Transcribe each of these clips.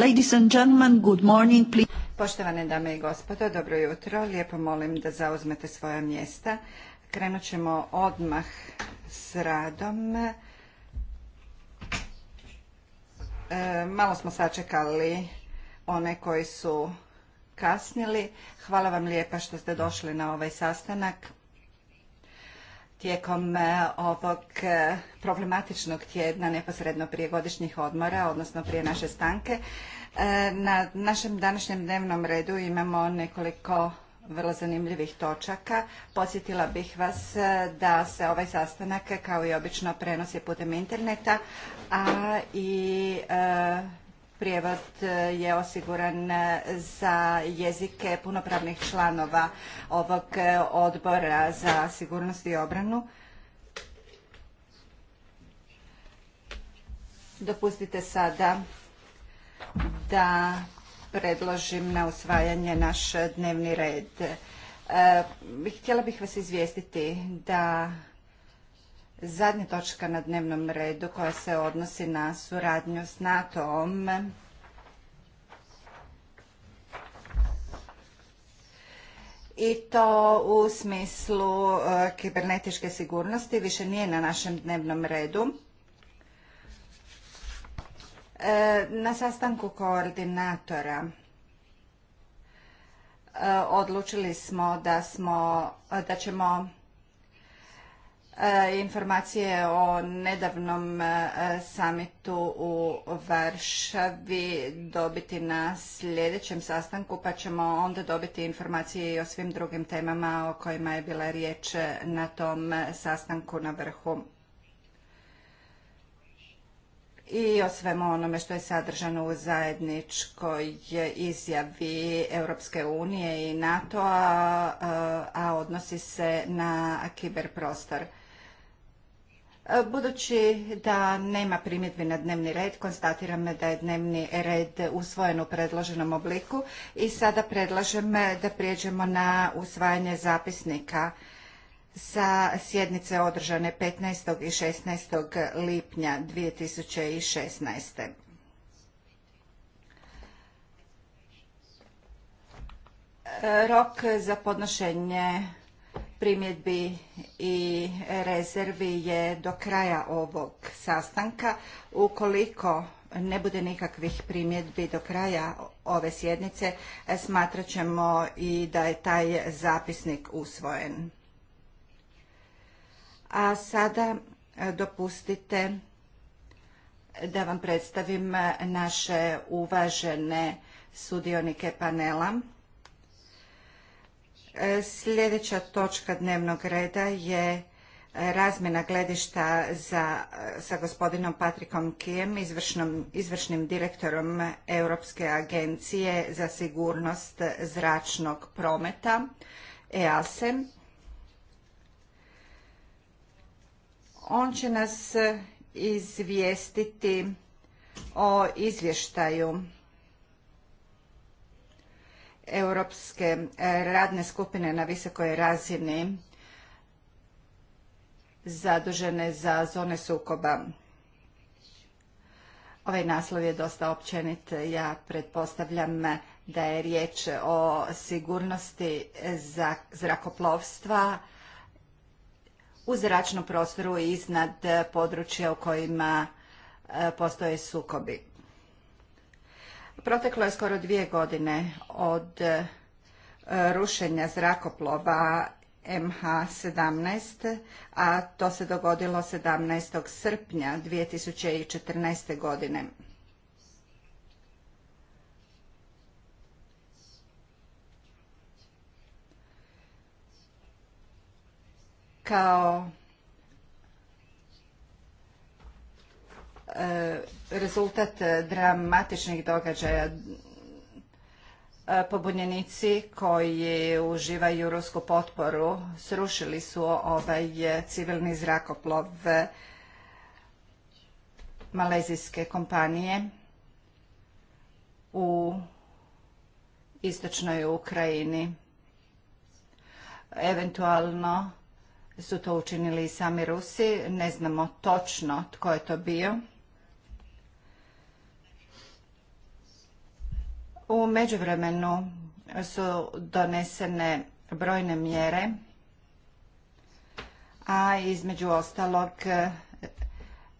Ladies and gentlemen, good morning, please. Poštovane dame i gospodo, dobro jutro. Lijepo molim da zauzmete svoja mjesta. Krenut ćemo odmah s radom. E, malo smo sačekali one koji su kasnili. Hvala vam lijepa što ste došli na ovaj sastanak tijekom e, ovog e, problematičnog tjedna neposredno prije godišnjih odmora, odnosno prije naše stanke. E, na našem današnjem dnevnom redu imamo nekoliko vrlo zanimljivih točaka. Podsjetila bih vas da se ovaj sastanak kao i obično prenosi putem interneta, a i prijevod e, je osiguran e, za jezike punopravnih članova ovog e, odbora za sigurnost i obranu. Dopustite sada da predložim na usvajanje naš dnevni red. Htjela bih vas izvijestiti da Zadnja točka na dnevnom redu koja se odnosi na suradnju s NATO-om i to u smislu e, kibernetičke sigurnosti više nije na našem dnevnom redu. E, na sastanku koordinatora e, odlučili smo da, smo, da ćemo E, informacije o nedavnom e, samitu u Varšavi dobiti na sljedećem sastanku, pa ćemo onda dobiti informacije i o svim drugim temama o kojima je bila riječ na tom e, sastanku na vrhu i o svemu onome što je sadržano u zajedničkoj izjavi Europske unije i NATO-a, a odnosi se na kiberprostor. Budući da nema primjedbi na dnevni red, konstatiram da je dnevni red usvojen u predloženom obliku i sada predlažem da prijeđemo na usvajanje zapisnika sa sjednice održane 15. i 16. lipnja 2016. Rok za podnošenje primjedbi i rezervi je do kraja ovog sastanka. Ukoliko ne bude nikakvih primjedbi do kraja ove sjednice, smatrat ćemo i da je taj zapisnik usvojen. A sada e, dopustite da vam predstavim naše uvažene sudionike panela. E, sljedeća točka dnevnog reda je e, razmjena gledišta e, sa gospodinom Patrikom Kijem, izvršnim direktorom Europske agencije za sigurnost zračnog prometa, EASE. On će nas izvijestiti o izvještaju europske e, radne skupine na visokoj razini zadužene za zone sukoba. Ovaj naslov je dosta općenit. Ja pretpostavljam da je riječ o sigurnosti za zrakoplovstva u zračnom prostoru iznad područja u kojima e, postoje sukobi. Proteklo je skoro dvije godine od e, rušenja zrakoplova MH17, a to se dogodilo 17. srpnja 2014. godine. Kao E, rezultat e, dramatičnih događaja e, pobunjenici koji uživaju rusku potporu srušili su ovaj civilni zrakoplov malezijske kompanije u istočnoj Ukrajini. Eventualno su to učinili i sami Rusi, ne znamo točno tko je to bio. U međuvremenu su donesene brojne mjere, a između ostalog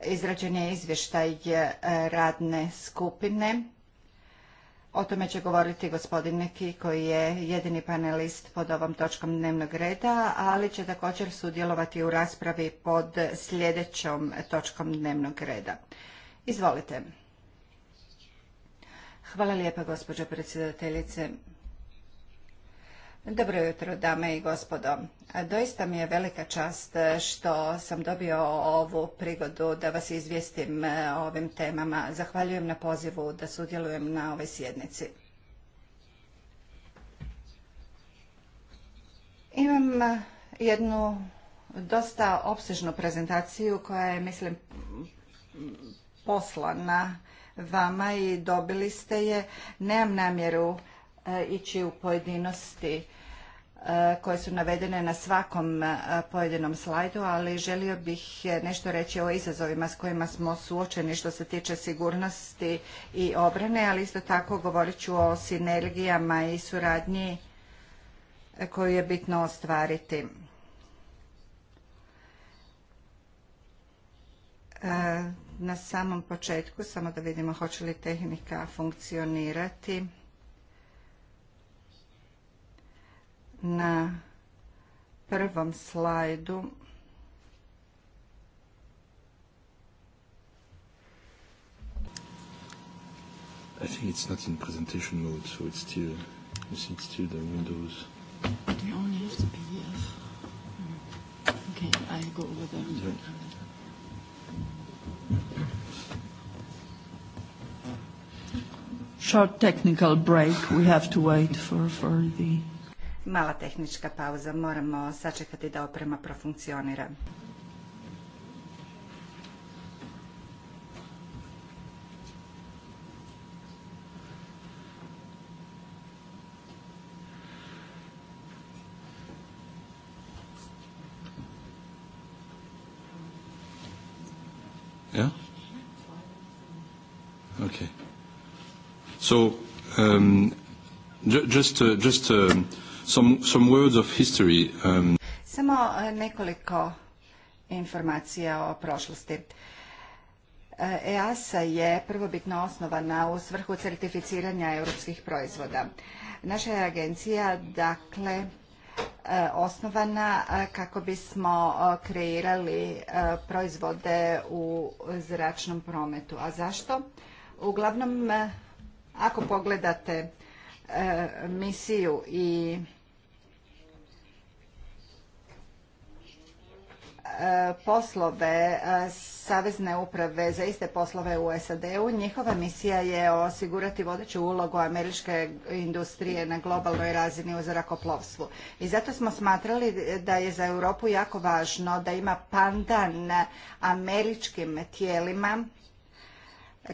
izrađen je izvještaj radne skupine. O tome će govoriti gospodin Neki koji je jedini panelist pod ovom točkom dnevnog reda, ali će također sudjelovati u raspravi pod sljedećom točkom dnevnog reda. Izvolite. Hvala lijepa, gospođo predsjedateljice. Dobro jutro, dame i gospodo. Doista mi je velika čast što sam dobio ovu prigodu da vas izvijestim o ovim temama. Zahvaljujem na pozivu da sudjelujem na ovoj sjednici. Imam jednu dosta opsežnu prezentaciju koja je, mislim, poslana vama i dobili ste je. Nemam namjeru e, ići u pojedinosti e, koje su navedene na svakom e, pojedinom slajdu, ali želio bih nešto reći o izazovima s kojima smo suočeni što se tiče sigurnosti i obrane, ali isto tako govorit ću o sinergijama i suradnji koju je bitno ostvariti na samom početku, samo da vidimo hoće li tehnika funkcionirati na prvom slajdu. I think it's not in presentation mode, so it's still, it's still the Windows. They only have the PDF. Hmm. Okay, I go over them. Yeah. short technical break. We have to wait for, for the... Mala tehnička pauza. Moramo sačekati da oprema profunkcionira. Yeah? Okay. So Samo nekoliko informacija o prošlosti. Uh, EASA je prvobitno osnovana u svrhu certificiranja europskih proizvoda. Naša je agencija, dakle, uh, osnovana uh, kako bismo kreirali proizvode u zračnom prometu. A zašto? Uglavnom, ako pogledate e, misiju i e, poslove e, Savezne uprave za iste poslove u SAD-u. Njihova misija je osigurati vodeću ulogu američke industrije na globalnoj razini u zrakoplovstvu. I zato smo smatrali da je za Europu jako važno da ima pandan američkim tijelima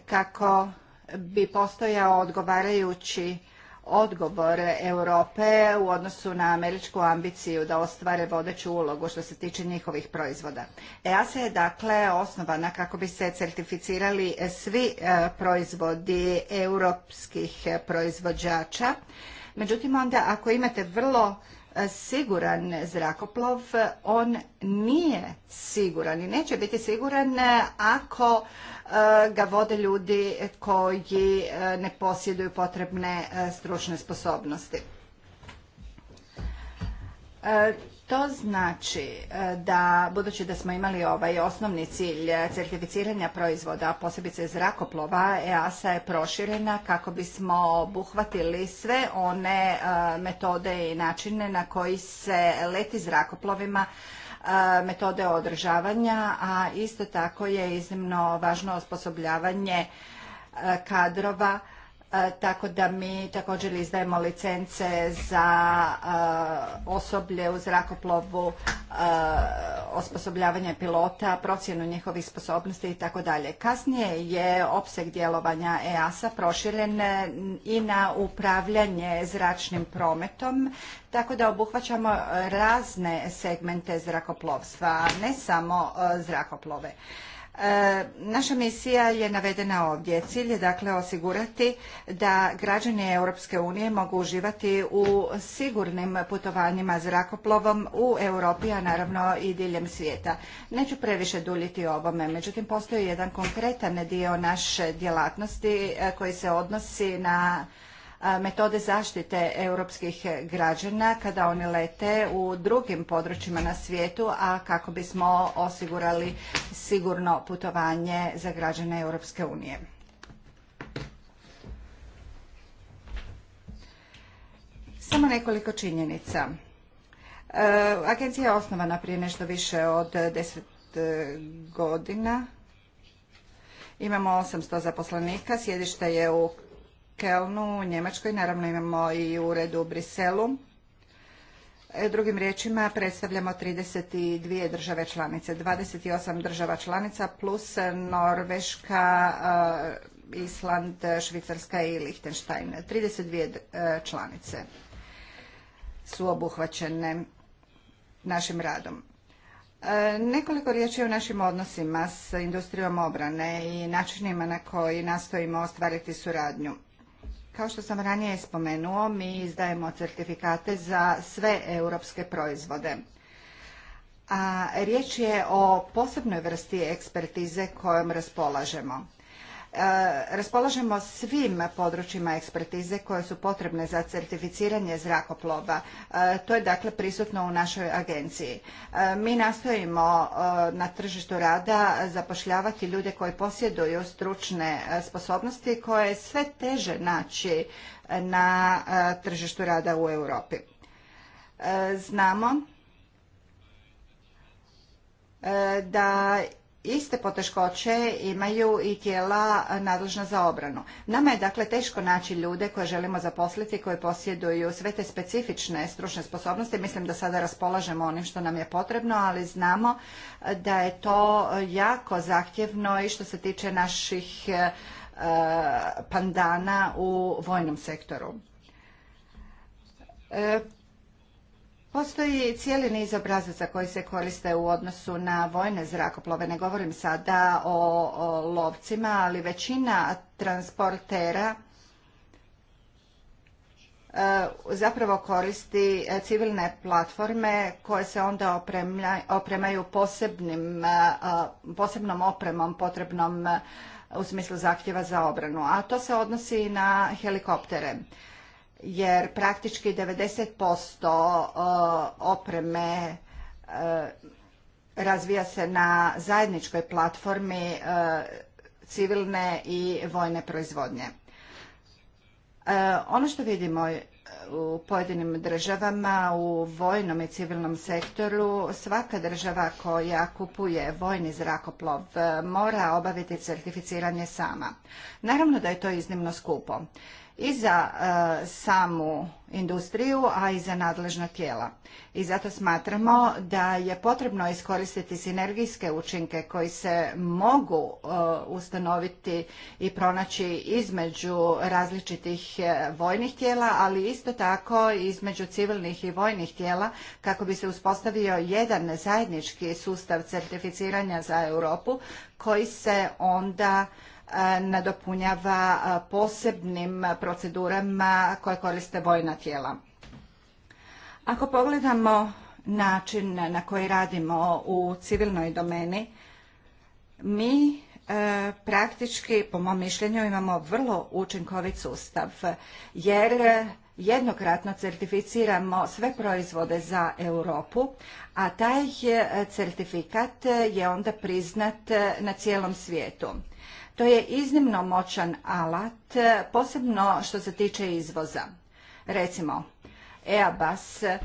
kako bi postojao odgovarajući odgovor Europe u odnosu na američku ambiciju da ostvare vodeću ulogu što se tiče njihovih proizvoda. EASA je dakle osnovana kako bi se certificirali svi e, proizvodi europskih proizvođača. Međutim, onda ako imate vrlo siguran zrakoplov, on nije siguran i neće biti siguran ako e, ga vode ljudi koji e, ne posjeduju potrebne e, stručne sposobnosti. To znači e, da, budući da smo imali ovaj osnovni cilj e, certificiranja proizvoda, posebice zrakoplova, EASA je proširena kako bismo obuhvatili sve one e, metode i načine na koji se leti zrakoplovima metode održavanja, a isto tako je iznimno važno osposobljavanje kadrova E, tako da mi također izdajemo licence za e, osoblje u zrakoplovu, e, osposobljavanje pilota, procjenu njihovih sposobnosti i tako dalje. Kasnije je opseg djelovanja EASA proširen i na upravljanje zračnim prometom, tako da obuhvaćamo razne segmente zrakoplovstva, ne samo zrakoplove. E, naša misija je navedena ovdje. Cilj je dakle osigurati da građani Europske unije mogu uživati u sigurnim putovanjima zrakoplovom u Europi, a naravno i diljem svijeta. Neću previše duljiti o ovome, međutim postoji jedan konkretan dio naše djelatnosti e, koji se odnosi na metode zaštite europskih građana kada oni lete u drugim područjima na svijetu, a kako bismo osigurali sigurno putovanje za građane Europske unije. Samo nekoliko činjenica. E, agencija je osnovana prije nešto više od deset e, godina. Imamo 800 zaposlenika, sjedište je u Kelnu u Njemačkoj, naravno imamo i ured u Briselu. E, drugim riječima predstavljamo 32 države članice, 28 država članica plus Norveška, e, Island, Švicarska i Lichtenstein. 32 e, članice su obuhvaćene našim radom. Nekoliko riječi o našim odnosima s industrijom obrane i načinima na koji nastojimo ostvariti suradnju. Kao što sam ranije spomenuo, mi izdajemo certifikate za sve europske proizvode. A riječ je o posebnoj vrsti ekspertize kojom raspolažemo raspolažemo svim područjima ekspertize koje su potrebne za certificiranje zrakoplova. E, to je dakle prisutno u našoj agenciji. E, mi nastojimo e, na tržištu rada zapošljavati ljude koji posjeduju stručne sposobnosti koje je sve teže naći na tržištu rada u Europi. Znamo da iste poteškoće imaju i tijela nadležna za obranu. Nama je dakle teško naći ljude koje želimo zaposliti, koji posjeduju sve te specifične stručne sposobnosti. Mislim da sada raspolažemo onim što nam je potrebno, ali znamo da je to jako zahtjevno i što se tiče naših e, pandana u vojnom sektoru. E, Postoji cijeli niz obrazaca koji se koriste u odnosu na vojne zrakoplove. Ne govorim sada o, lovcima, ali većina transportera e, zapravo koristi e, civilne platforme koje se onda opremaju e, posebnom opremom potrebnom u smislu zahtjeva za obranu. A to se odnosi na helikoptere jer praktički 90% uh, opreme uh, razvija se na zajedničkoj platformi uh, civilne i vojne proizvodnje. Ono što vidimo u pojedinim državama u vojnom i civilnom sektoru svaka država koja kupuje vojni zrakoplov mora obaviti certificiranje sama. Naravno da je to iznimno skupo i za e, samu industriju, a i za nadležna tijela. I zato smatramo da je potrebno iskoristiti sinergijske učinke koji se mogu e, ustanoviti i pronaći između različitih e, vojnih tijela, ali isto tako između civilnih i vojnih tijela kako bi se uspostavio jedan zajednički sustav certificiranja za Europu koji se onda E, nadopunjava e, posebnim procedurama koje koriste vojna tijela. Ako pogledamo način na koji radimo u civilnoj domeni, mi e, praktički, po mom mišljenju, imamo vrlo učinkovit sustav, jer jednokratno certificiramo sve proizvode za Europu, a taj certifikat je onda priznat na cijelom svijetu. To je iznimno moćan alat, posebno što se tiče izvoza. Recimo, EABAS e,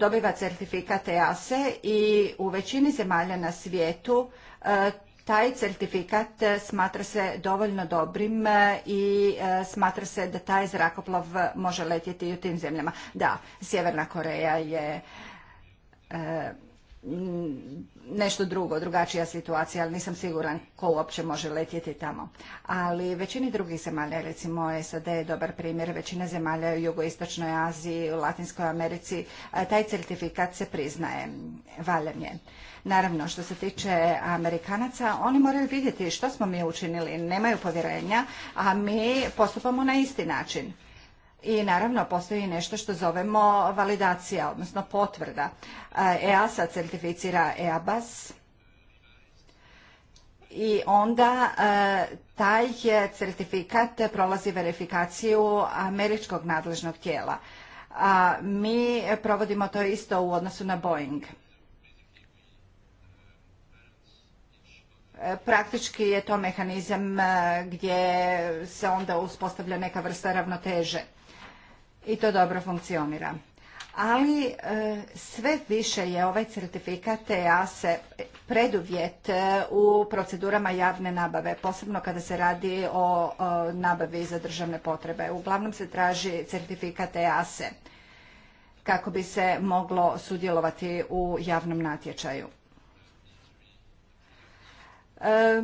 dobiva certifikat EASE i u većini zemalja na svijetu e, taj certifikat smatra se dovoljno dobrim e, i smatra se da taj zrakoplov može letjeti i u tim zemljama. Da, Sjeverna Koreja je Mm, nešto drugo, drugačija situacija, ali nisam siguran ko uopće može letjeti tamo. Ali većini drugih zemalja, recimo SAD je dobar primjer, većina zemalja u jugoistočnoj Aziji, u Latinskoj Americi, taj certifikat se priznaje, valjan je. Naravno, što se tiče Amerikanaca, oni moraju vidjeti što smo mi učinili, nemaju povjerenja, a mi postupamo na isti način. I naravno postoji nešto što zovemo validacija, odnosno potvrda. E, EASA certificira EABAS i onda e, taj certifikat prolazi verifikaciju američkog nadležnog tijela. A mi provodimo to isto u odnosu na Boeing. E, praktički je to mehanizam gdje se onda uspostavlja neka vrsta ravnoteže i to dobro funkcionira. Ali e, sve više je ovaj certifikat EASE preduvjet e, u procedurama javne nabave, posebno kada se radi o nabavi za državne potrebe. Uglavnom se traži certifikat EASE kako bi se moglo sudjelovati u javnom natječaju. E,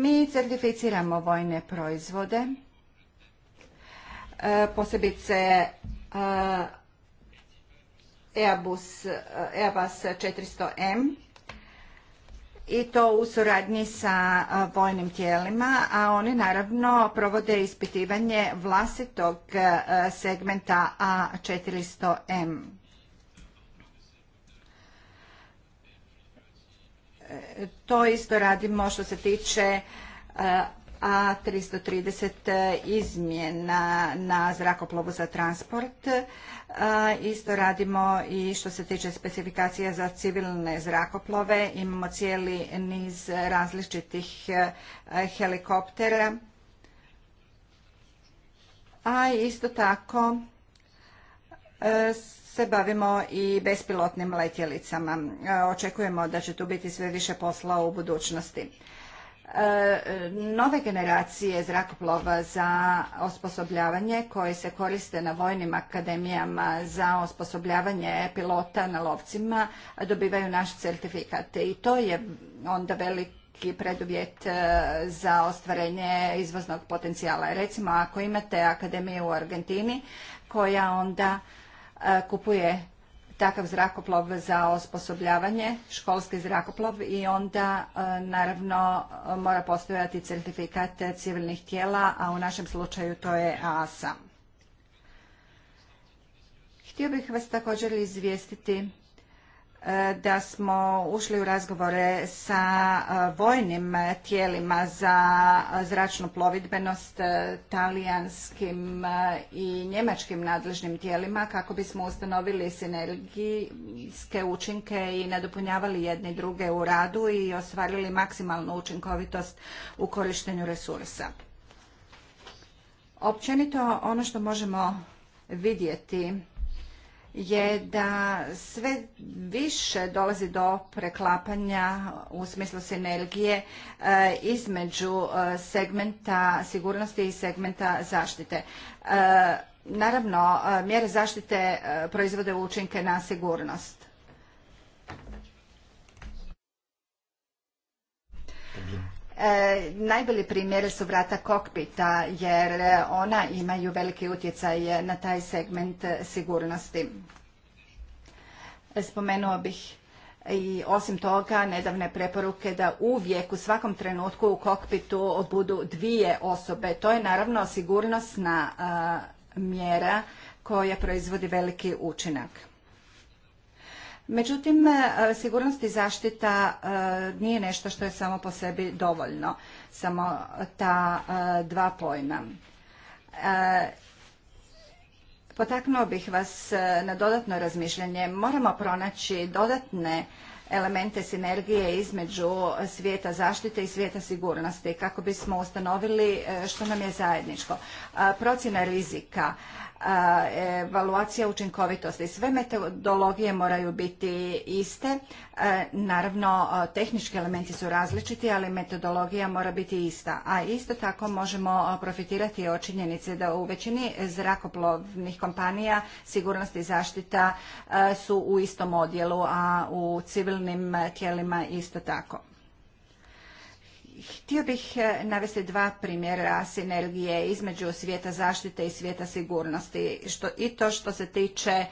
mi certificiramo vojne proizvode Eh, posebice eh, Airbus, 400M eh, i to u suradnji sa vojnim tijelima, a oni naravno provode ispitivanje vlastitog segmenta A400M. To isto radimo što se tiče a 330 izmjena na zrakoplovu za transport. Isto radimo i što se tiče specifikacija za civilne zrakoplove. Imamo cijeli niz različitih e, helikoptera. A isto tako e, se bavimo i bespilotnim letjelicama. E, očekujemo da će tu biti sve više posla u budućnosti. E, nove generacije zrakoplova za osposobljavanje koje se koriste na vojnim akademijama za osposobljavanje pilota na lovcima dobivaju naš certifikat i to je onda veliki preduvjet e, za ostvarenje izvoznog potencijala. Recimo ako imate akademiju u Argentini koja onda e, kupuje takav zrakoplov za osposobljavanje, školski zrakoplov i onda e, naravno mora postojati certifikat civilnih tijela, a u našem slučaju to je AASA. Htio bih vas također izvijestiti E, da smo ušli u razgovore sa e, vojnim tijelima za zračnu plovidbenost e, talijanskim i njemačkim nadležnim tijelima kako bismo ustanovili sinergijske učinke i nadopunjavali jedni druge u radu i ostvarili maksimalnu učinkovitost u korištenju resursa. Općenito ono što možemo vidjeti je da sve više dolazi do preklapanja u smislu sinergije e, između e, segmenta sigurnosti i segmenta zaštite. E, naravno, mjere zaštite proizvode učinke na sigurnost. E, najbolji primjer su vrata kokpita jer ona imaju veliki utjecaj na taj segment sigurnosti. Spomenuo bih i osim toga nedavne preporuke da uvijek u svakom trenutku u kokpitu budu dvije osobe. To je naravno sigurnosna mjera koja proizvodi veliki učinak. Međutim, e, sigurnost i zaštita e, nije nešto što je samo po sebi dovoljno, samo ta e, dva pojma. Potaknuo bih vas na dodatno razmišljanje. Moramo pronaći dodatne elemente sinergije između svijeta zaštite i svijeta sigurnosti kako bismo ustanovili e, što nam je zajedničko. E, procjena rizika, e, evaluacija učinkovitosti, sve metodologije moraju biti iste. Naravno, tehnički elementi su različiti, ali metodologija mora biti ista. A isto tako možemo profitirati od činjenice da u većini zrakoplovnih kompanija sigurnost i zaštita su u istom odjelu, a u civilnoj Eh, tijelima isto tako. Htio bih eh, navesti dva primjera sinergije između svijeta zaštite i svijeta sigurnosti i to što se tiče eh,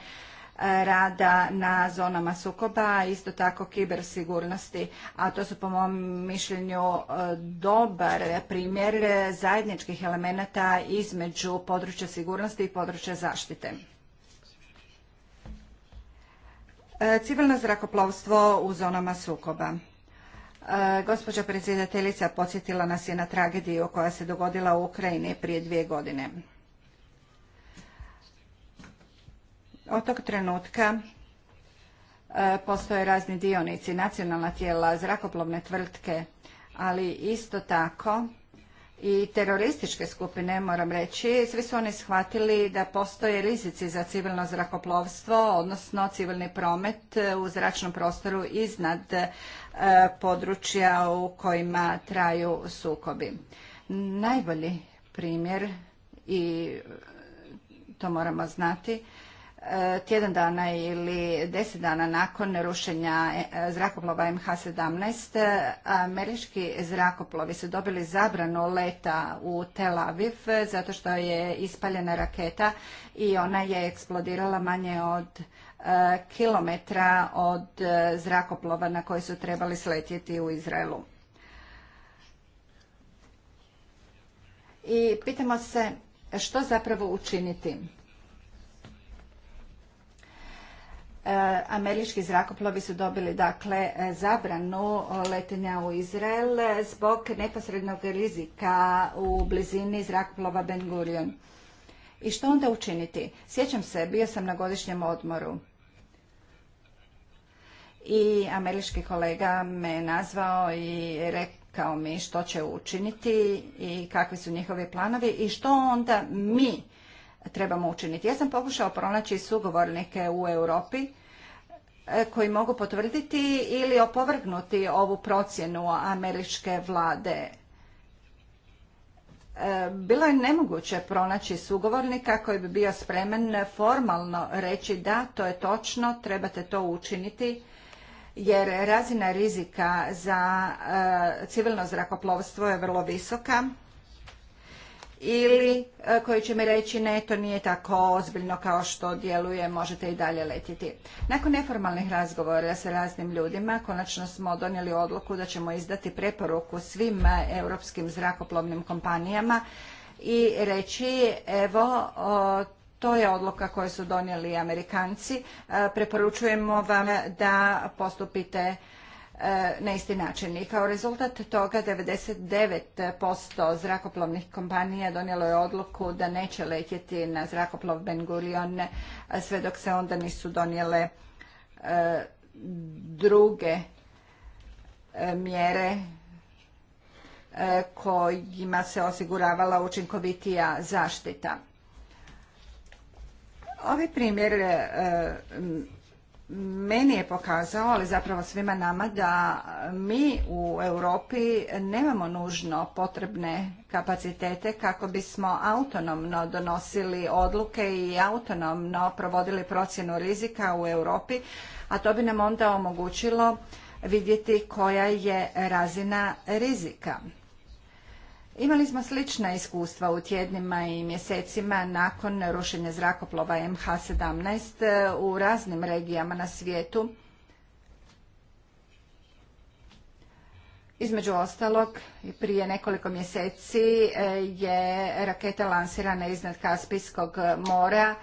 rada na zonama sukoba, isto tako kibersigurnosti, a to su po mom mišljenju dobar primjer zajedničkih elemenata između područja sigurnosti i područja zaštite. E, civilno zrakoplovstvo u zonama sukoba. E, gospođa predsjedateljica podsjetila nas je na tragediju koja se dogodila u Ukrajini prije dvije godine. Od tog trenutka e, postoje razni dionici, nacionalna tijela, zrakoplovne tvrtke, ali isto tako i terorističke skupine, moram reći, svi su oni shvatili da postoje rizici za civilno zrakoplovstvo, odnosno civilni promet e, u zračnom prostoru iznad e, područja u kojima traju sukobi. Najbolji primjer i to moramo znati Eh, tjedan dana ili deset dana nakon rušenja eh, zrakoplova MH17 eh, američki zrakoplovi su dobili zabranu leta u Tel Aviv zato što je ispaljena raketa i ona je eksplodirala manje od kilometra od zrakoplova na koji su trebali sletjeti u Izraelu. I pitamo se što zapravo učiniti E, američki zrakoplovi su dobili dakle e, zabranu letenja u Izrael zbog neposrednog rizika u blizini zrakoplova Ben Gurion. I što onda učiniti? Sjećam se, bio sam na godišnjem odmoru i američki kolega me nazvao i rekao mi što će učiniti i kakvi su njihovi planovi i što onda mi trebamo učiniti. Ja sam pokušao pronaći sugovornike u Europi e, koji mogu potvrditi ili opovrgnuti ovu procjenu američke vlade. E, bilo je nemoguće pronaći sugovornika koji bi bio spreman formalno reći da, to je točno, trebate to učiniti, jer razina rizika za e, civilno zrakoplovstvo je vrlo visoka ili e, koji će mi reći ne, to nije tako ozbiljno kao što djeluje, možete i dalje letjeti. Nakon neformalnih razgovora sa raznim ljudima, konačno smo donijeli odluku da ćemo izdati preporuku svim e, europskim zrakoplovnim kompanijama i reći evo to je odluka koju su donijeli Amerikanci. E, preporučujemo vam da postupite E, na isti način. I kao rezultat toga 99% zrakoplovnih kompanija donijelo je odluku da neće letjeti na zrakoplov Ben Gurion e, sve dok se onda nisu donijele e, druge mjere kojima se osiguravala učinkovitija zaštita. Ovi primjer meni je pokazao, ali zapravo svima nama, da mi u Europi nemamo nužno potrebne kapacitete kako bismo autonomno donosili odluke i autonomno provodili procjenu rizika u Europi, a to bi nam onda omogućilo vidjeti koja je razina rizika Imali smo slična iskustva u tjednima i mjesecima nakon rušenja zrakoplova MH17 e, u raznim regijama na svijetu. Između ostalog, prije nekoliko mjeseci e, je raketa lansirana iznad Kaspijskog mora,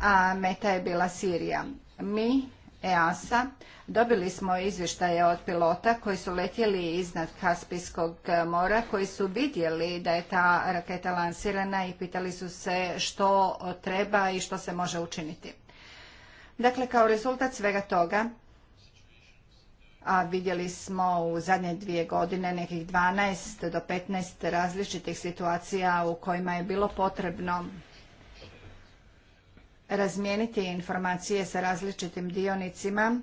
a meta je bila Sirija. Mi EASA. Dobili smo izvještaje od pilota koji su letjeli iznad Kaspijskog mora, koji su vidjeli da je ta raketa lansirana i pitali su se što treba i što se može učiniti. Dakle, kao rezultat svega toga, a vidjeli smo u zadnje dvije godine nekih 12 do 15 različitih situacija u kojima je bilo potrebno razmijeniti informacije sa različitim dionicima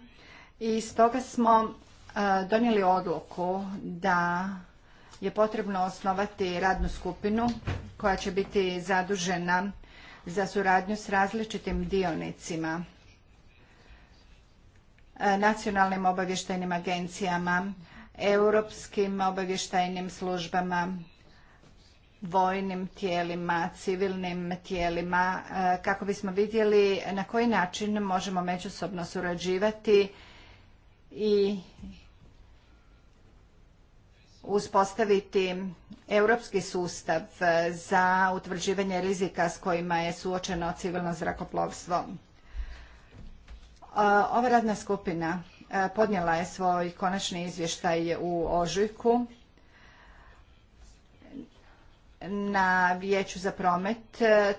i stoga smo e, donijeli odluku da je potrebno osnovati radnu skupinu koja će biti zadužena za suradnju s različitim dionicima, e, nacionalnim obavještajnim agencijama, europskim obavještajnim službama, vojnim tijelima, civilnim tijelima, e, kako bismo vidjeli na koji način možemo međusobno surađivati i uspostaviti europski sustav za utvrđivanje rizika s kojima je suočeno civilno zrakoplovstvo. E, ova radna skupina e, podnijela je svoj konačni izvještaj u ožujku na vijeću za promet,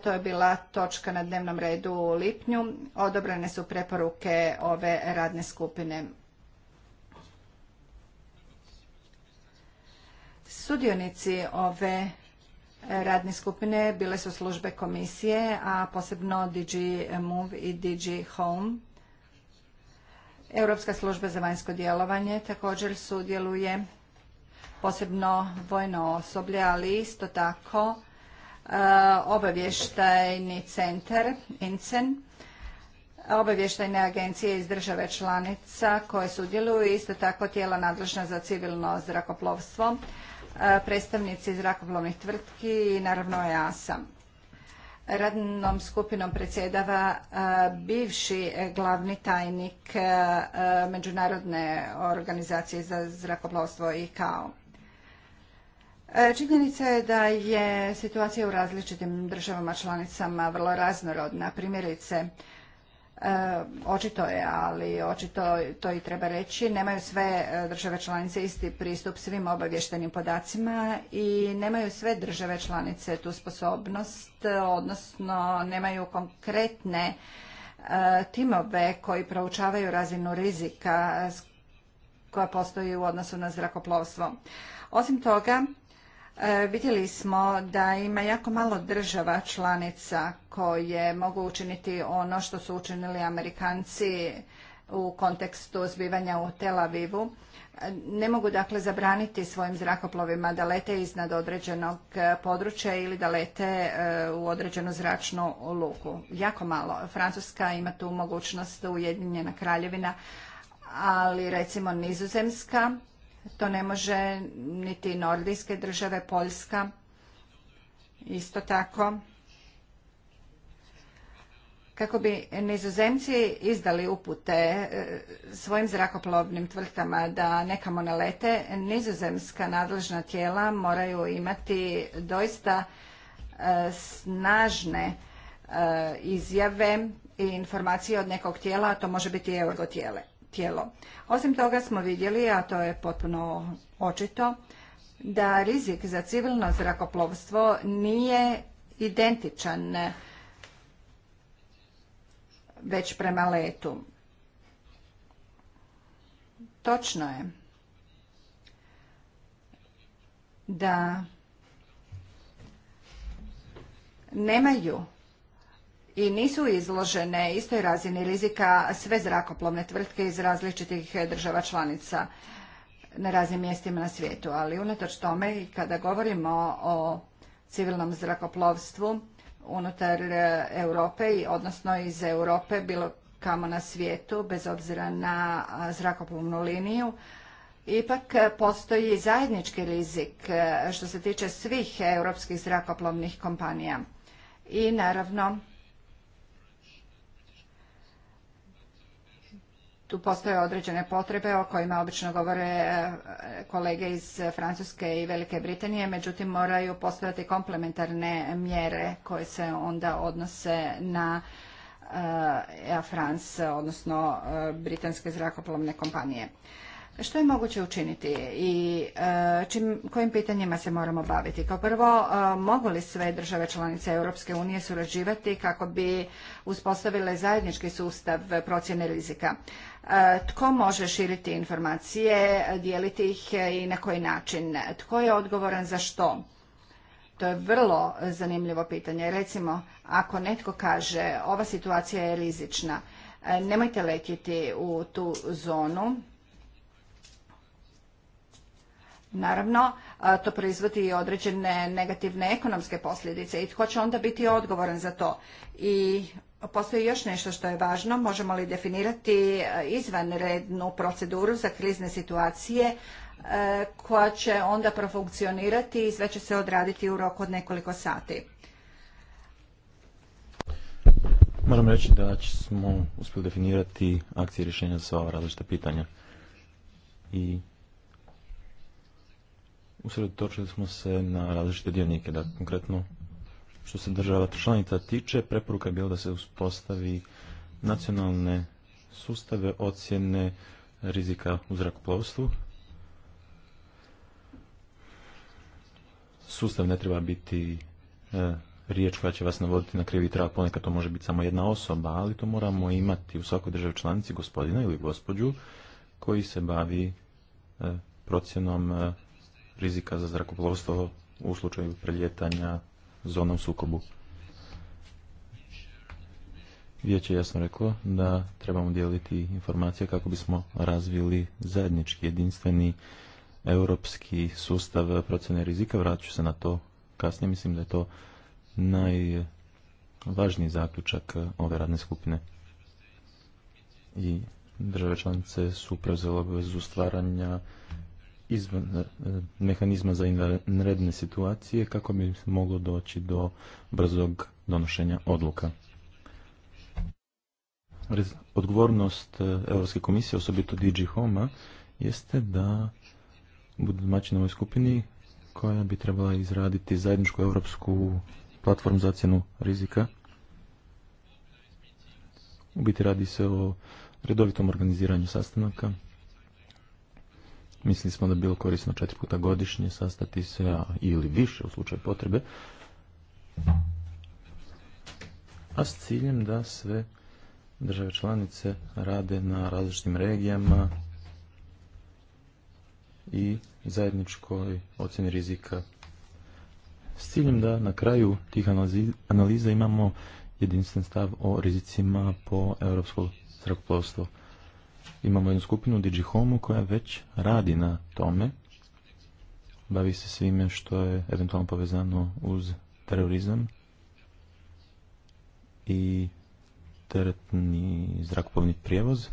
to je bila točka na dnevnom redu u lipnju, odobrene su preporuke ove radne skupine. Sudionici ove radne skupine bile su službe komisije, a posebno DG Move i DG Home. Europska služba za vanjsko djelovanje također sudjeluje posebno vojno osoblje, ali isto tako e, obavještajni centar, INCEN, obavještajne agencije iz države članica koje sudjeluju, isto tako tijela nadležna za civilno zrakoplovstvo, e, predstavnici zrakoplovnih tvrtki i naravno e sam. Radnom skupinom predsjedava bivši glavni tajnik Međunarodne organizacije za zrakoplovstvo i kao E, činjenica je da je situacija u različitim državama članicama vrlo raznorodna. Primjerice, e, očito je, ali očito to i treba reći, nemaju sve e, države članice isti pristup svim obavještenim podacima i nemaju sve države članice tu sposobnost, odnosno nemaju konkretne timove koji proučavaju razinu rizika koja postoji u odnosu na zrakoplovstvo. Osim toga, E, vidjeli smo da ima jako malo država članica koje mogu učiniti ono što su učinili Amerikanci u kontekstu zbivanja u Tel Avivu. E, ne mogu dakle zabraniti svojim zrakoplovima da lete iznad određenog područja ili da lete e, u određenu zračnu luku. Jako malo. Francuska ima tu mogućnost Ujedinjena kraljevina, ali recimo Nizozemska to ne može niti nordijske države, Poljska. Isto tako. Kako bi nizozemci izdali upute e, svojim zrakoplovnim tvrtkama da nekamo lete, nizozemska nadležna tijela moraju imati doista e, snažne e, izjave i informacije od nekog tijela, a to može biti i tijele tijelo. Osim toga smo vidjeli, a to je potpuno očito, da rizik za civilno zrakoplovstvo nije identičan već prema letu. Točno je da nemaju i nisu izložene istoj razini rizika sve zrakoplovne tvrtke iz različitih država članica na raznim mjestima na svijetu. Ali unatoč tome i kada govorimo o civilnom zrakoplovstvu unutar e, Europe, odnosno iz Europe bilo kamo na svijetu, bez obzira na zrakoplovnu liniju, ipak postoji zajednički rizik e, što se tiče svih europskih zrakoplovnih kompanija. I naravno, tu postoje određene potrebe o kojima obično govore e, kolege iz Francuske i Velike Britanije, međutim moraju postojati komplementarne mjere koje se onda odnose na e, Air France, odnosno e, britanske zrakoplovne kompanije. Što je moguće učiniti i kojim pitanjima se moramo baviti? Kao prvo, mogu li sve države članice Europske unije surađivati kako bi uspostavile zajednički sustav procjene rizika? E, tko može širiti informacije, dijeliti ih e, i na koji način, tko je odgovoran za što. To je vrlo zanimljivo pitanje. Recimo, ako netko kaže ova situacija je rizična, e, nemojte letjeti u tu zonu. Naravno, to proizvodi i određene negativne ekonomske posljedice i tko će onda biti odgovoran za to. I Postoji još nešto što je važno. Možemo li definirati e, izvanrednu proceduru za krizne situacije e, koja će onda profunkcionirati i sve će se odraditi u roku od nekoliko sati? Moram reći da smo uspjeli definirati akcije rješenja za sva različita pitanja. I usredotočili smo se na različite dionike, da konkretno što se država članica tiče, preporuka je bila da se uspostavi nacionalne sustave ocjene rizika u zrakoplovstvu. Sustav ne treba biti e, riječ koja će vas navoditi na krivi trag, ponekad to može biti samo jedna osoba, ali to moramo imati u svakoj državi članici gospodina ili gospođu koji se bavi e, procjenom e, rizika za zrakoplovstvo u slučaju preljetanja zonom sukobu. Vijeće je jasno reklo da trebamo dijeliti informacije kako bismo razvili zajednički, jedinstveni europski sustav procjene rizika. Vratit ću se na to kasnije. Mislim da je to najvažniji zaključak ove radne skupine. I države članice su preuzele obvezu stvaranja izvan e, mehanizma za inredne situacije kako bi moglo doći do brzog donošenja odluka. Odgovornost e, Europske komisije, osobito DG Homa, jeste da budu domaći na ovoj skupini koja bi trebala izraditi zajedničku europsku platformu za ocjenu rizika. U biti radi se o redovitom organiziranju sastanaka Mislili smo da bilo korisno četiri puta godišnje sastati se ili više u slučaju potrebe, a s ciljem da sve države članice rade na različitim regijama i zajedničkoj ocjeni rizika s ciljem da na kraju tih analiza imamo jedinstven stav o rizicima po europskom zrakoplovstvu imamo jednu skupinu DigiHomu koja već radi na tome. Bavi se svime što je eventualno povezano uz terorizam i teretni zrakoplovni prijevoz.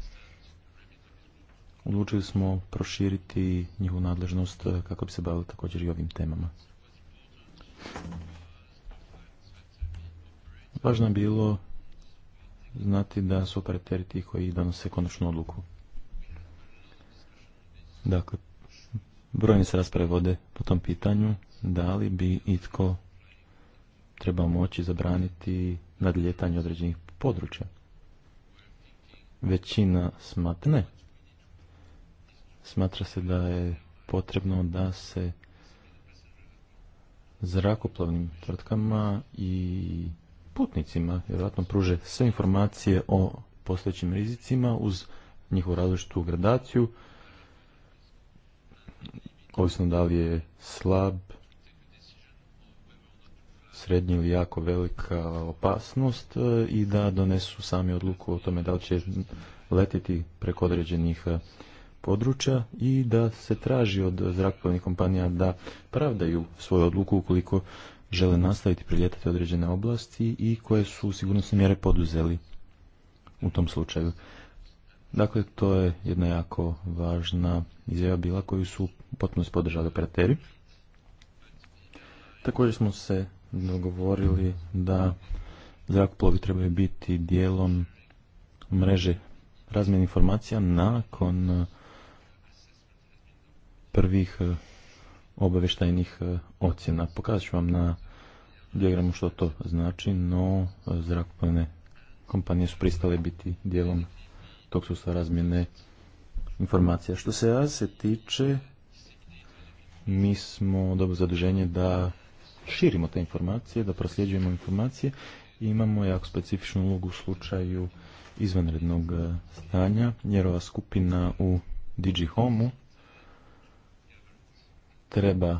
Odlučili smo proširiti njihovu nadležnost kako bi se bavili također i ovim temama. Važno je bilo znati da su operateri ti koji donose konačnu odluku. Dakle, brojne se rasprave vode po tom pitanju da li bi itko trebao moći zabraniti nadljetanje određenih područja. Većina smatra ne. Smatra se da je potrebno da se zrakoplovnim tvrtkama i putnicima vjerojatno pruže sve informacije o postojećim rizicima uz njihovu različitu gradaciju ovisno da li je slab srednji ili jako velika opasnost e, i da donesu sami odluku o tome da li će letiti preko određenih e, područja i da se traži od zrakoplovnih kompanija da pravdaju svoju odluku ukoliko žele nastaviti priljetati određene oblasti i koje su sigurnosne mjere poduzeli u tom slučaju. Dakle, to je jedna jako važna izjava bila koju su potpuno podržali operateri. Također smo se dogovorili da zrakoplovi trebaju biti dijelom mreže razmjene informacija nakon prvih obavještajnih e, ocjena. Pokazat ću vam na dijagramu što to znači, no e, zrakoplovne kompanije su pristale biti dijelom tog sustava razmjene informacija. Što se ja se tiče, mi smo dobro zaduženje da širimo te informacije, da prosljeđujemo informacije i imamo jako specifičnu ulogu u slučaju izvanrednog e, stanja, jer ova skupina u DigiHomu treba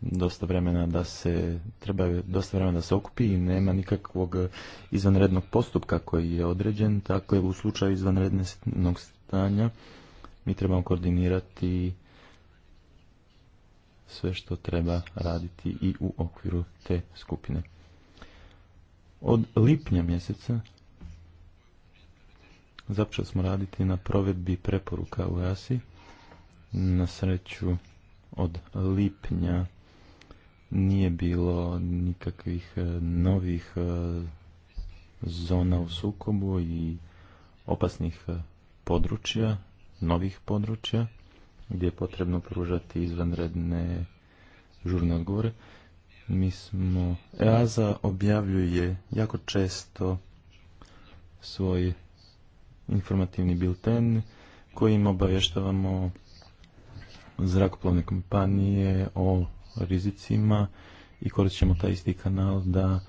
dosta vremena da se treba dosta vremena da se okupi i nema nikakvog izvanrednog postupka koji je određen, tako je u slučaju izvanrednog stanja mi trebamo koordinirati sve što treba raditi i u okviru te skupine. Od lipnja mjeseca započeli smo raditi na provedbi preporuka u EASI. Na sreću od lipnja nije bilo nikakvih e, novih e, zona u sukobu i opasnih e, područja, novih područja gdje je potrebno pružati izvanredne žurne odgovore. Mi smo, EASA objavljuje jako često svoj informativni bilten kojim obavještavamo zrakoplovne kompanije, o rizicima i koristit ćemo taj isti kanal da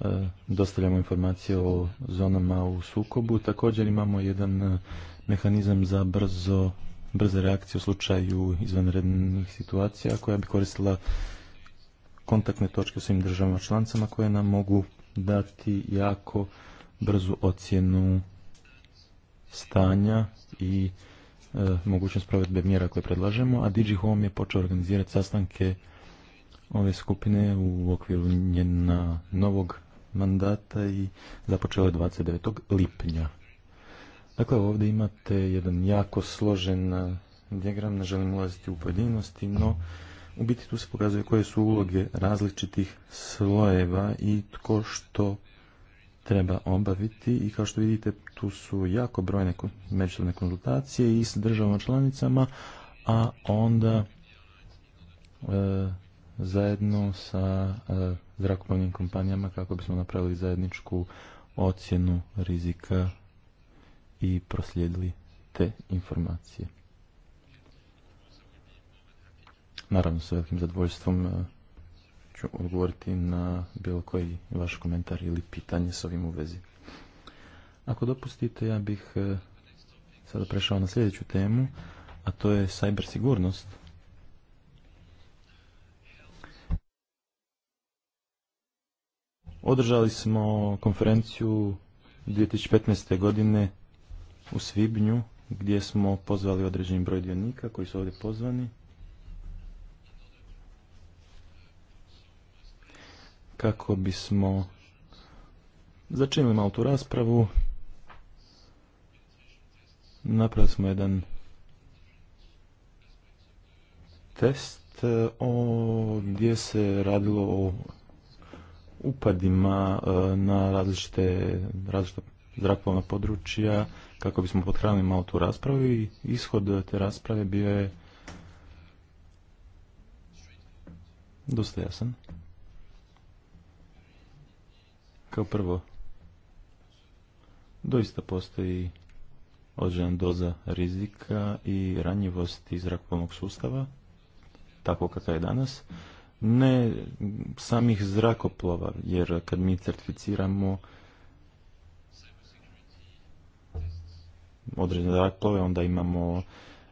e, dostavljamo informacije o zonama u sukobu. Također imamo jedan e, mehanizam za brzo, brze reakcije u slučaju izvanrednih situacija koja bi koristila kontaktne točke u svim državama člancama koje nam mogu dati jako brzu ocjenu stanja i E, mogućnost provedbe mjera koje predlažemo, a Digi Home je počeo organizirati sastanke ove skupine u okviru njena novog mandata i započeo je 29. lipnja. Dakle, ovdje imate jedan jako složen e, diagram, ne želim ulaziti u pojedinosti, no u biti tu se pokazuje koje su uloge različitih slojeva i tko što treba obaviti i kao što vidite tu su jako brojne međusobne konzultacije i s državama članicama, a onda e, zajedno sa e, zrakoplovnim kompanijama kako bismo napravili zajedničku ocjenu rizika i proslijedili te informacije. Naravno, s velikim zadovoljstvom e, ću odgovoriti na bilo koji vaš komentar ili pitanje s ovim u vezi. Ako dopustite, ja bih e, sada prešao na sljedeću temu, a to je cyber sigurnost. Održali smo konferenciju 2015. godine u Svibnju gdje smo pozvali određeni broj dionika koji su ovdje pozvani. Kako bismo začinili malo tu raspravu napravili smo jedan test e, o, gdje se radilo o upadima e, na različite, različite zrakovna područja kako bismo pothranili malo tu raspravu i ishod te rasprave bio je dosta jasan. Kao prvo, doista postoji određena doza rizika i ranjivosti zrakoplovnog sustava, tako kakav je danas, ne samih zrakoplova, jer kad mi certificiramo određene zrakoplove, onda imamo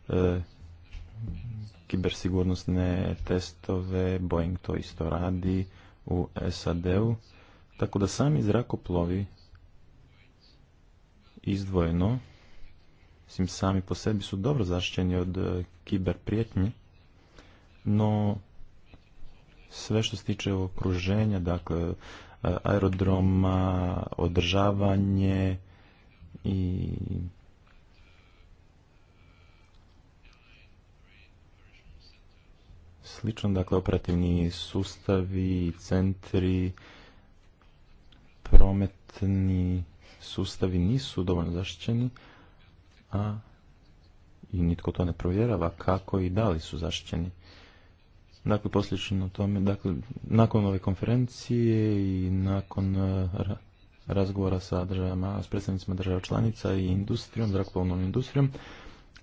e, kibersigurnosne testove, Boeing to isto radi u SAD-u, tako da sami zrakoplovi izdvojeno mislim sami po sebi su dobro zaštićeni od e, kiber prijetnje, no sve što se tiče okruženja, dakle e, aerodroma, održavanje i slično, dakle operativni sustavi, centri, prometni sustavi nisu dovoljno zaštićeni, a i nitko to ne provjerava kako i da li su zaštićeni. Dakle, posljedično tome, dakle, nakon ove konferencije i nakon e, razgovora sa državama, s predstavnicima država članica i industrijom, zrakoplovnom industrijom,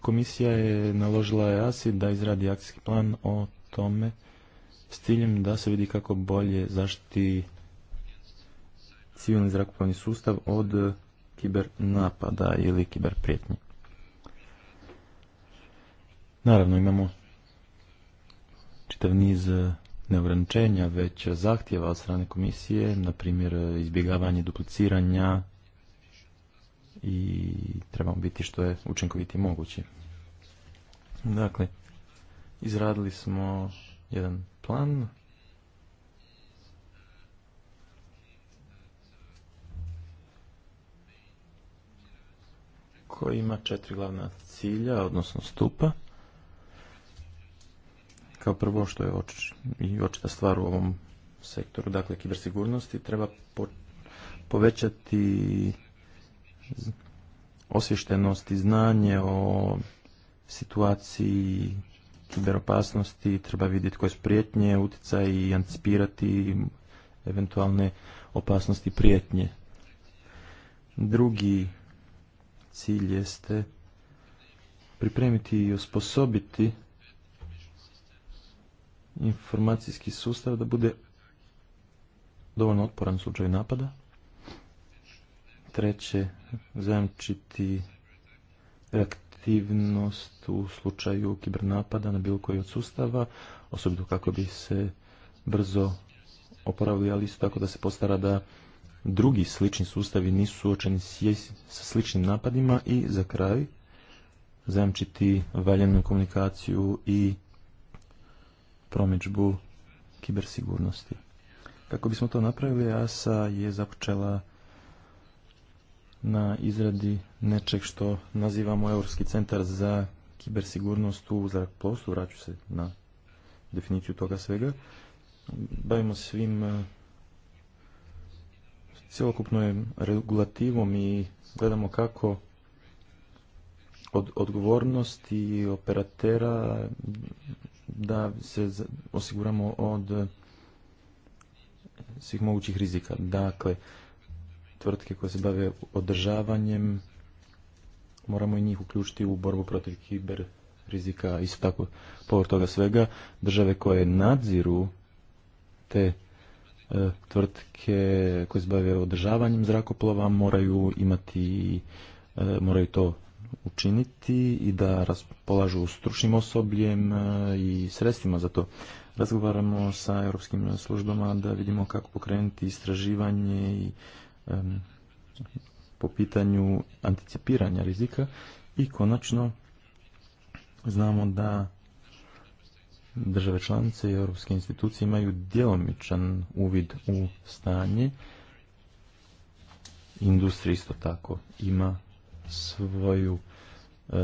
komisija je naložila EASI da izradi akcijski plan o tome s ciljem da se vidi kako bolje zaštiti civilni zrakoplovni sustav od kiber napada ili kiber Naravno, imamo čitav niz e, neograničenja, već zahtjeva od strane komisije, na primjer e, izbjegavanje dupliciranja i trebamo biti što je učinkoviti mogući. Dakle, izradili smo jedan plan. koji ima četiri glavna cilja, odnosno stupa. Kao prvo što je i očita stvar u ovom sektoru, dakle kibersigurnosti, treba povećati osvještenost i znanje o situaciji kiberopasnosti, treba vidjeti koje su prijetnje, utjecaj i anticipirati eventualne opasnosti prijetnje. Drugi cilj jeste pripremiti i osposobiti informacijski sustav da bude dovoljno otporan u slučaju napada. Treće, zajamčiti reaktivnost u slučaju kibernapada na bilo koji od sustava, osobito kako bi se brzo oporavili, ali isto tako da se postara da drugi slični sustavi nisu suočeni sa sličnim napadima i za kraj zajamčiti valjenu komunikaciju i promičbu kibersigurnosti. Kako bismo to napravili, ASA je započela na izradi nečeg što nazivamo Europski centar za kibersigurnost u zrakoplovstvu, vraću se na definiciju toga svega. Bavimo svim e, cjelokupnom regulativom i gledamo kako od odgovornosti operatera da se osiguramo od eh, svih mogućih rizika. Dakle, tvrtke koje se bave održavanjem, moramo i njih uključiti u borbu protiv kiber rizika. Isto tako, povr toga svega, države koje nadziru te eh, tvrtke koje se bave održavanjem zrakoplova moraju imati e, moraju to učiniti i da raspolažu stručnim osobljem e, i sredstvima za to. Razgovaramo sa europskim službama da vidimo kako pokrenuti istraživanje i po pitanju anticipiranja rizika i konačno znamo da države članice i europske institucije imaju djelomičan uvid u stanje industrija isto tako ima svoju e,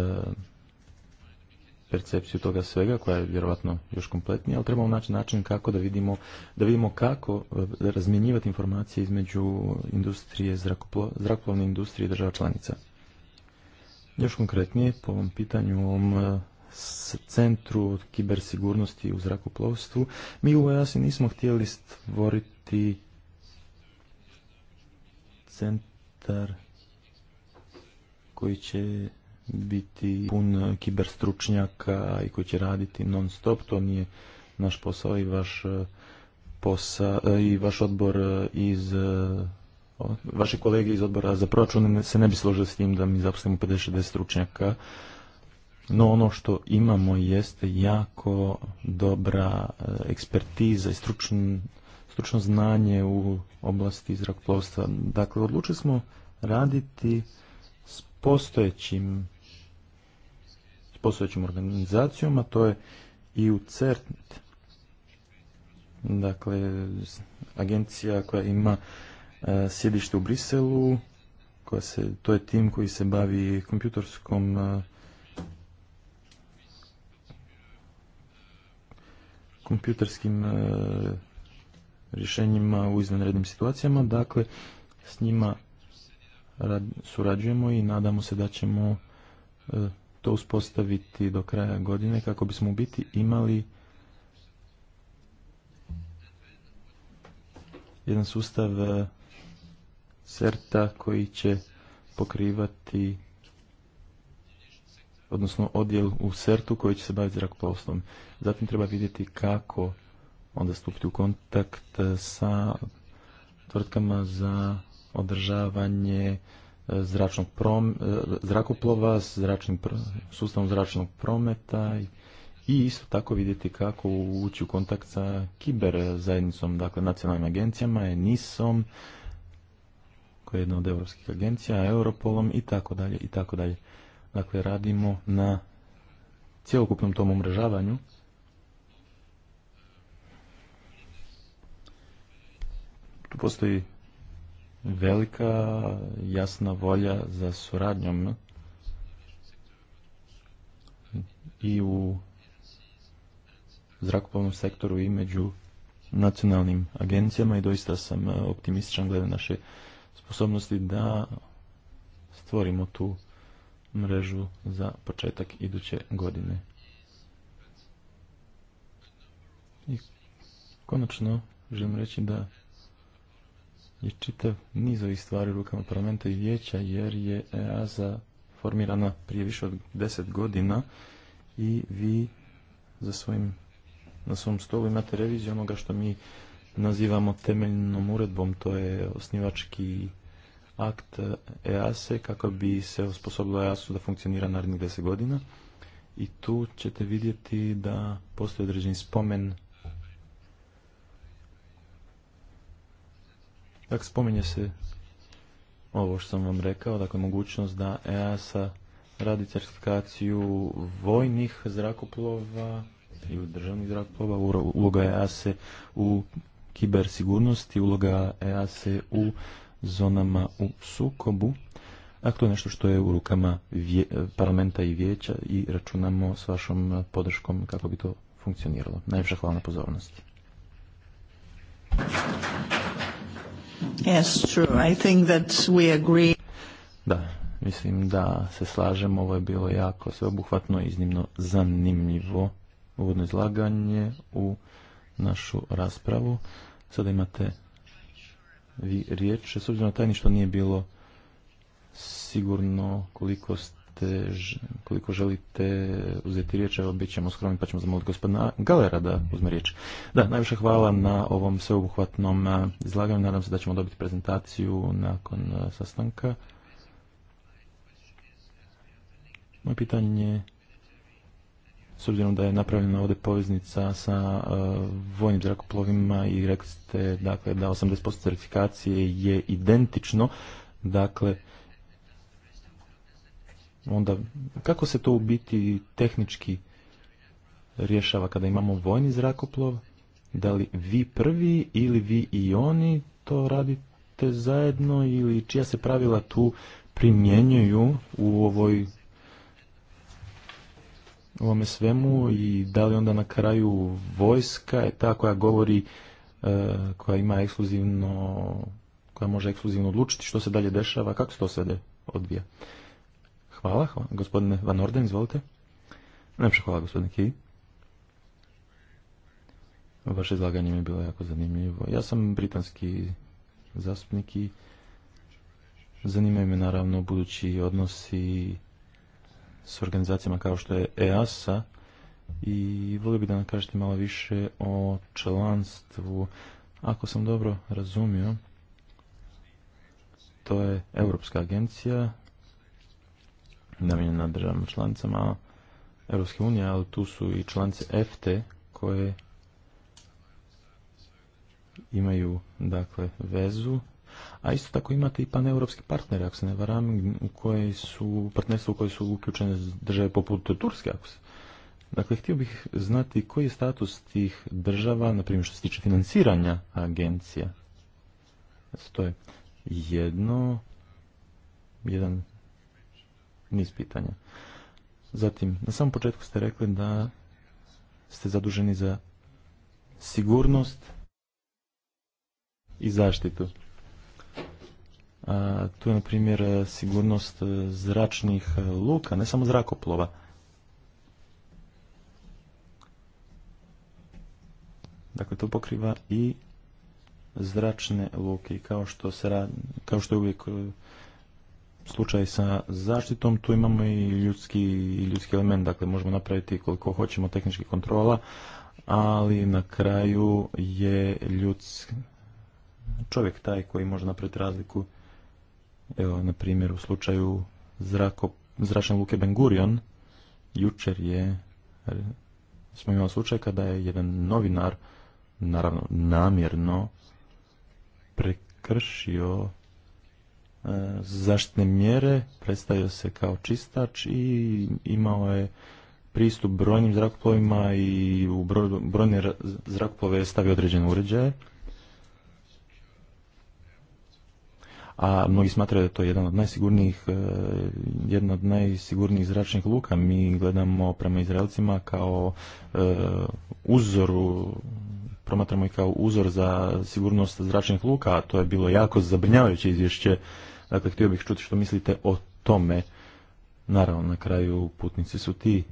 percepciju toga svega koja je vjerojatno još kompletnija, ali trebamo naći način kako da vidimo, da vidimo kako e, razmjenjivati informacije između industrije, zrakoplovne industrije i država članica. Još konkretnije po ovom pitanju ovom e, centru kibersigurnosti u zrakoplovstvu, mi u EASI nismo htjeli stvoriti centar koji će biti pun kiberstručnjaka i koji će raditi non stop, to nije naš posao i vaš e, posa, e, i vaš odbor e, iz vaše kolege iz odbora za proračun se ne bi složili s tim da mi zaposlimo 50-60 stručnjaka no ono što imamo jeste jako dobra ekspertiza i stručno, stručno znanje u oblasti zrakoplovstva. Dakle, odlučili smo raditi s postojećim s postojećim organizacijom, a to je i u CERT, dakle, agencija koja ima e, sjedište u Briselu, koja se, to je tim koji se bavi kompjutorskom uh, kompjuterskim e, rješenjima u izvanrednim situacijama, dakle, s njima surađujemo i nadamo se da ćemo e, to uspostaviti do kraja godine kako bismo biti imali jedan sustav serta e, koji će pokrivati odnosno odjel u CERTu koji će se baviti zrakoplovstvom. Zatim treba vidjeti kako onda stupiti u kontakt e, sa tvrtkama za održavanje e, zračnog prom, e, zrakoplova s zračnim, sustavom zračnog prometa i isto tako vidjeti kako ući u kontakt sa kiber zajednicom, dakle nacionalnim agencijama, ENIS-om, koja je jedna od europskih agencija, Europolom i tako dalje i tako dalje. Dakle, radimo na cjelokupnom tom umrežavanju. Tu postoji velika jasna volja za suradnjom i u zrakoplovnom sektoru i među nacionalnim agencijama i doista sam e, optimističan glede naše sposobnosti da stvorimo tu mrežu za početak iduće godine. I konačno želim reći da je čitav niz ovih stvari u rukama parlamenta i vijeća jer je EASA formirana prije više od deset godina i vi za svojim, na svom stolu imate reviziju onoga što mi nazivamo temeljnom uredbom, to je osnivački akt EASE kako bi se osposobilo EASu da funkcionira narednih deset godina i tu ćete vidjeti da postoji određeni spomen Dakle, spominje se ovo što sam vam rekao, dakle, mogućnost da EASA radi certifikaciju vojnih zrakoplova i državnih zrakoplova, uloga EASE u kibersigurnosti, uloga EASE u zonama u sukobu. Dakle, to je nešto što je u rukama parlamenta i vijeća i računamo s vašom podrškom kako bi to funkcioniralo. Najviše hvala na pozornosti. Yes, true. I think that we agree. Da, mislim da se slažemo, ovo je bilo jako sveobuhvatno i iznimno zanimljivo uvodno izlaganje u našu raspravu. Sada imate vi riječ, s obzirom na tajništvo nije bilo sigurno koliko ste koliko želite uzeti riječ, evo bit ćemo skromni pa ćemo zamoliti gospodina Galera da uzme riječ. Da, najviše hvala na ovom sveobuhvatnom e, izlaganju. Nadam se da ćemo dobiti prezentaciju nakon e, sastanka. Moje pitanje s obzirom da je napravljena ovdje poveznica sa e, vojnim zrakoplovima i rekli ste dakle, da 80% certifikacije je identično, dakle onda kako se to u biti tehnički rješava kada imamo vojni zrakoplov? Da li vi prvi ili vi i oni to radite zajedno ili čija se pravila tu primjenjuju u ovoj ovome svemu i da li onda na kraju vojska je ta koja govori e, koja ima ekskluzivno koja može ekskluzivno odlučiti što se dalje dešava, kako se to sve odvija. Hvala, Gospodine Van Orden, izvolite. Najpša hvala, gospodine Ki. Vaše izlaganje mi je bilo jako zanimljivo. Ja sam britanski zastupnik i zanimaju me naravno budući odnosi s organizacijama kao što je EASA i volio bi da nam kažete malo više o članstvu. Ako sam dobro razumio, to je Europska agencija na državama članicama EU, unije, ali tu su i članice FT koje imaju dakle vezu a isto tako imate i paneuropski partneri, ako se ne varam, u koje su, partnerstvo u koje su uključene države poput Turske, ako se. Dakle, htio bih znati koji je status tih država, na primjer što se tiče financiranja agencija. to je jedno, jedan niz pitanja. Zatim, na samom početku ste rekli da ste zaduženi za sigurnost i zaštitu. A, tu je, na primjer, sigurnost e, zračnih e, luka, ne samo zrakoplova. Dakle, to pokriva i zračne luke. Kao što, se kao što je uvijek e, slučaj sa zaštitom, tu imamo i ljudski, i ljudski element, dakle možemo napraviti koliko hoćemo tehničkih kontrola, ali na kraju je ljudski čovjek taj koji može napraviti razliku. Evo, na primjer, u slučaju zrako, zračne luke Ben Gurion jučer je, smo imali slučaj kada je jedan novinar, naravno namjerno, prekršio E, zaštitne mjere, predstavio se kao čistač i imao je pristup brojnim zrakoplovima i u brojne zrakoplove je stavio određene uređaje. A mnogi smatraju da je to jedan od najsigurnijih, e, jedna od najsigurnijih zračnih luka. Mi gledamo prema Izraelcima kao e, uzoru promatramo i kao uzor za sigurnost zračnih luka, a to je bilo jako zabrinjavajuće izvješće Dakle, htio bih čuti što mislite o tome. Naravno, na kraju putnici su ti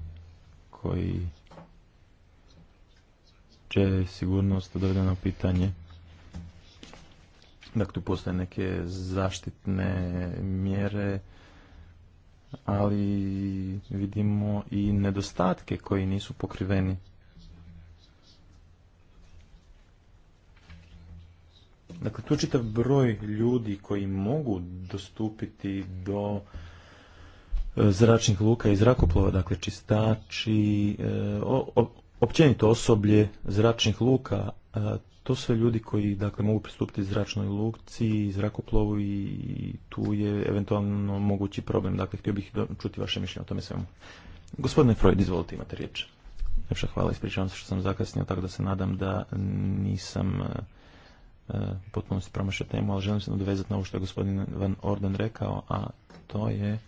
koji će sigurnost dovedena pitanje. Dakle, tu postoje neke zaštitne mjere, ali vidimo i nedostatke koji nisu pokriveni Dakle, tu čitav broj ljudi koji mogu dostupiti do e, zračnih luka i zrakoplova, dakle čistači, e, općenito osoblje zračnih luka, to su ljudi koji dakle mogu pristupiti zračnoj luci, zrakoplovu i tu je eventualno mogući problem. Dakle, htio bih čuti vaše mišljenje o tome svemu. Gospodine Freud, izvolite, imate riječ. Lepša hvala, ispričavam se što sam zakasnio, tako da se nadam da nisam e, E, potpuno se promaša temu, ali želim se nadovezati na ovo što je gospodin Van Orden rekao, a to je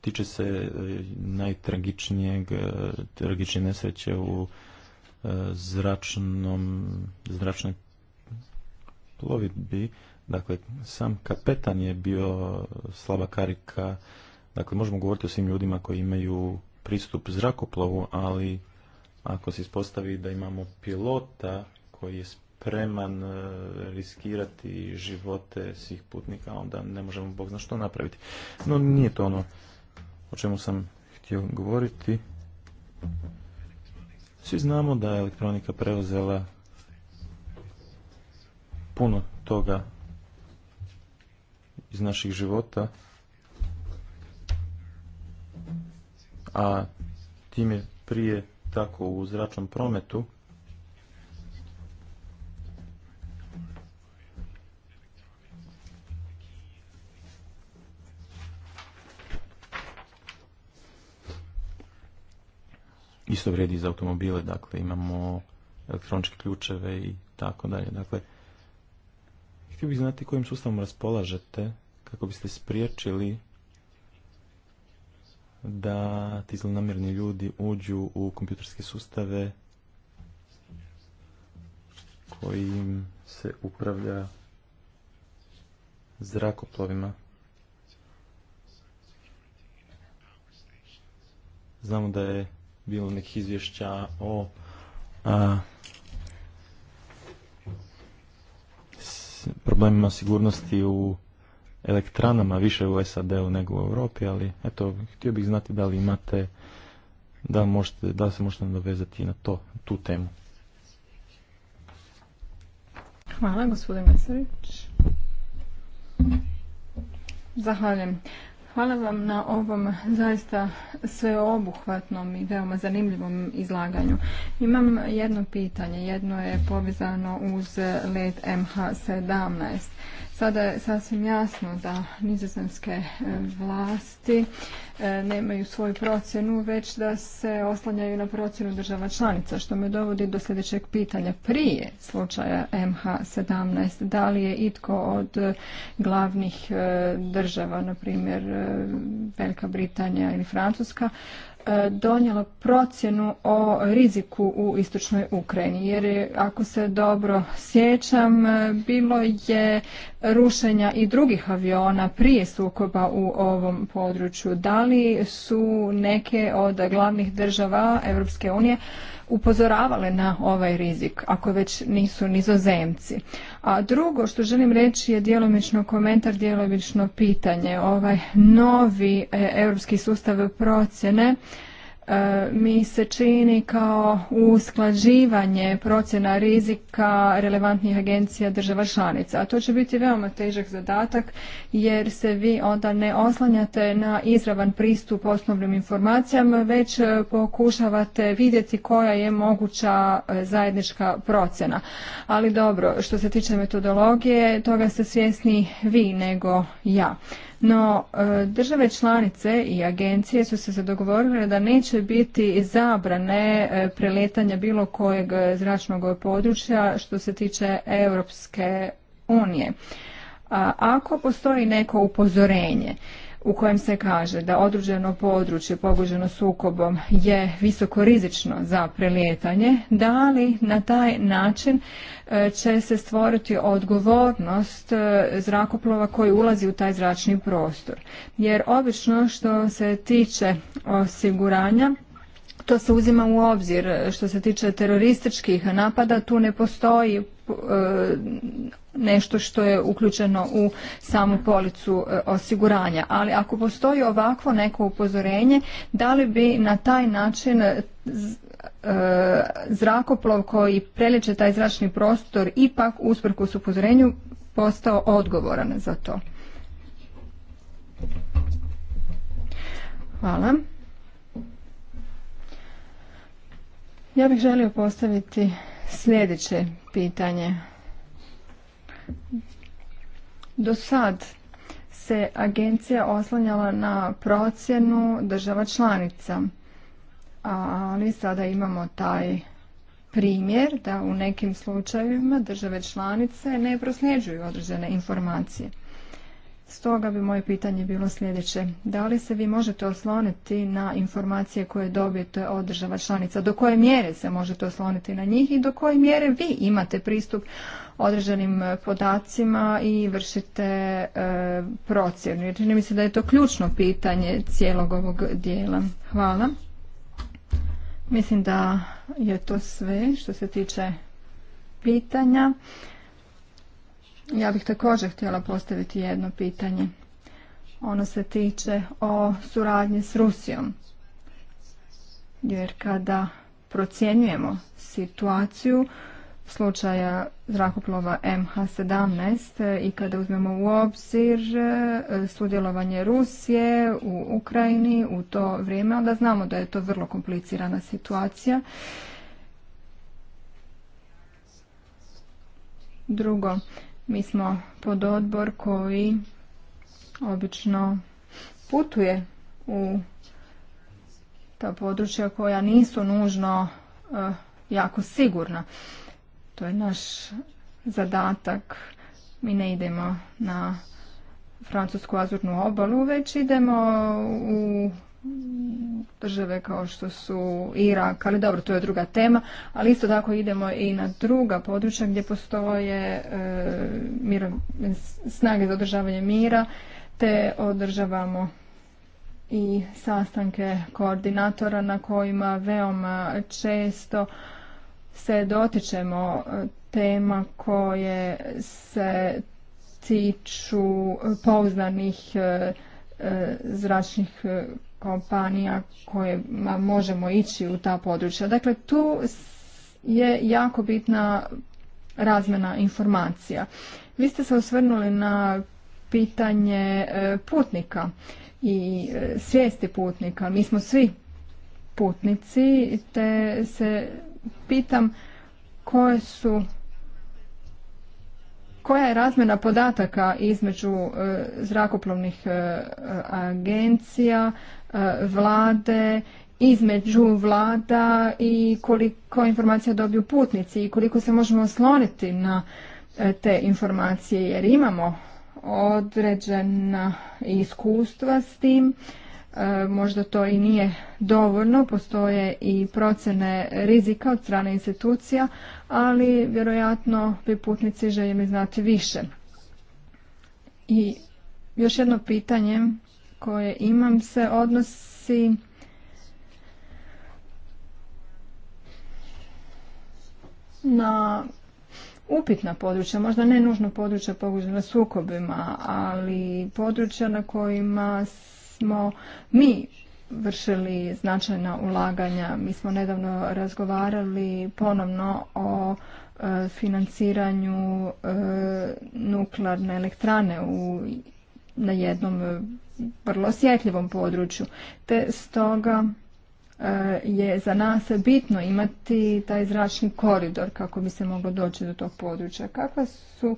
tiče se e, najtragičnijeg e, tragične nesreće u zračnom zračnoj plovidbi dakle sam kapetan je bio slaba karika dakle možemo govoriti o svim ljudima koji imaju pristup zrakoplovu ali ako se ispostavi da imamo pilota koji je spreman e, riskirati živote svih putnika, onda ne možemo Bog zna što napraviti. No nije to ono o čemu sam htio govoriti. Svi znamo da je elektronika preuzela puno toga iz naših života, a tim je prije tako u zračnom prometu, Isto vrijedi za automobile, dakle imamo elektroničke ključeve i tako dalje. Dakle, htio bih znati kojim sustavom raspolažete kako biste spriječili da ti zlonamjerni ljudi uđu u kompjuterske sustave kojim se upravlja zrakoplovima. Znamo da je bilo nekih izvješća o s problemima sigurnosti u elektranama, više u SAD-u nego u Europi, ali eto, htio bih znati da li imate, da, možete, da se možete dovezati na to, tu temu. Hvala, gospodine Mesarić. Zahvaljujem. Hvala vam na ovom zaista sveobuhvatnom i veoma zanimljivom izlaganju. Imam jedno pitanje, jedno je povezano uz let MH17. Sada je sasvim jasno da nizozemske e, vlasti e, nemaju svoju procjenu, već da se oslanjaju na procjenu država članica, što me dovodi do sljedećeg pitanja. Prije slučaja MH17, da li je itko od glavnih e, država, na primjer Velika Britanija ili Francuska, E, donijelo procjenu o riziku u istočnoj Ukrajini jer ako se dobro sjećam e, bilo je rušenja i drugih aviona prije sukoba u ovom području da li su neke od glavnih država Europske unije upozoravale na ovaj rizik, ako već nisu nizozemci. A drugo što želim reći je djelomično komentar, djelomično pitanje. Ovaj novi e, europski sustav procjene E, mi se čini kao usklađivanje procjena rizika relevantnih agencija država članica. A to će biti veoma težak zadatak jer se vi onda ne oslanjate na izravan pristup osnovnim informacijama, već e, pokušavate vidjeti koja je moguća e, zajednička procjena. Ali dobro, što se tiče metodologije, toga ste svjesni vi nego ja. No, e, države članice i agencije su se dogovorile da neće biti zabrane e, preletanja bilo kojeg zračnog područja što se tiče Europske unije. ako postoji neko upozorenje u kojem se kaže da određeno područje pogođeno sukobom je visoko rizično za prelijetanje, da li na taj način e, će se stvoriti odgovornost e, zrakoplova koji ulazi u taj zračni prostor. Jer obično što se tiče osiguranja, to se uzima u obzir što se tiče terorističkih napada, tu ne postoji e, nešto što je uključeno u samu policu e, osiguranja. Ali ako postoji ovakvo neko upozorenje, da li bi na taj način e, e, zrakoplov koji preliče taj zračni prostor ipak usprkos upozorenju postao odgovoran za to? Hvala. Ja bih želio postaviti sljedeće pitanje do sad se agencija oslanjala na procjenu država članica, ali sada imamo taj primjer da u nekim slučajevima države članice ne prosljeđuju određene informacije. Stoga bi moje pitanje bilo sljedeće. Da li se vi možete osloniti na informacije koje dobijete od država članica? Do koje mjere se možete osloniti na njih i do koje mjere vi imate pristup određenim podacima i vršite e, procjenu? Jer čini mi se da je to ključno pitanje cijelog ovog dijela. Hvala. Mislim da je to sve što se tiče pitanja. Ja bih također htjela postaviti jedno pitanje. Ono se tiče o suradnji s Rusijom. Jer kada procjenjujemo situaciju slučaja zrakoplova MH17 i kada uzmemo u obzir e, sudjelovanje Rusije u Ukrajini u to vrijeme, onda znamo da je to vrlo komplicirana situacija. Drugo, mi smo pod odbor koji obično putuje u ta područja koja nisu nužno e, jako sigurna. To je naš zadatak. Mi ne idemo na francusku azurnu obalu, već idemo u države kao što su Irak, ali dobro, to je druga tema, ali isto tako idemo i na druga područja gdje postoje e, snage za održavanje mira, te održavamo i sastanke koordinatora na kojima veoma često se dotičemo e, tema koje se tiču pouzdanih e, zračnih kompanija koje možemo ići u ta područja. Dakle, tu je jako bitna razmjena informacija. Vi ste se osvrnuli na pitanje e, putnika i e, svijesti putnika. Mi smo svi putnici, te se pitam koje su koja je razmjena podataka između e, zrakoplovnih e, agencija, e, vlade, između vlada i koliko informacija dobiju putnici i koliko se možemo osloniti na te informacije jer imamo određena iskustva s tim E, možda to i nije dovoljno, postoje i procjene rizika od strane institucija, ali vjerojatno bi putnici željeli znati više. I još jedno pitanje koje imam se odnosi na upitna područja, možda ne nužno područja pogođena sukobima, ali područja na kojima smo mi vršili značajna ulaganja. Mi smo nedavno razgovarali ponovno o e, financiranju e, nuklearne elektrane u, na jednom e, vrlo osjetljivom području. Te stoga je za nas bitno imati taj zračni koridor kako bi se moglo doći do tog područja. Kakva su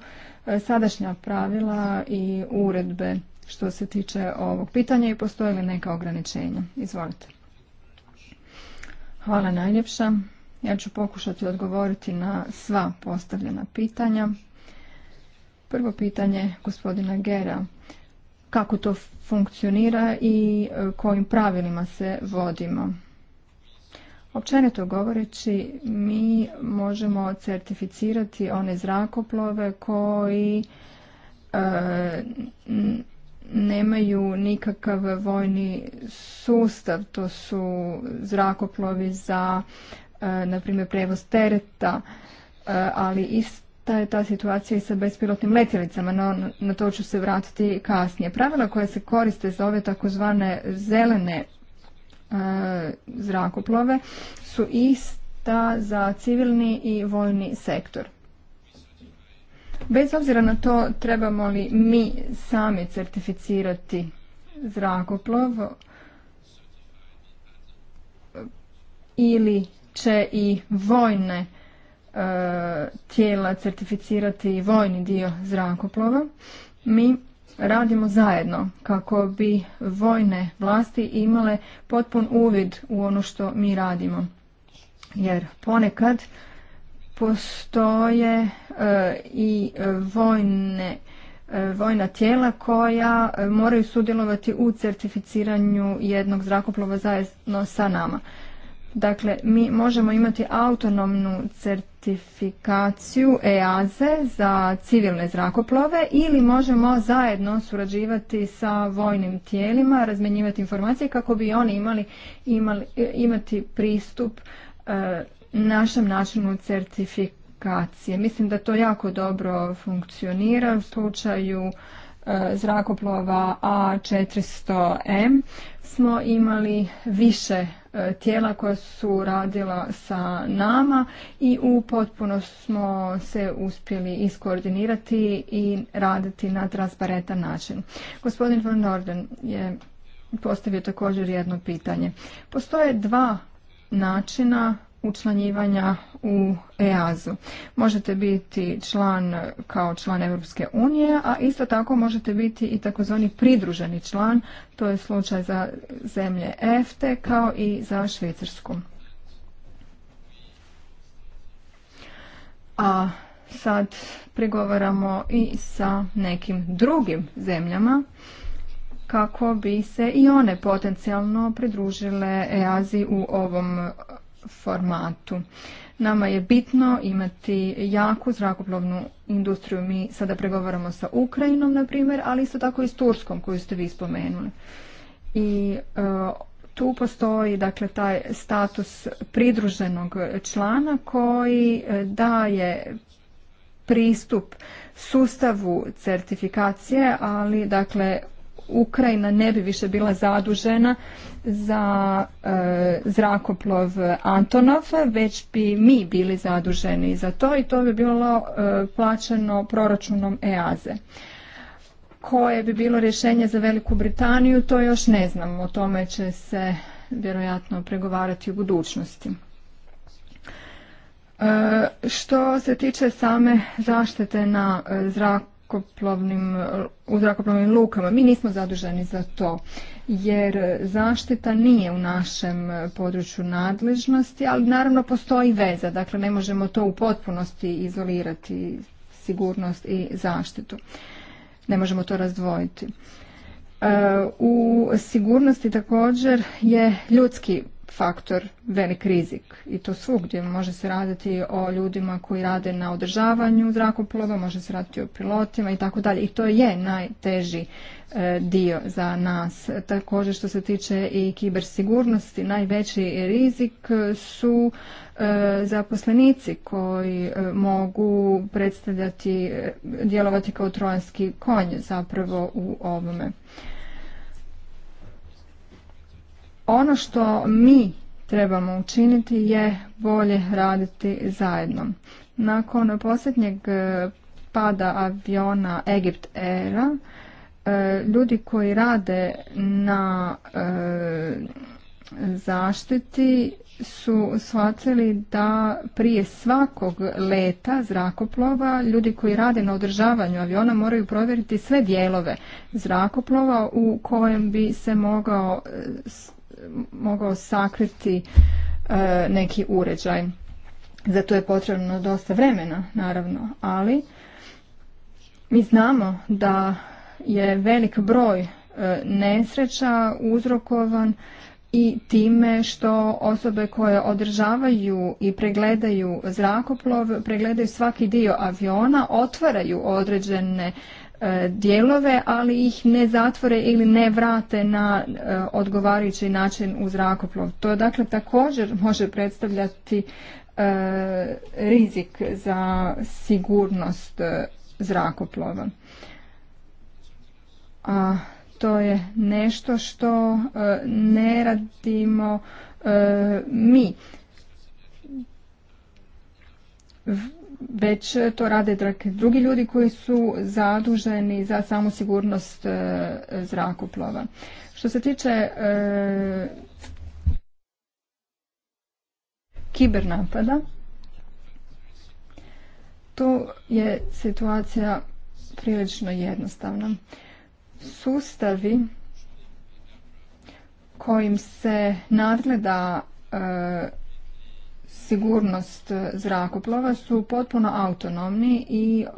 sadašnja pravila i uredbe što se tiče ovog pitanja i postoje li neka ograničenja. Izvolite. Hvala najljepša. Ja ću pokušati odgovoriti na sva postavljena pitanja. Prvo pitanje gospodina Gera. Kako to funkcionira i e, kojim pravilima se vodimo? Općenito govoreći, mi možemo certificirati one zrakoplove koji e, nemaju nikakav vojni sustav, to su zrakoplovi za, e, na primjer, prevoz tereta, e, ali ista je ta situacija i sa bespilotnim letjelicama, no na to ću se vratiti kasnije. Pravila koja se koriste za ove takozvane zelene e, zrakoplove su ista za civilni i vojni sektor. Bez obzira na to trebamo li mi sami certificirati zrakoplov e, ili će i vojne e, tijela certificirati i vojni dio zrakoplova, mi radimo zajedno kako bi vojne vlasti imale potpun uvid u ono što mi radimo. Jer ponekad postoje e, i vojne e, vojna tijela koja e, moraju sudjelovati u certificiranju jednog zrakoplova zajedno sa nama. Dakle, mi možemo imati autonomnu certifikaciju EAZE za civilne zrakoplove ili možemo zajedno surađivati sa vojnim tijelima, razmenjivati informacije kako bi oni imali, imali imati pristup našem načinu certifikacije. Mislim da to jako dobro funkcionira u slučaju e, zrakoplova A400M smo imali više e, tijela koja su radila sa nama i u potpuno smo se uspjeli iskoordinirati i raditi na transparentan način. Gospodin Van Norden je postavio također jedno pitanje. Postoje dva načina učlanjivanja u EAZu. Možete biti član kao član Europske unije, a isto tako možete biti i takozvani pridruženi član, to je slučaj za zemlje EFTE kao i za Švicarsku. A sad prigovaramo i sa nekim drugim zemljama kako bi se i one potencijalno pridružile EAZi u ovom formatu. Nama je bitno imati jaku zrakoplovnu industriju. Mi sada pregovaramo sa Ukrajinom, na primjer, ali isto tako i s Turskom, koju ste vi spomenuli. I e, tu postoji dakle taj status pridruženog člana koji e, daje pristup sustavu certifikacije, ali dakle Ukrajina ne bi više bila zadužena za e, zrakoplov Antonov, već bi mi bili zaduženi za to i to bi bilo e, plaćeno proračunom EAZE. Koje bi bilo rješenje za Veliku Britaniju, to još ne znam. O tome će se vjerojatno pregovarati u budućnosti. E, što se tiče same zaštite na zrak u zrakoplovnim lukama. Mi nismo zaduženi za to jer zaštita nije u našem području nadležnosti, ali naravno postoji veza, dakle ne možemo to u potpunosti izolirati sigurnost i zaštitu. Ne možemo to razdvojiti. E, u sigurnosti također je ljudski faktor velik rizik i to svugdje. Može se raditi o ljudima koji rade na održavanju zrakoplova, može se raditi o pilotima i tako dalje. I to je najteži e, dio za nas. Također što se tiče i kibersigurnosti, najveći rizik su e, zaposlenici koji e, mogu predstavljati, djelovati kao trojanski konj zapravo u ovome. Ono što mi trebamo učiniti je bolje raditi zajedno. Nakon posljednjeg e, pada aviona Egypt era e, ljudi koji rade na e, zaštiti su shvatili da prije svakog leta zrakoplova ljudi koji rade na održavanju aviona moraju provjeriti sve dijelove zrakoplova u kojem bi se mogao mogao sakriti e, neki uređaj. Za to je potrebno dosta vremena, naravno, ali mi znamo da je velik broj e, nesreća uzrokovan i time što osobe koje održavaju i pregledaju zrakoplov, pregledaju svaki dio aviona, otvaraju određene E, dijelove, ali ih ne zatvore ili ne vrate na e, odgovarajući način u zrakoplov. To dakle također može predstavljati e, rizik za sigurnost zrakoplova. A to je nešto što ne radimo mi već to rade drugi ljudi koji su zaduženi za samu sigurnost e, zrakoplova. Što se tiče e, kibernapada, tu je situacija prilično jednostavna. Sustavi kojim se nadgleda e, sigurnost eh, zrakoplova su potpuno autonomni i eh,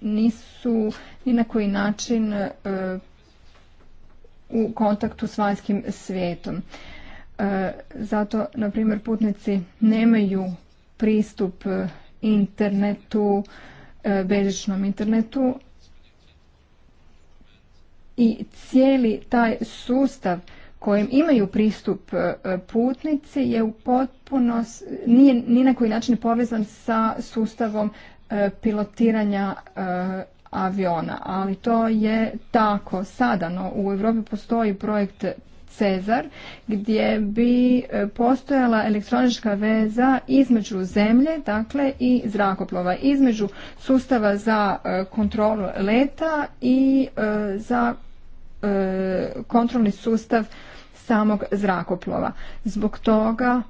nisu ni na koji način eh, u kontaktu s vanjskim svijetom. Zato, na primjer, putnici nemaju pristup internetu, bežičnom internetu i cijeli taj sustav kojim imaju pristup e, putnici je u potpuno nije ni na koji način povezan sa sustavom e, pilotiranja e, aviona, ali to je tako sada, u Europi postoji projekt Cezar gdje bi postojala elektronička veza između zemlje, dakle i zrakoplova, između sustava za kontrolu leta i za kontrolni sustav samog zrakoplova. Zbog toga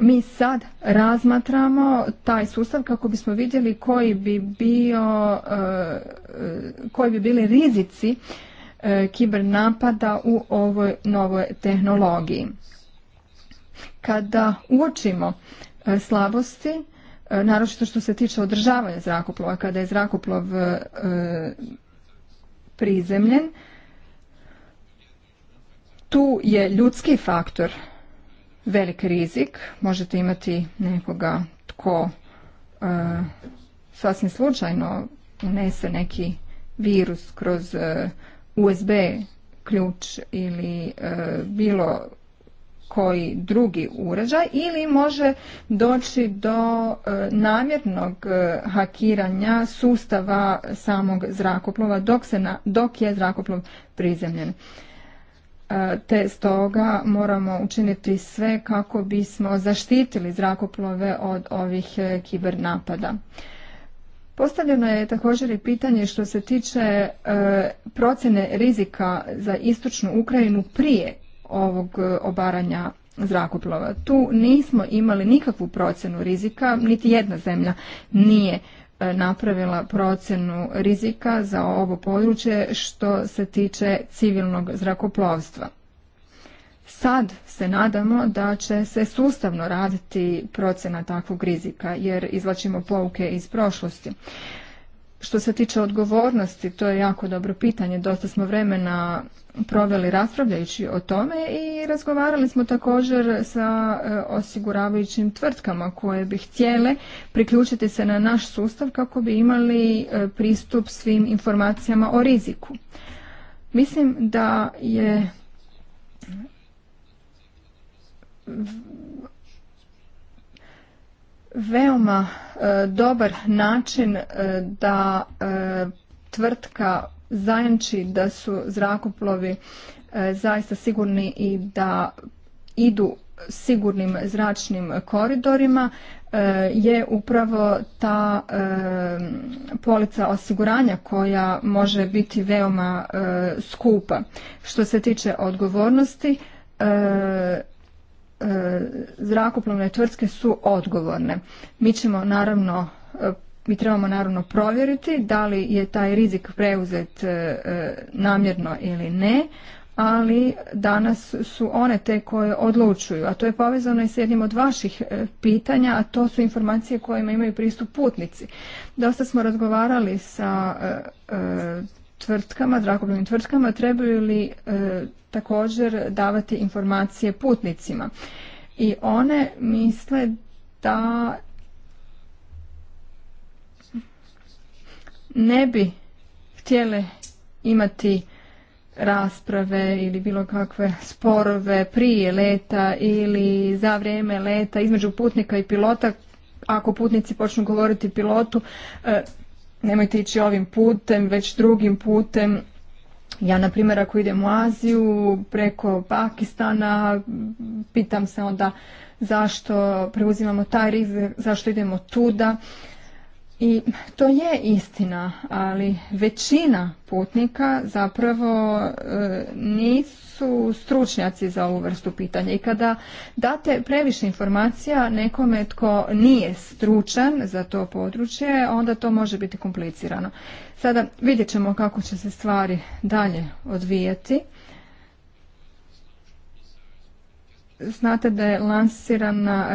mi sad razmatramo taj sustav kako bismo vidjeli koji bi bio e, koji bi bili rizici e, kibernapada napada u ovoj novoj tehnologiji. Kada uočimo e, slabosti, naročito što se tiče održavanja zrakoplova, kada je zrakoplov prizemljen, tu je ljudski faktor velik rizik. Možete imati nekoga tko e, sasvim slučajno unese neki virus kroz e, USB ključ ili e, bilo koji drugi uređaj ili može doći do e, namjernog hakiranja sustava samog zrakoplova dok, se na, dok je zrakoplov prizemljen. E, te stoga moramo učiniti sve kako bismo zaštitili zrakoplove od ovih e, kiber napada. Postavljeno je također i pitanje što se tiče e, procjene rizika za istočnu Ukrajinu prije ovog obaranja zrakoplova. Tu nismo imali nikakvu procjenu rizika, niti jedna zemlja nije E, napravila procjenu rizika za ovo područje što se tiče civilnog zrakoplovstva. Sad se nadamo da će se sustavno raditi procena takvog rizika jer izvlačimo pouke iz prošlosti. Što se tiče odgovornosti, to je jako dobro pitanje. Dosta smo vremena proveli raspravljajući o tome i razgovarali smo također sa e, osiguravajućim tvrtkama koje bi htjele priključiti se na naš sustav kako bi imali e, pristup svim informacijama o riziku. Mislim da je veoma e, dobar način e, da e, tvrtka zajamči da su zrakoplovi zaista sigurni i da idu sigurnim zračnim koridorima je upravo ta polica osiguranja koja može biti veoma skupa. Što se tiče odgovornosti, E, E, zrakoplovne tvrtke su odgovorne. Mi ćemo naravno e, mi trebamo naravno provjeriti da li je taj rizik preuzet e, namjerno ili ne, ali danas su one te koje odlučuju, a to je povezano i s jednim od vaših pitanja, a to su informacije kojima imaju pristup putnici. Dosta smo razgovarali sa tvrtkama, zrakoplovnim tvrtkama trebaju li e, također davati informacije putnicima. I one misle da ne bi htjele imati rasprave ili bilo kakve sporove prije leta ili za vrijeme leta između putnika i pilota ako putnici počnu govoriti pilotu e, nemojte ići ovim putem, već drugim putem. Ja, na primjer, ako idem u Aziju, preko Pakistana, pitam se onda zašto preuzimamo taj rizik, zašto idemo tuda. I to je istina, ali većina putnika zapravo e, nisu stručnjaci za ovu vrstu pitanja. I kada date previše informacija nekome tko nije stručan za to područje, onda to može biti komplicirano. Sada vidjet ćemo kako će se stvari dalje odvijati. Znate da je lansirana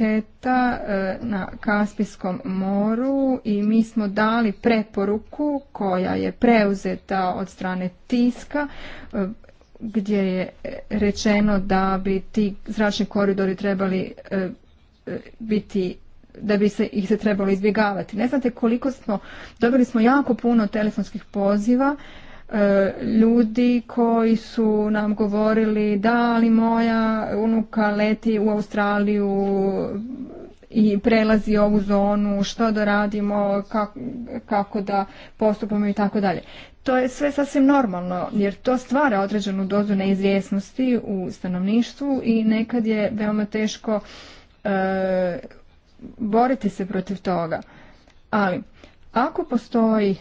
E, na Kaspijskom moru i mi smo dali preporuku koja je preuzeta od strane tiska e, gdje je rečeno da bi ti zračni koridori trebali e, biti da bi se ih se trebalo izbjegavati. Ne znate koliko smo, dobili smo jako puno telefonskih poziva E, ljudi koji su nam govorili da ali moja unuka leti u Australiju i prelazi ovu zonu, što da radimo, kako, kako da postupamo i tako dalje. To je sve sasvim normalno jer to stvara određenu dozu neizvjesnosti u stanovništvu i nekad je veoma teško e, boriti se protiv toga. Ali ako postoji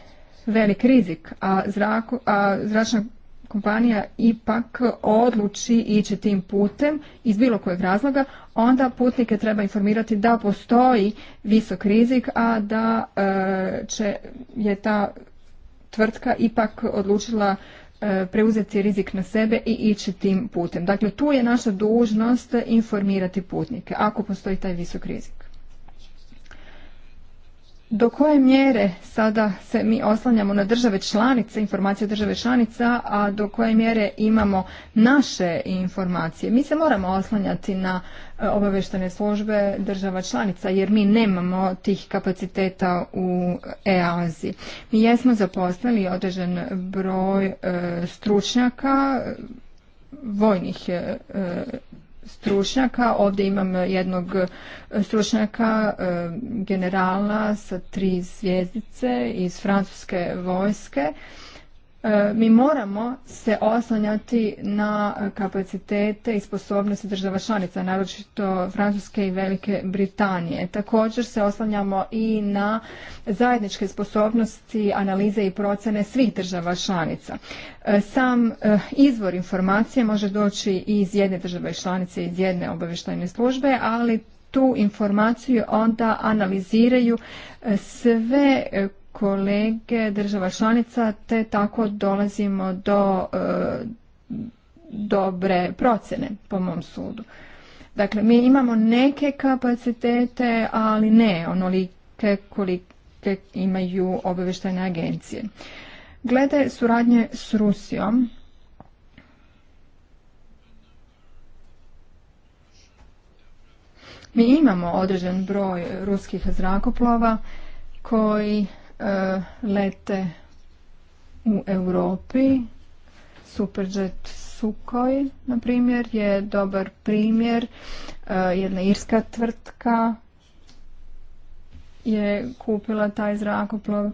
velik rizik, a, zraku, a zračna kompanija ipak odluči ići tim putem iz bilo kojeg razloga, onda putnike treba informirati da postoji visok rizik, a da e, će, je ta tvrtka ipak odlučila e, preuzeti rizik na sebe i ići tim putem. Dakle, tu je naša dužnost informirati putnike ako postoji taj visok rizik do koje mjere sada se mi oslanjamo na države članice, informacije države članica, a do koje mjere imamo naše informacije. Mi se moramo oslanjati na e, obaveštene službe država članica jer mi nemamo tih kapaciteta u EAZI. Mi jesmo zaposlili određen broj e, stručnjaka, vojnih e, stručnjaka. Ovdje imam jednog e, stručnjaka, e, generala sa tri zvijezdice iz francuske vojske. E, mi moramo se oslanjati na kapacitete i sposobnosti država članica, naročito Francuske i Velike Britanije. Također se oslanjamo i na zajedničke sposobnosti, analize i procene svih država članica. E, sam e, izvor informacije može doći i iz jedne države članice, iz jedne obavještajne službe, ali tu informaciju onda analiziraju sve kolege država članica te tako dolazimo do e, dobre procjene po mom sudu. Dakle, mi imamo neke kapacitete, ali ne onolike kolike imaju obavještajne agencije. Glede suradnje s Rusijom, mi imamo određen broj ruskih zrakoplova koji E, lete u Europi. Superjet Sukoj, na primjer, je dobar primjer. E, jedna irska tvrtka je kupila taj zrakoplov.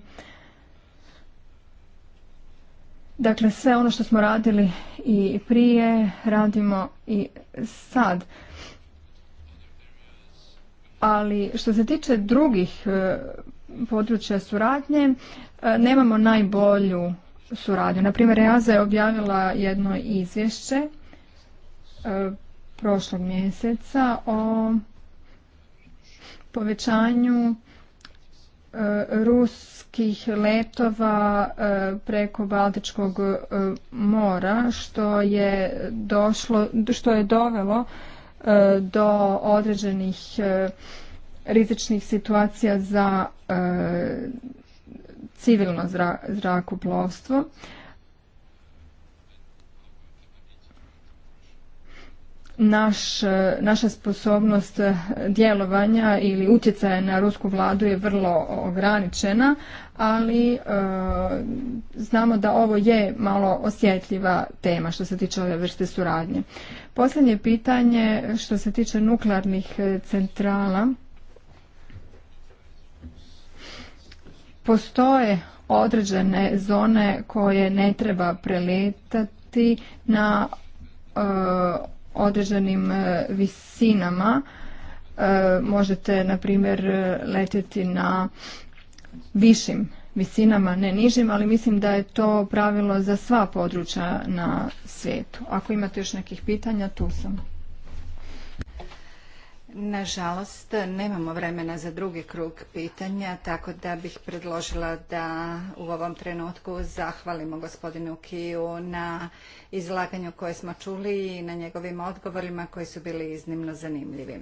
Dakle, sve ono što smo radili i prije, radimo i sad. Ali što se tiče drugih e, područja suradnje e, nemamo najbolju suradnju. Naprimjer, EASA je objavila jedno izvješće e, prošlog mjeseca o povećanju e, ruskih letova preko Baltičkog mora što je došlo što je dovelo do određenih rizičnih situacija za e, civilno zra, zrakoplovstvo. naša sposobnost djelovanja ili utjecaja na rusku vladu je vrlo ograničena, ali e, znamo da ovo je malo osjetljiva tema što se tiče ove vrste suradnje. Posljednje pitanje što se tiče nuklearnih e, centrala postoje određene zone koje ne treba preletati na e, određenim e, visinama. E, možete, na primjer, letjeti na višim visinama, ne nižim, ali mislim da je to pravilo za sva područja na svijetu. Ako imate još nekih pitanja, tu sam. Nažalost, nemamo vremena za drugi krug pitanja, tako da bih predložila da u ovom trenutku zahvalimo gospodinu Kiju na izlaganju koje smo čuli i na njegovim odgovorima koji su bili iznimno zanimljivi.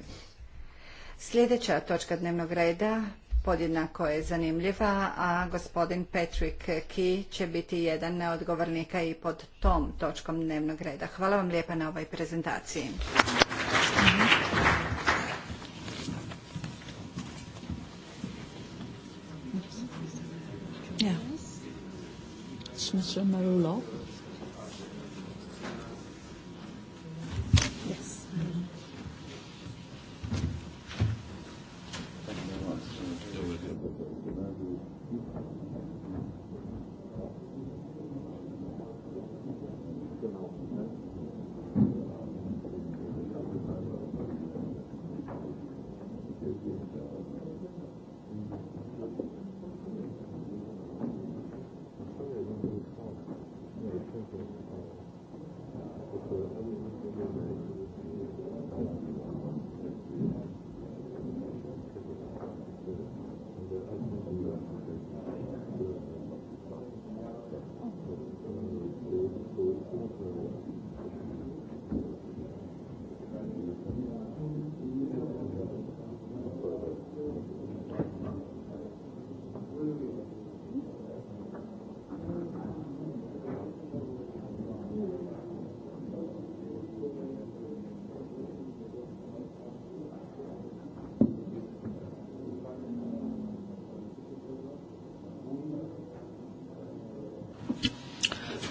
Sljedeća točka dnevnog reda podjednako je zanimljiva, a gospodin Patrick Key će biti jedan od i pod tom točkom dnevnog reda. Hvala vam lijepa na ovoj prezentaciji. Yeah. se Mr.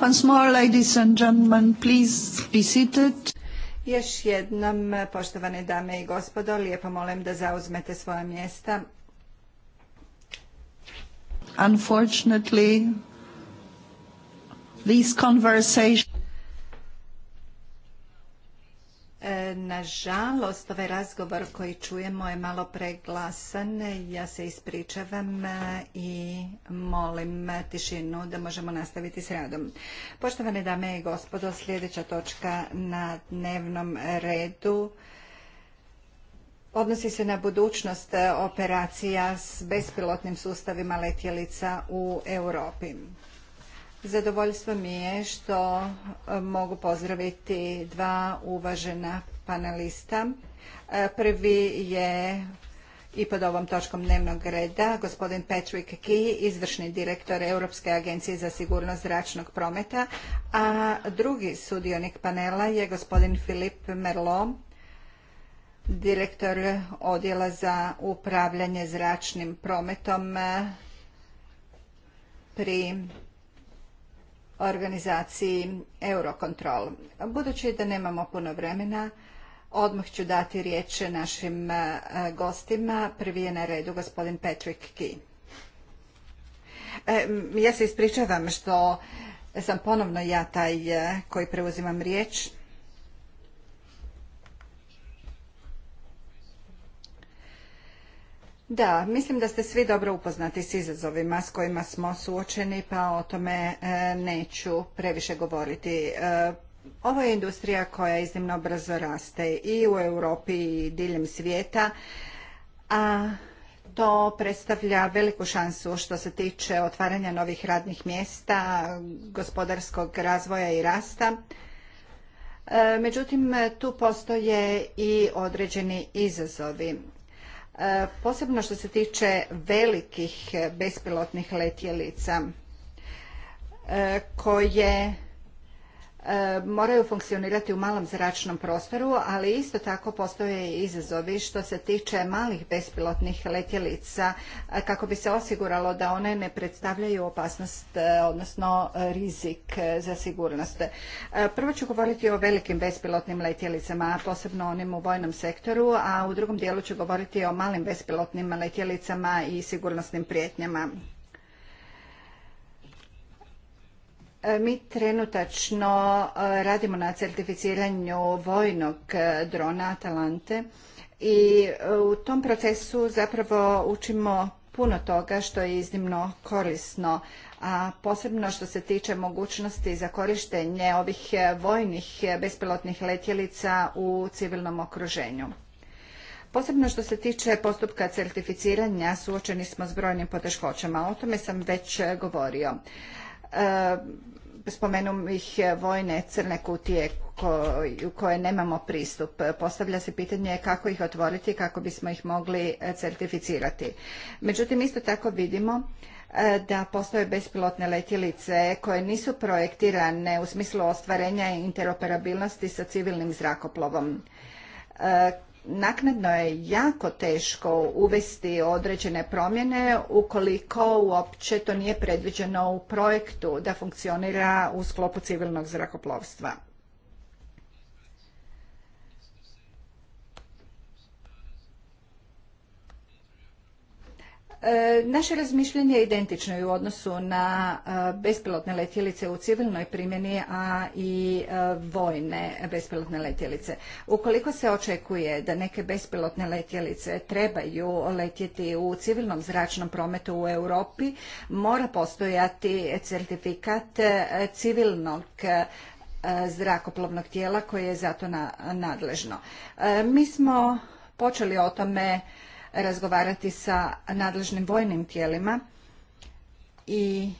Once more, ladies and gentlemen, please be seated. Još jednom, poštovane dame i gospodo, lijepo molim da zauzmete svoja mjesta. Unfortunately, these conversations žalost, ovaj razgovor koji čujemo je malo preglasan. Ja se ispričavam e, i molim tišinu da možemo nastaviti s radom. Poštovane dame i gospodo, sljedeća točka na dnevnom redu odnosi se na budućnost operacija s bespilotnim sustavima letjelica u Europi. Zadovoljstvo mi je što e, mogu pozdraviti dva uvažena panelista. E, prvi je i pod ovom točkom dnevnog reda gospodin Patrick Key, izvršni direktor Europske agencije za sigurnost zračnog prometa, a drugi sudionik panela je gospodin Filip Merlo, direktor odjela za upravljanje zračnim prometom e, pri organizaciji Eurocontrol. Budući da nemamo puno vremena, Odmah ću dati riječ našim e, gostima. Prvi je na redu gospodin Patrick Key. E, ja se ispričavam što sam ponovno ja taj e, koji preuzimam riječ. Da, mislim da ste svi dobro upoznati s izazovima s kojima smo suočeni, pa o tome neću previše govoriti. Ovo je industrija koja iznimno brzo raste i u Europi i diljem svijeta, a to predstavlja veliku šansu što se tiče otvaranja novih radnih mjesta, gospodarskog razvoja i rasta. E, međutim, tu postoje i određeni izazovi. E, posebno što se tiče velikih bespilotnih letjelica e, koje E, moraju funkcionirati u malom zračnom prostoru, ali isto tako postoje izazovi što se tiče malih bespilotnih letjelica e, kako bi se osiguralo da one ne predstavljaju opasnost, e, odnosno rizik za sigurnost. Prvo ću govoriti o velikim bespilotnim letjelicama, posebno onim u vojnom sektoru, a u drugom dijelu ću govoriti o malim bespilotnim letjelicama i sigurnosnim prijetnjama. E, mi trenutačno e, radimo na certificiranju vojnog e, drona Atalante i u tom procesu zapravo učimo puno toga što je iznimno korisno, a posebno što se tiče mogućnosti za korištenje ovih vojnih bespilotnih letjelica u civilnom okruženju. Posebno što se tiče postupka certificiranja suočeni smo s brojnim poteškoćama, o tome sam već govorio. E, ih vojne crne kutije u koje nemamo pristup. Postavlja se pitanje kako ih otvoriti kako bismo ih mogli certificirati. Međutim, isto tako vidimo e, da postoje bespilotne letjelice koje nisu projektirane u smislu ostvarenja interoperabilnosti sa civilnim zrakoplovom e, naknadno je jako teško uvesti određene promjene ukoliko uopće to nije predviđeno u projektu da funkcionira u sklopu civilnog zrakoplovstva. E, naše razmišljanje je identično i u odnosu na e, bespilotne letjelice u civilnoj primjeni, a i e, vojne bespilotne letjelice. Ukoliko se očekuje da neke bespilotne letjelice trebaju letjeti u civilnom zračnom prometu u Europi, mora postojati certifikat civilnog zrakoplovnog tijela koje je za to nadležno. Mi smo počeli o tome razgovarati sa nadležnim vojnim tijelima i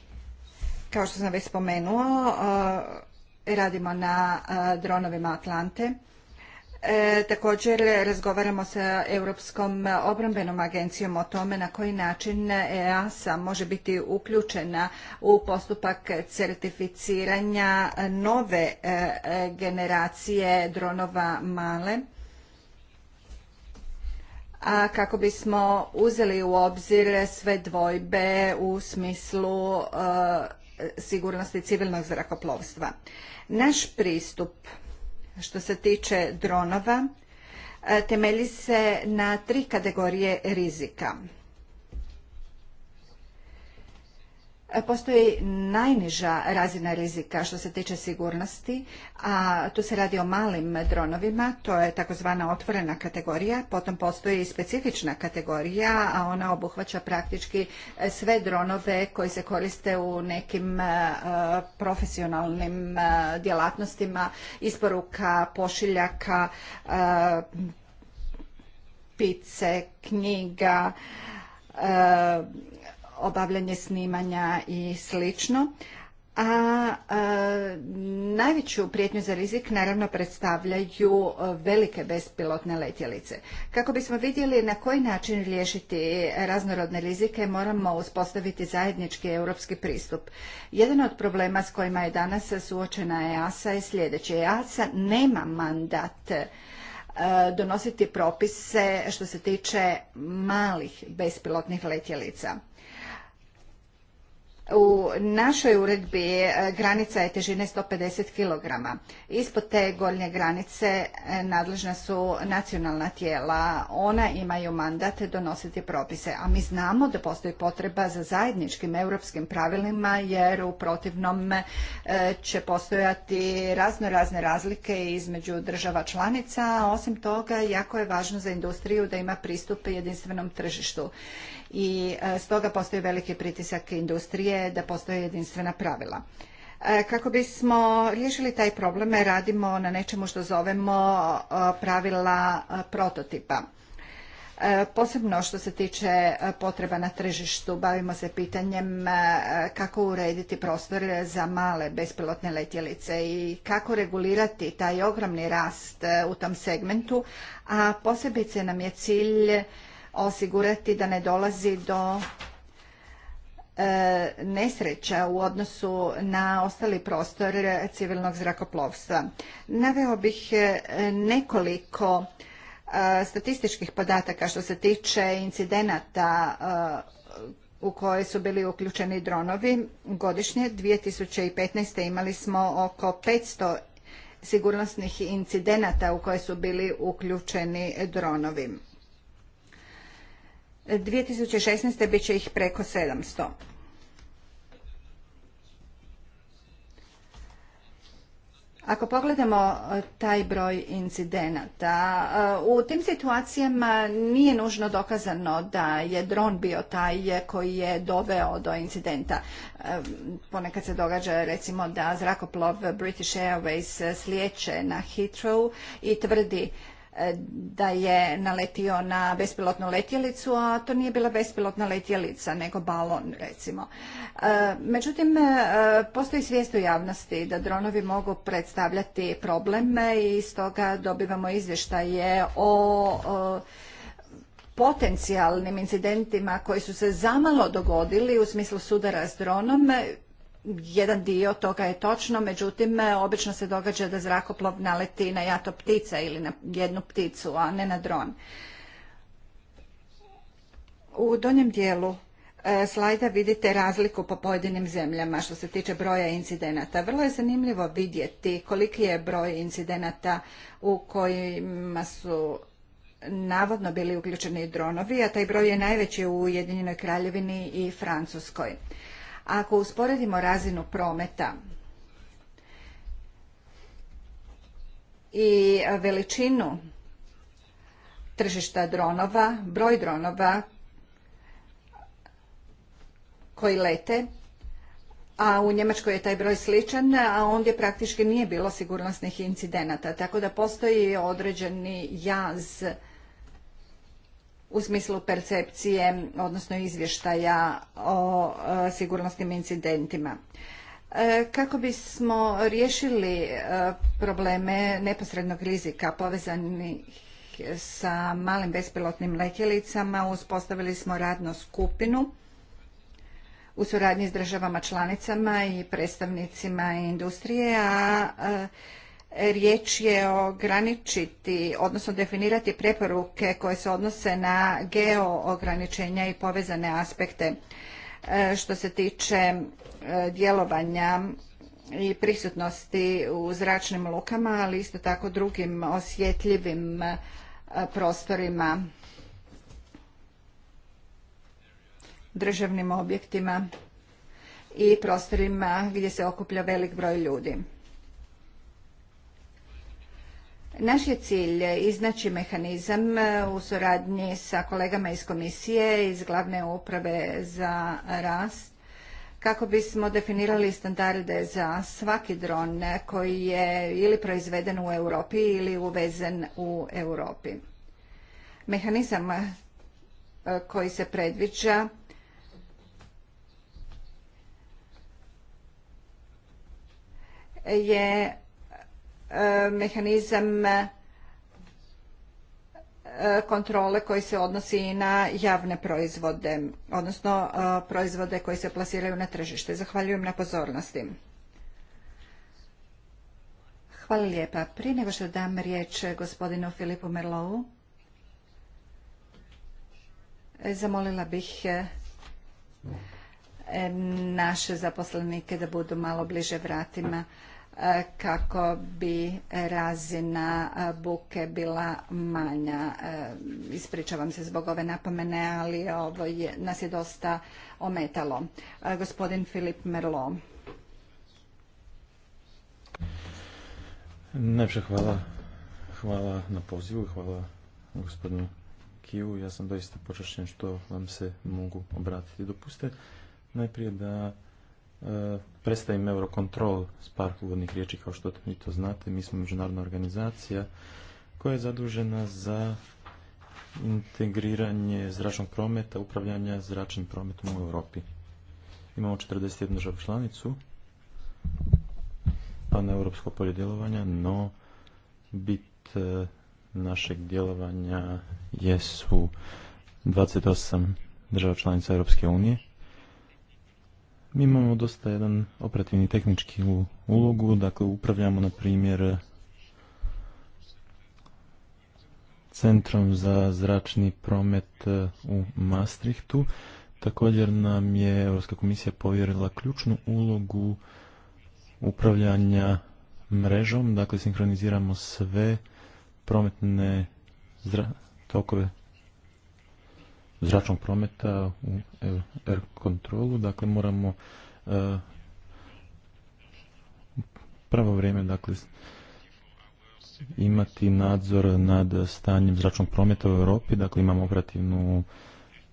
kao što sam već spomenuo e, radimo na e, dronovima Atlante. E, također razgovaramo sa Europskom obrambenom agencijom o tome na koji način EASA može biti uključena u postupak certificiranja nove generacije dronova male a kako bismo uzeli u obzir sve dvojbe u smislu eh, sigurnosti civilnog zrakoplovstva. Naš pristup što se tiče dronova eh, temelji se na tri kategorije rizika. postoji najniža razina rizika što se tiče sigurnosti, a tu se radi o malim dronovima, to je takozvana otvorena kategorija, potom postoji specifična kategorija, a ona obuhvaća praktički e, sve dronove koji se koriste u nekim e, profesionalnim e, djelatnostima, isporuka pošiljaka, pice, knjiga, obavljanje snimanja i slično. A e, najveću prijetnju za rizik naravno predstavljaju e, velike bespilotne letjelice. Kako bismo vidjeli na koji način riješiti raznorodne rizike, moramo uspostaviti zajednički europski pristup. Jedan od problema s kojima je danas suočena EASA je sljedeći. EASA nema mandat e, donositi propise što se tiče malih bespilotnih letjelica. U našoj uredbi e, granica je težine 150 kg. Ispod te gornje granice e, nadležna su nacionalna tijela. Ona imaju mandat donositi propise, a mi znamo da postoji potreba za zajedničkim europskim pravilima jer u protivnom e, će postojati razno razne razlike između država članica. Osim toga, jako je važno za industriju da ima pristup jedinstvenom tržištu i e, stoga postoji veliki pritisak industrije da postoje jedinstvena pravila. E, kako bismo riješili taj problem radimo na nečemu što zovemo e, pravila prototipa. Posebno što se tiče potreba na tržištu, bavimo se pitanjem kako urediti prostor za male bespilotne letjelice i kako regulirati taj ogromni rast u tom segmentu, a posebice nam je cilj osigurati da ne dolazi do e, nesreća u odnosu na ostali prostor civilnog zrakoplovstva. Naveo bih e, nekoliko e, statističkih podataka što se tiče incidenata u koje su bili uključeni dronovi. Godišnje 2015. imali smo oko 500 sigurnosnih incidenata u koje su bili uključeni dronovi. 2016. bit će ih preko 700. Ako pogledamo e, taj broj incidenata, e, u tim situacijama nije nužno dokazano da je dron bio taj koji je doveo do incidenta. E, ponekad se događa recimo da zrakoplov British Airways slijeće na Heathrow i tvrdi E, da je naletio na bespilotnu letjelicu, a to nije bila bespilotna letjelica, nego balon recimo. E, međutim, e, postoji svijest u javnosti da dronovi mogu predstavljati probleme i stoga dobivamo izvještaje o potencijalnim incidentima koji su se zamalo dogodili u smislu sudara s dronom jedan dio toga je točno, međutim e, obično se događa da zrakoplov naleti na jato ptica ili na jednu pticu, a ne na dron. U donjem dijelu e, slajda vidite razliku po pojedinim zemljama što se tiče broja incidenata. Vrlo je zanimljivo vidjeti koliki je broj incidenata u kojima su navodno bili uključeni dronovi, a taj broj je najveći u Ujedinjenoj kraljevini i Francuskoj. Ako usporedimo razinu prometa i veličinu tržišta dronova, broj dronova koji lete, a u Njemačkoj je taj broj sličan, a ondje praktički nije bilo sigurnosnih incidenata, tako da postoji određeni jaz u smislu percepcije, odnosno izvještaja o e, sigurnosnim incidentima. E, kako bismo riješili e, probleme neposrednog rizika povezanih sa malim bespilotnim letjelicama uspostavili smo radnu skupinu u suradnji s državama članicama i predstavnicima industrije, a Riječ je ograničiti, odnosno definirati preporuke koje se odnose na geo ograničenja i povezane aspekte e, što se tiče e, djelovanja i prisutnosti u zračnim lukama, ali isto tako drugim osjetljivim e, prostorima, državnim objektima i prostorima gdje se okuplja velik broj ljudi. Naš je cilj iznaći mehanizam e, u suradnji sa kolegama iz komisije, iz glavne uprave za rast, kako bismo definirali standarde za svaki dron koji je ili proizveden u Europi ili uvezen u Europi. Mehanizam e, koji se predviđa je mehanizam e, kontrole koji se odnosi na javne proizvode, odnosno e, proizvode koji se plasiraju na tržište. Zahvaljujem na pozornosti. Hvala lijepa. Prije nego što dam riječ gospodinu Filipu Merlovu, zamolila bih e, naše zaposlenike da budu malo bliže vratima kako bi razina buke bila manja. E, ispričavam se zbog ove napomene, ali ovo je, nas je dosta ometalo. E, gospodin Filip Merlo. Najpše hvala. na pozivu, hvala gospodinu Kiju. Ja sam doista počašćen što vam se mogu obratiti. Dopuste najprije da E, predstavim Eurocontrol s par uvodnih riječi kao što vi to znate. Mi smo međunarodna organizacija koja je zadužena za integriranje zračnog prometa, upravljanja zračnim prometom u Europi. Imamo 41 državu članicu polje djelovanja, no bit e, našeg djelovanja jesu 28 država članica Europske unije mi imamo dosta jedan operativni tehnički ulogu, dakle upravljamo na primjer centrom za zračni promet e, u Maastrichtu. Također nam je Europska komisija povjerila ključnu ulogu upravljanja mrežom, dakle sinkroniziramo sve prometne tokove zračnog prometa u air kontrolu, dakle moramo e, pravo vrijeme dakle imati nadzor nad stanjem zračnog prometa u Europi, dakle imamo operativnu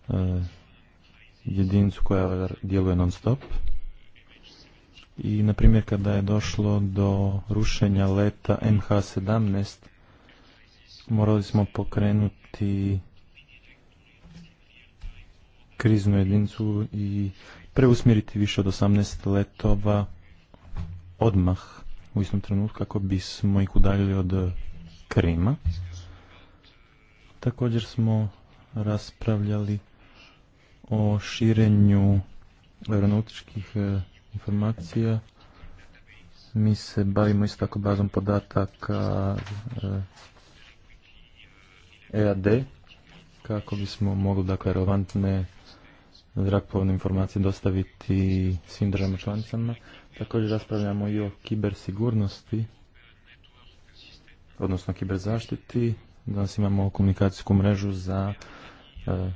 e, jedinicu koja djeluje non stop. I, na primjer, kada je došlo do rušenja leta MH17, morali smo pokrenuti kriznu jedincu i preusmjeriti više od 18 letova odmah u istom trenutku kako bismo ih udaljili od krema. Također smo raspravljali o širenju aeronautičkih e, informacija. Mi se bavimo isto tako bazom podataka EAD e kako bismo mogli dakle relevantne zrakoplovne informacije dostaviti svim državama članicama. Također raspravljamo i o kibersigurnosti, odnosno kiberzaštiti. Danas imamo komunikacijsku mrežu za kontrol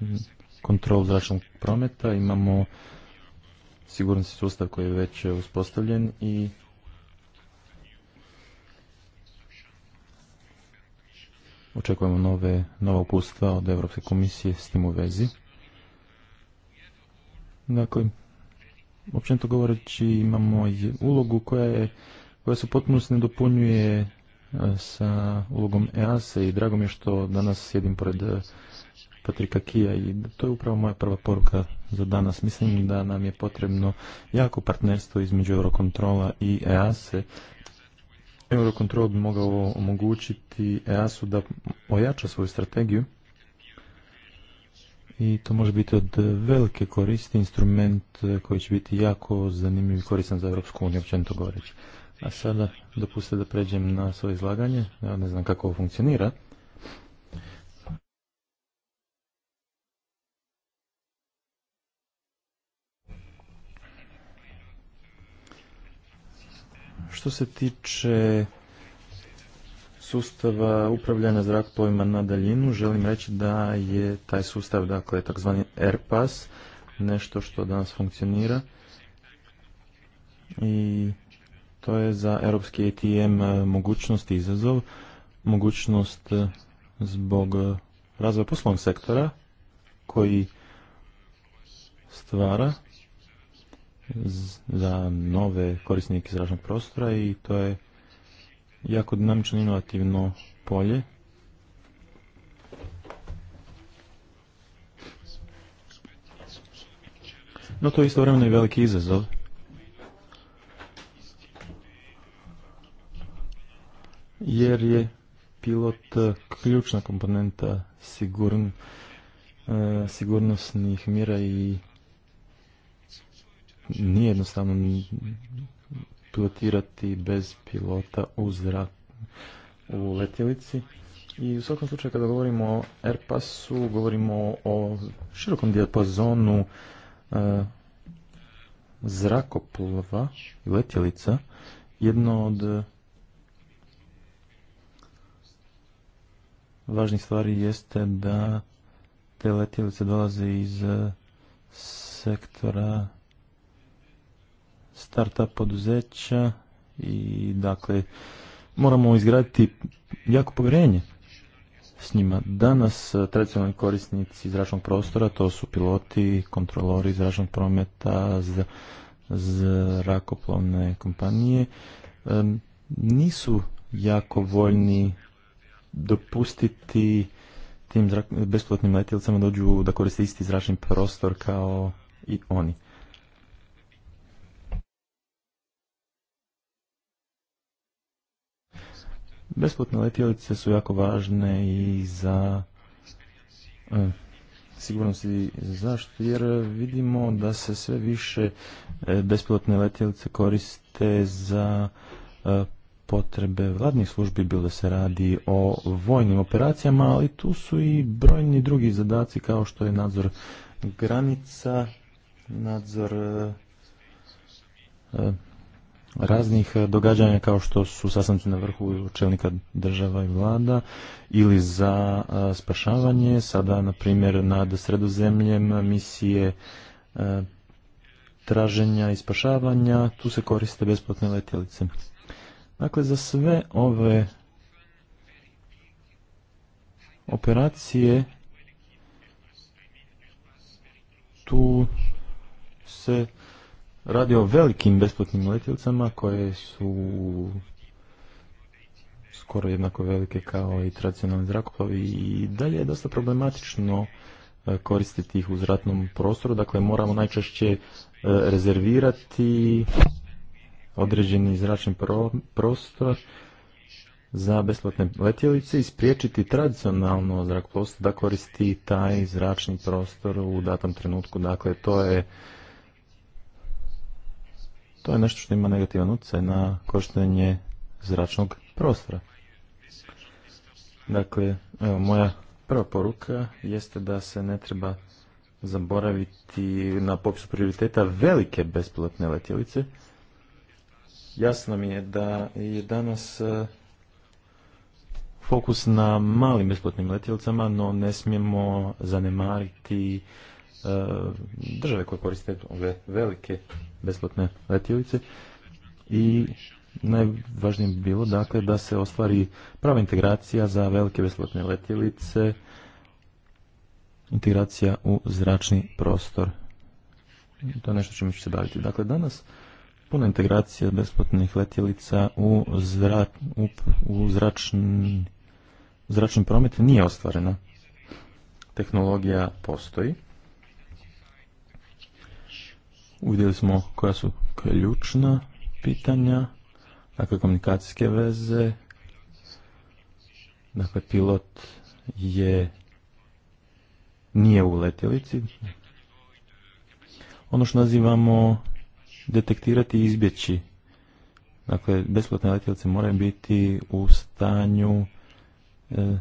e, kontrolu zračnog prometa, imamo sigurnosni sustav koji je već uspostavljen i očekujemo nove, nova upustva od Europske komisije s tim u vezi. Dakle, općenito govoreći imamo ulogu koja je koja se potpuno ne dopunjuje e, sa ulogom EASE i drago mi je što danas sjedim pored e, Patrika Kija i to je upravo moja prva poruka za danas. Mislim da nam je potrebno jako partnerstvo između Eurokontrola i EASE. Eurokontrol bi mogao omogućiti EASu da ojača svoju strategiju i to može biti od velike koristi, instrument e, koji će biti jako zanimljiv i koristan za Europsku uniju, to govoreći. A sada dopustite da pređem na svoje izlaganje, ja ne znam kako ovo funkcionira. Što se tiče sustava upravljanja zrakoplovima na daljinu želim reći da je taj sustav, dakle takozvani AirPass, nešto što danas funkcionira i to je za europski ATM e, mogućnost i izazov, mogućnost e, zbog e, razvoja poslovnog sektora koji stvara za nove korisnike zračnog prostora i to je jako dinamično inovativno polje. No to je istovremeno i veliki izazov. Jer je pilot e, ključna komponenta sigurn, e, sigurnosnih mjera i nije jednostavno pilotirati bez pilota u, zrak, u letjelici. I u svakom slučaju kada govorimo o Airpasu, govorimo o širokom dijapazonu e, zrakoplova i letjelica. Jedno od eh, važnih stvari jeste da te letjelice dolaze iz eh, sektora startup poduzeća i dakle moramo izgraditi jako povjerenje s njima. Danas e, tradicionalni korisnici zračnog prostora, to su piloti, kontrolori zračnog prometa, zrakoplovne kompanije, e, nisu jako voljni dopustiti tim besplatnim letjelicama dođu da koriste isti zračni prostor kao i oni. Besplatne letjelice su jako važne i za e, sigurnost i zaštitu, jer vidimo da se sve više e, besplatne letjelice koriste za e, potrebe vladnih službi, bilo da se radi o vojnim operacijama, ali tu su i brojni drugi zadaci kao što je nadzor granica, nadzor e, e raznih e, događanja kao što su sastanci na vrhu čelnika država i vlada ili za e, spašavanje, sada na primjer nad sredozemljem misije e, traženja i spašavanja, tu se koriste besplatne letjelice. Dakle, za sve ove operacije tu se radi o velikim besplatnim letjelicama koje su skoro jednako velike kao i tradicionalni zrakoplovi i dalje je dosta problematično e, koristiti ih u zratnom prostoru, dakle moramo najčešće e, rezervirati određeni zračni prostor za besplatne letjelice i spriječiti tradicionalno zrakoplovstvo da koristi taj zračni prostor u datom trenutku. Dakle, to je to je nešto što ima negativan utjecaj na koštenje zračnog prostora. Dakle, evo, moja prva poruka jeste da se ne treba zaboraviti na popisu prioriteta velike besplatne letjelice. Jasno mi je da je danas e, fokus na malim besplatnim letjelicama, no ne smijemo zanemariti E, države koje koriste ove velike besplatne letjelice i najvažnije bi bilo dakle da se ostvari prava integracija za velike besplatne letjelice integracija u zračni prostor to je nešto čime ću se baviti dakle danas puna integracija besplatnih letjelica u, zra, u zračni, zračni promet nije ostvarena tehnologija postoji Uvidjeli smo koja su ključna pitanja, dakle komunikacijske veze, dakle pilot je nije u letjelici. Ono što nazivamo detektirati i izbjeći. Dakle, besplatne letjelice moraju biti u stanju e,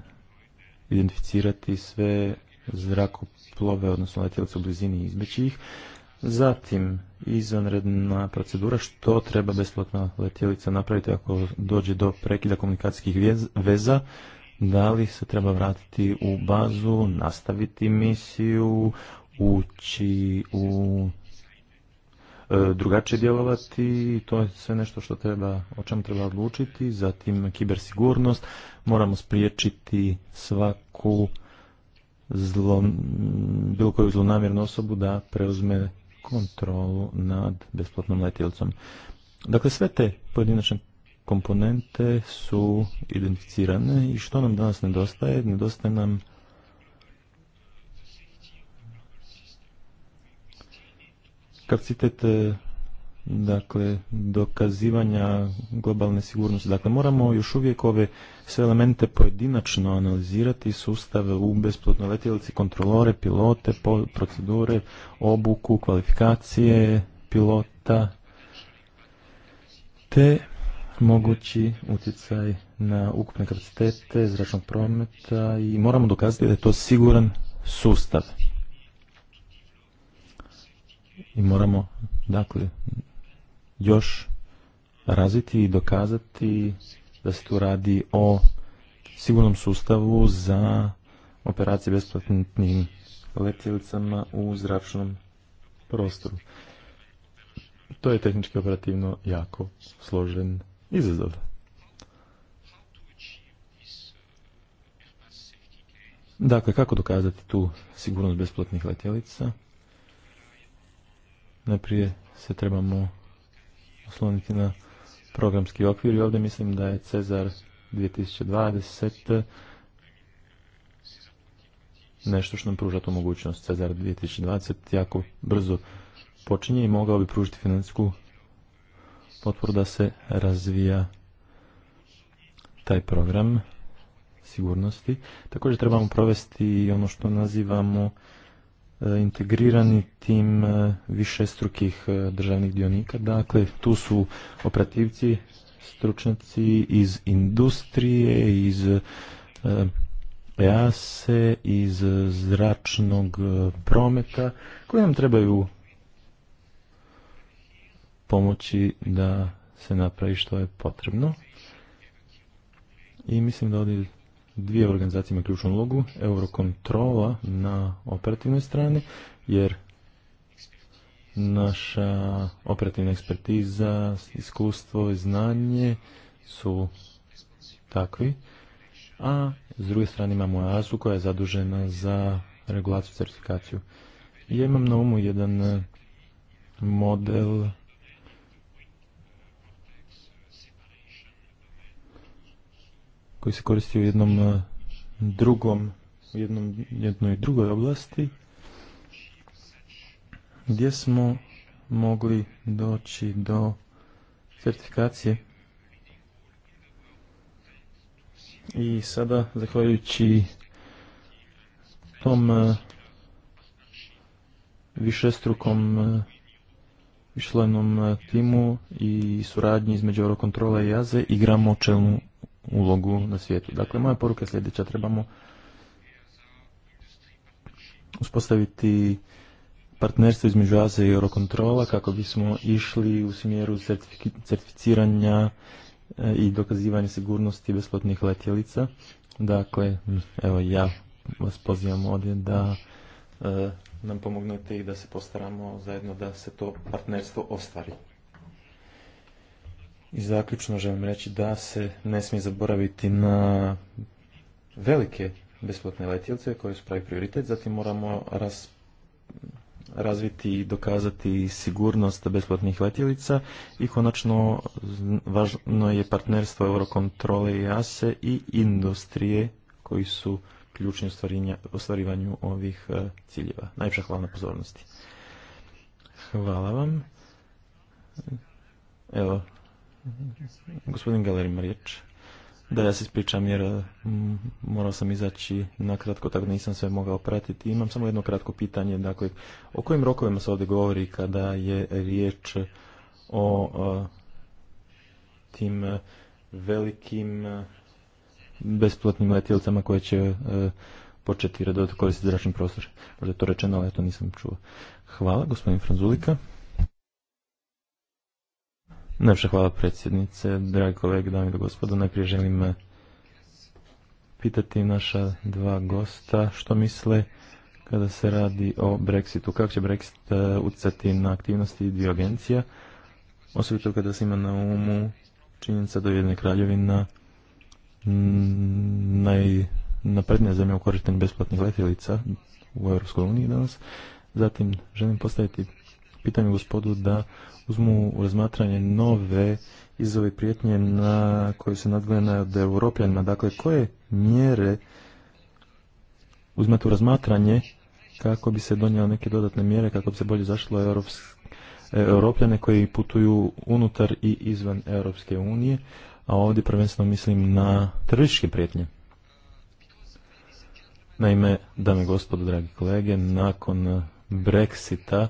identificirati sve zrakoplove, odnosno letjelice u blizini i izbjeći ih. Zatim, izvanredna procedura što treba besplatna letjelica napraviti ako dođe do prekida komunikacijskih veza, da li se treba vratiti u bazu, nastaviti misiju, ući u e, drugačije djelovati, to je sve nešto što treba, o čemu treba odlučiti, zatim kibersigurnost, moramo spriječiti svaku zlo, bilo koju zlonamjernu osobu da preuzme kontrolu nad besplatnom letjelicom. Dakle, sve te pojedinačne komponente su identificirane i što nam danas nedostaje? Nedostaje nam kapacitet dakle, dokazivanja globalne sigurnosti. Dakle, moramo još uvijek ove sve elemente pojedinačno analizirati, sustave u besplatnoj letjelici, kontrolore, pilote, procedure, obuku, kvalifikacije pilota, te mogući utjecaj na ukupne kapacitete zračnog prometa i moramo dokazati da je to siguran sustav. I moramo, dakle, još razviti i dokazati da se tu radi o sigurnom sustavu za operacije besplatnim letjelicama u zračnom prostoru. To je tehnički operativno jako složen izazov. Dakle, kako dokazati tu sigurnost besplatnih letjelica? Najprije se trebamo osloniti na programski okvir i ovdje mislim da je Cezar 2020 nešto što nam pruža tu mogućnost. Cezar 2020 jako brzo počinje i mogao bi pružiti financijsku potporu da se razvija taj program sigurnosti. Također trebamo provesti ono što nazivamo E, integrirani tim e, više strukih e, državnih dionika. Dakle, tu su operativci, stručnjaci iz industrije, iz EASE, iz zračnog prometa, koji nam trebaju pomoći da se napravi što je potrebno. I mislim da ovdje dvije organizacije imaju ključnu ulogu, eurokontrola na operativnoj strani, jer naša operativna ekspertiza, iskustvo i znanje su takvi, a s druge strane imamo ASU koja je zadužena za regulaciju i certifikaciju. Ja imam na umu jedan model koji se koristi u jednom e, drugom, jednom, jednoj drugoj oblasti, gdje smo mogli doći do certifikacije. I sada, zahvaljujući tom e, višestrukom e, višlenom timu i suradnji između Eurokontrola i Jaze igramo čelnu ulogu na svijetu. Dakle, moja poruka je sljedeća. Trebamo uspostaviti partnerstvo između AZE i Eurokontrola kako bismo išli u smjeru certificiranja eh, i dokazivanja sigurnosti besplatnih letjelica. Dakle, evo ja vas pozivam ovdje da eh, nam pomognete i da se postaramo zajedno da se to partnerstvo ostvari. I zaključno želim reći da se ne smije zaboraviti na velike besplatne letjelce koje su pravi prioritet, zatim moramo razviti i dokazati sigurnost besplatnih letjelica i konačno važno je partnerstvo Eurokontrole i ASE i industrije koji su ključni u ostvarivanju ovih e, ciljeva. Najpša hvala na pozornosti. Hvala vam. Evo, Gospodin ima riječ. Da, ja se ispričam jer mm, morao sam izaći na kratko, tako da nisam sve mogao pratiti. Imam samo jedno kratko pitanje, dakle, o kojim rokovima se ovdje govori kada je riječ o tim velikim besplatnim letjelicama koje će početi redovito koristiti zračni prostor. Možda je to rečeno, ali ja to nisam čuo. Hvala, gospodin Franzulika. Najpša hvala predsjednice, dragi kolege, dame i gospodo. Najprije želim eh, pitati naša dva gosta što misle kada se radi o Brexitu. Kako će Brexit eh, utjecati na aktivnosti dvije agencija? Osobito kada se ima na umu činjenica da jedne kraljevina mm, najnaprednija zemlja u korištenju besplatnih letjelica u EU danas. Zatim želim postaviti pitanju gospodu da uzmu u razmatranje nove izove prijetnje na koje se nadgleda od europljanima. Dakle, koje mjere uzmete u razmatranje kako bi se donijela neke dodatne mjere, kako bi se bolje zašlo e, europljane koji putuju unutar i izvan Europske unije, a ovdje prvenstveno mislim na terorističke prijetnje. Naime, dame i gospodo, dragi kolege, nakon Brexita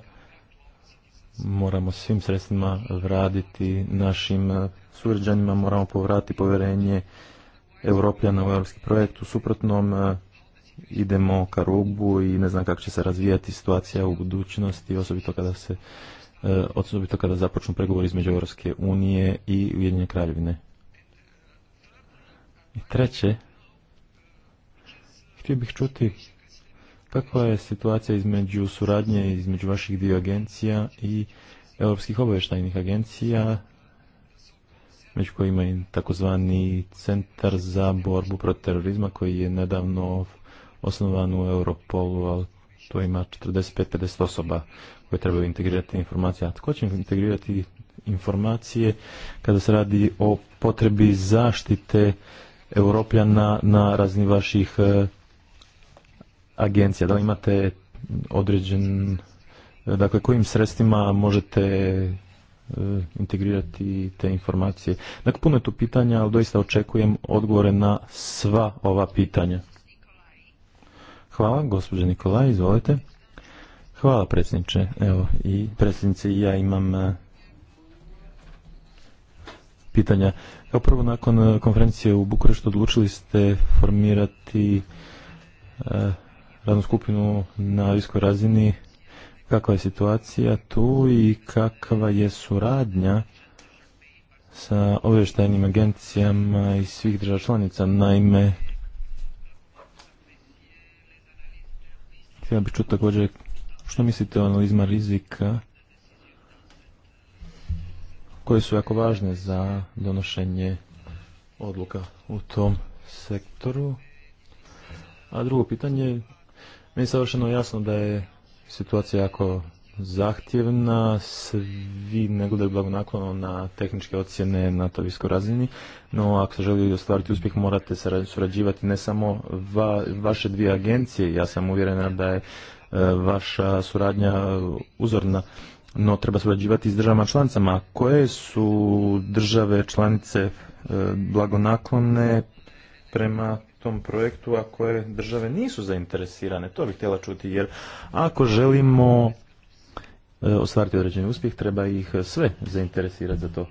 moramo svim sredstvima vraditi našim eh, sugrađanima, moramo povratiti povjerenje Europljana na europski projekt. U suprotnom eh, idemo ka rubu i ne znam kako će se razvijati situacija u budućnosti, osobito kada se eh, osobito kada započnu pregovori između Europske unije i Ujedinjene kraljevine. I treće, htio bih čuti Kakva je situacija između suradnje između vaših dio agencija i europskih obavještajnih agencija, među kojima je takozvani Centar za borbu protiv terorizma koji je nedavno osnovan u Europolu, ali to ima 45-50 osoba koje trebaju integrirati informacije. A tko će integrirati informacije kada se radi o potrebi zaštite europljana na razni vaših eh, agencija? Da li imate određen, dakle kojim sredstvima možete e, integrirati te informacije? Dakle, puno je tu pitanja, ali doista očekujem odgovore na sva ova pitanja. Hvala, gospođa Nikolaj, izvolite. Hvala predsjedniče. Evo i predsjednice i ja imam e, pitanja. Kao prvo nakon e, konferencije u Bukureštu odlučili ste formirati radnu skupinu na viskoj razini, kakva je situacija tu i kakva je suradnja sa obještajnim agencijama iz svih država članica. Naime, htio bih čuti također što mislite o analizima rizika koje su jako važne za donošenje odluka u tom sektoru. A drugo pitanje mi je savršeno jasno da je situacija jako zahtjevna, svi ne gledaju blagonaklono na tehničke ocjene na to viskoj razini, no ako se želi ostvariti uspjeh morate surađivati ne samo va, vaše dvije agencije, ja sam uvjerena da je e, vaša suradnja uzorna, no treba surađivati s državama članicama. Koje su države članice e, blagonaklone prema tom projektu, a koje države nisu zainteresirane. To bih htjela čuti, jer ako želimo e, ostvariti određeni uspjeh, treba ih sve zainteresirati za to.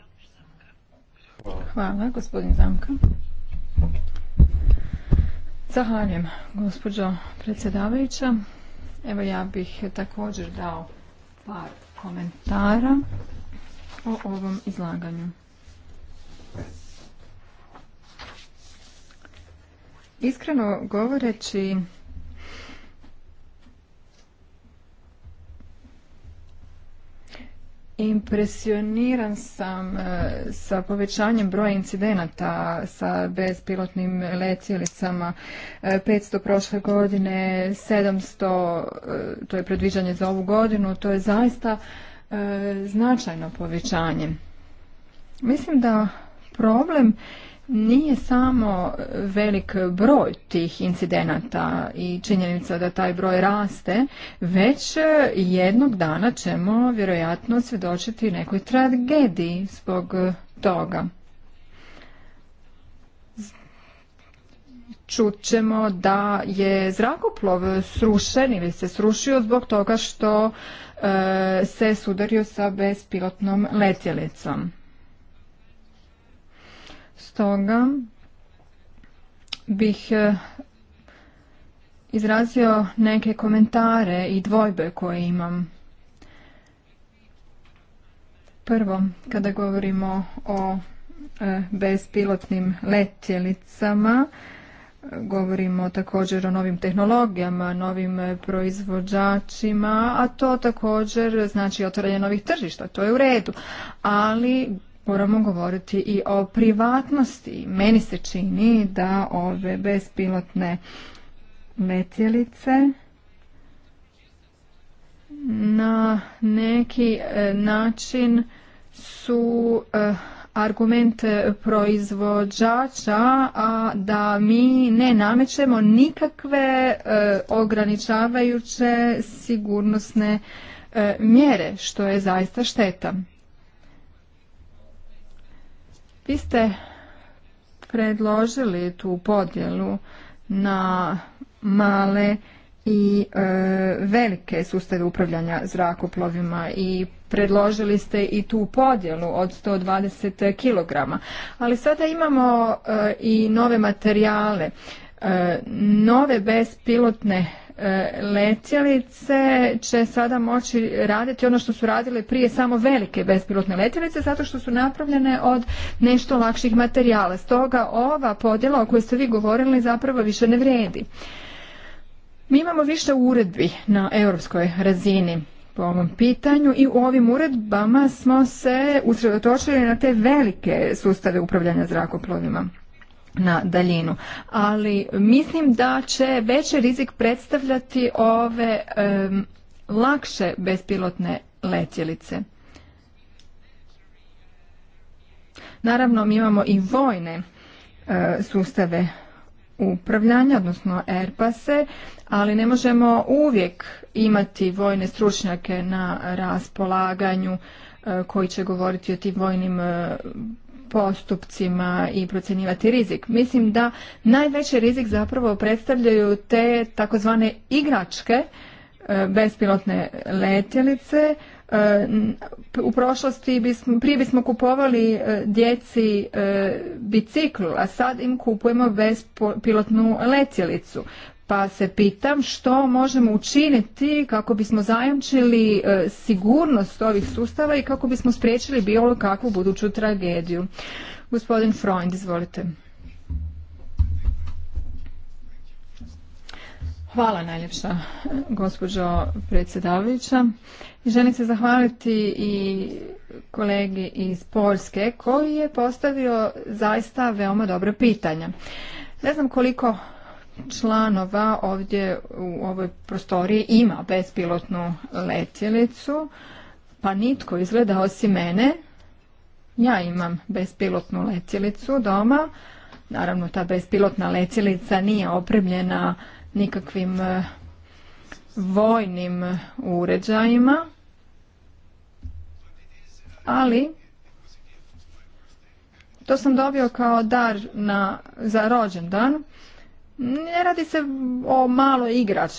Hvala, gospodin Zamka. Zahvaljujem, gospođo predsjedavajuća. Evo ja bih također dao par komentara o ovom izlaganju. Iskreno govoreći, Impresioniran sam e, sa povećanjem broja incidenata sa bezpilotnim letjelicama. 500 e, prošle godine, 700, e, to je predviđanje za ovu godinu, to je zaista značajno povećanje. Mislim da problem nije samo velik broj tih incidenata i činjenica da taj broj raste, već jednog dana ćemo vjerojatno svjedočiti nekoj tragediji zbog toga. Čut ćemo da je zrakoplov srušen ili se srušio zbog toga što e, se sudario sa bespilotnom letjelicom toga bih e, izrazio neke komentare i dvojbe koje imam. Prvo, kada govorimo o e, bespilotnim letjelicama, govorimo također o novim tehnologijama, novim e, proizvođačima, a to također znači otvaranje novih tržišta, to je u redu. Ali moramo govoriti i o privatnosti. Meni se čini da ove bespilotne letjelice na neki e, način su e, argument proizvođača a da mi ne namećemo nikakve e, ograničavajuće sigurnosne mjere što je zaista šteta vi ste predložili tu podjelu na male i e, velike sustave upravljanja zrakoplovima i predložili ste i tu podjelu od 120 kg. Ali sada imamo e, i nove materijale, e, nove bespilotne E, letjelice će sada moći raditi ono što su radile prije samo velike bespilotne letjelice zato što su napravljene od nešto lakših materijala. Stoga ova podjela o kojoj ste vi govorili zapravo više ne vrijedi. Mi imamo više uredbi na europskoj razini po ovom pitanju i u ovim uredbama smo se usredotočili na te velike sustave upravljanja zrakoplovima na daljinu. Ali mislim da će veći rizik predstavljati ove lakše bespilotne letjelice. Naravno, mi imamo i vojne e, sustave upravljanja, odnosno Airpase, ali ne možemo uvijek imati vojne stručnjake na raspolaganju e, koji će govoriti o tim vojnim e, postupcima i procjenjivati rizik. Mislim da najveći rizik zapravo predstavljaju te takozvane igračke e, bespilotne letjelice. E, u prošlosti bismo, prije bismo kupovali e, djeci biciklu, a sad im kupujemo bespilotnu letjelicu pa se pitam što možemo učiniti kako bismo zajamčili e, sigurnost ovih sustava i kako bismo spriječili bilo kakvu buduću tragediju. Gospodin Freund, izvolite. Hvala najljepša gospođo predsjedavajuća. Želim se zahvaliti i kolegi iz Poljske koji je postavio zaista veoma dobro pitanje Ne znam koliko članova ovdje u ovoj prostoriji ima bespilotnu letjelicu, pa nitko izgleda osim mene. Ja imam bespilotnu letjelicu doma. Naravno, ta bespilotna letjelica nije opremljena nikakvim e, vojnim uređajima, ali to sam dobio kao dar na, za rođendan ne radi se o malo igrač,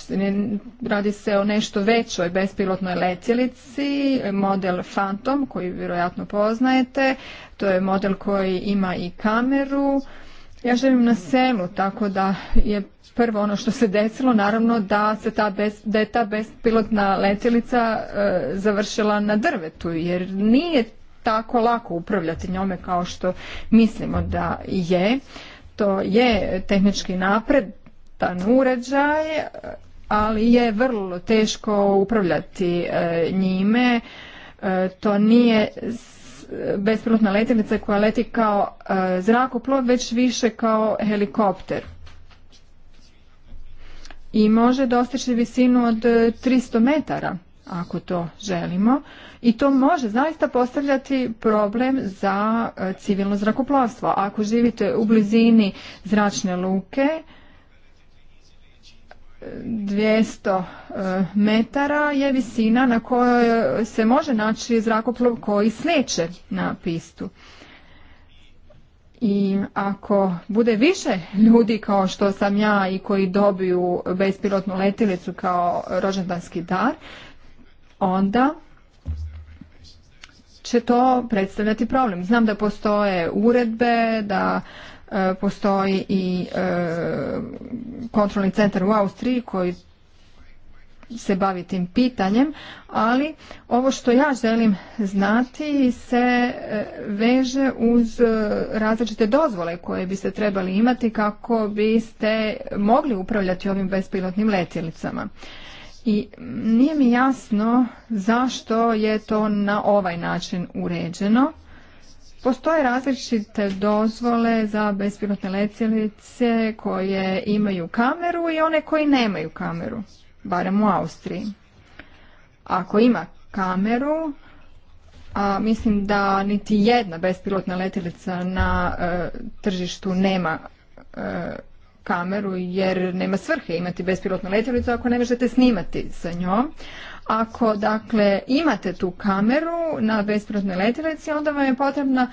radi se o nešto većoj bespilotnoj letjelici, model Phantom koji vjerojatno poznajete, to je model koji ima i kameru. Ja živim na selu, tako da je prvo ono što se desilo, naravno da se ta bez, da je ta bespilotna letjelica e, završila na drvetu, jer nije tako lako upravljati njome kao što mislimo da je. To je tehnički napredan uređaj, ali je vrlo teško upravljati e, njime. E, to nije bespilotna letjelica koja leti kao e, zrakoplov, već više kao helikopter. I može dostići visinu od 300 metara ako to želimo i to može zaista postavljati problem za e, civilno zrakoplovstvo. Ako živite u blizini zračne luke 200 e, e, metara je visina na kojoj se može naći zrakoplov koji sliječe na pistu. I ako bude više ljudi kao što sam ja i koji dobiju bespilotnu letilicu kao rođendanski dar, onda će to predstavljati problem. Znam da postoje uredbe, da e, postoji i e, kontrolni centar u Austriji koji se bavi tim pitanjem, ali ovo što ja želim znati se e, veže uz različite dozvole koje biste trebali imati kako biste mogli upravljati ovim bespilotnim letjelicama. I nije mi jasno zašto je to na ovaj način uređeno. Postoje različite dozvole za bespilotne letjelice koje imaju kameru i one koji nemaju kameru, barem u Austriji. Ako ima kameru, a mislim da niti jedna bespilotna letjelica na e, tržištu nema e, kameru jer nema svrhe imati bespilotnu letjelicu ako ne možete snimati sa njom. Ako dakle imate tu kameru na bespilotnoj letjelici onda vam je potrebna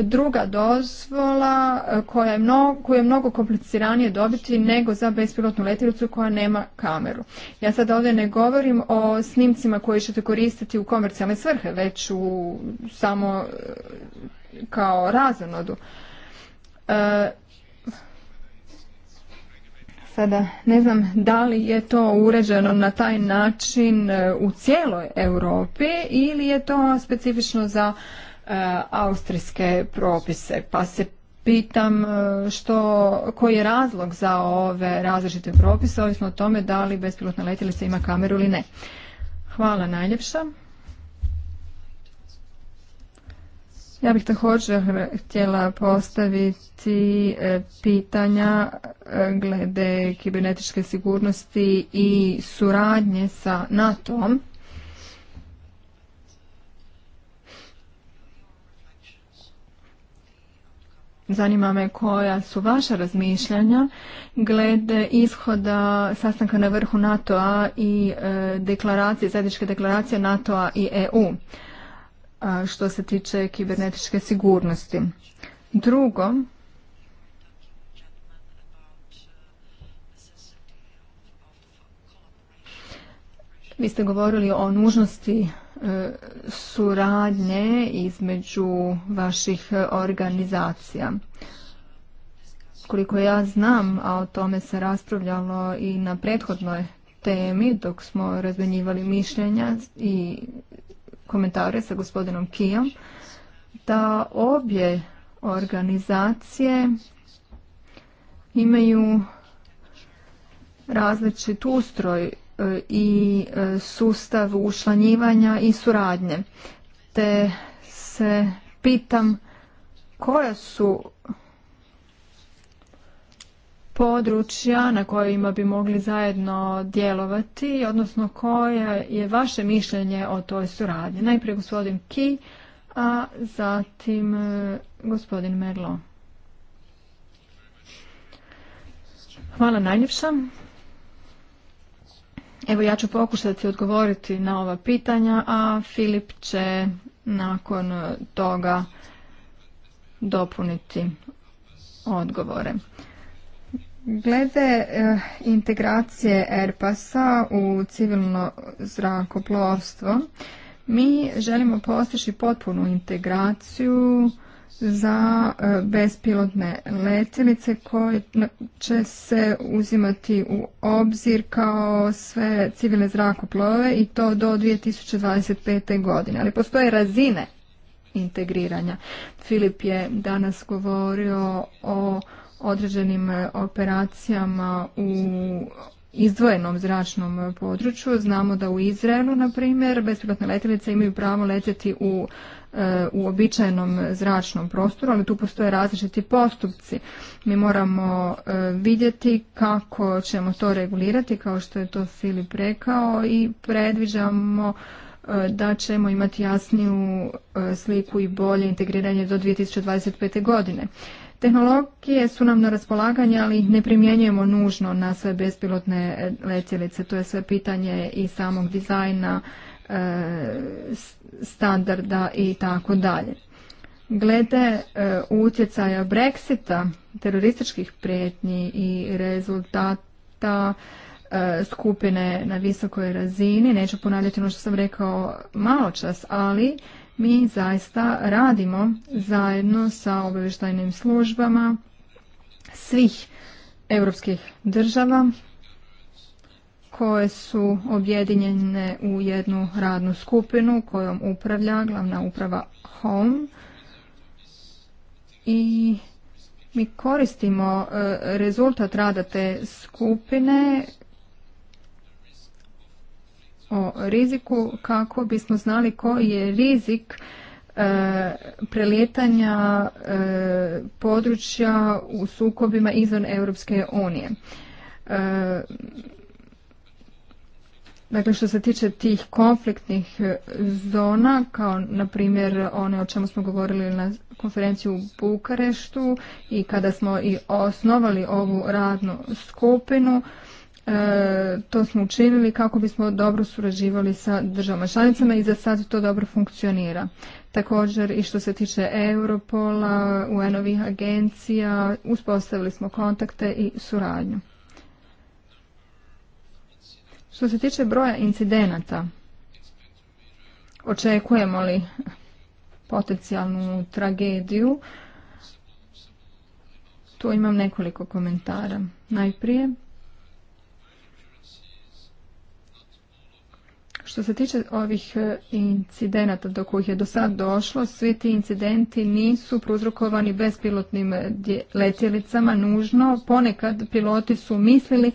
druga dozvola e, koja je mnogo, koju je mnogo kompliciranije dobiti nego za bespilotnu letjelicu koja nema kameru. Ja sad ovdje ne govorim o snimcima koje ćete koristiti u komercijalne svrhe, već u samo e, kao razonodu. E, Sada ne znam da li je to uređeno na taj način e, u cijeloj Europi ili je to specifično za e, austrijske propise. Pa se pitam e, što, koji je razlog za ove različite propise, ovisno o tome da li bespilotna letjelica ima kameru ili ne. Hvala najljepša. Ja bih također htjela postaviti e, pitanja e, glede kibernetičke sigurnosti i suradnje sa NATO-om. Zanima me koja su vaša razmišljanja glede ishoda sastanka na vrhu NATO-a i e, deklaracije, zajedničke deklaracije NATO-a i EU što se tiče kibernetičke sigurnosti. Drugo, vi ste govorili o nužnosti e, suradnje između vaših e, organizacija. Koliko ja znam, a o tome se raspravljalo i na prethodnoj temi dok smo razmenjivali mišljenja i komentare sa gospodinom Kijom da obje organizacije imaju različit ustroj e, i e, sustav ušlanjivanja i suradnje. Te se pitam koja su područja na kojima bi mogli zajedno djelovati, odnosno koje je vaše mišljenje o toj suradnji. Najprije gospodin Ki, a zatim e, gospodin Merlo. Hvala najljepša. Evo ja ću pokušati odgovoriti na ova pitanja, a Filip će nakon toga dopuniti odgovore. Glede eh, integracije Airpasa u civilno zrakoplovstvo, mi želimo postići potpunu integraciju za eh, bespilotne letjelice koje će se uzimati u obzir kao sve civilne zrakoplove i to do 2025. godine. Ali postoje razine integriranja. Filip je danas govorio o određenim e, operacijama u izdvojenom zračnom e, području. Znamo da u Izraelu, na primjer, bespilotne letjelice imaju pravo letjeti u e, uobičajenom zračnom prostoru, ali tu postoje različiti postupci. Mi moramo vidjeti kako ćemo to regulirati, kao što je to Filip rekao, i predviđamo da ćemo imati jasniju sliku i bolje integriranje do 2025. godine. Tehnologije su nam na raspolaganje, ali ih ne primjenjujemo nužno na sve bespilotne e, letjelice. To je sve pitanje i samog dizajna, e, standarda i tako dalje. Glede e, utjecaja Brexita, terorističkih prijetnji i rezultata skupine na visokoj razini, neću ponavljati ono što sam rekao malo čas, ali mi zaista radimo zajedno sa obavještajnim službama svih europskih država koje su objedinjene u jednu radnu skupinu kojom upravlja glavna uprava Home i mi koristimo e, rezultat rada te skupine o riziku kako bismo znali koji je rizik e, prelijetanja e, područja u sukobima izvan Europske unije. E, dakle, što se tiče tih konfliktnih zona, kao na primjer one o čemu smo govorili na konferenciju u Bukareštu i kada smo i osnovali ovu radnu skupinu, E, to smo učinili kako bismo dobro surađivali sa državama članicama i za sad to dobro funkcionira. Također i što se tiče Europola, UN-ovih agencija, uspostavili smo kontakte i suradnju. Što se tiče broja incidenata, očekujemo li potencijalnu tragediju, tu imam nekoliko komentara. Najprije, Što se tiče ovih e, incidenata do kojih je do sad došlo, svi ti incidenti nisu prouzrokovani bespilotnim e, letjelicama nužno. Ponekad piloti su mislili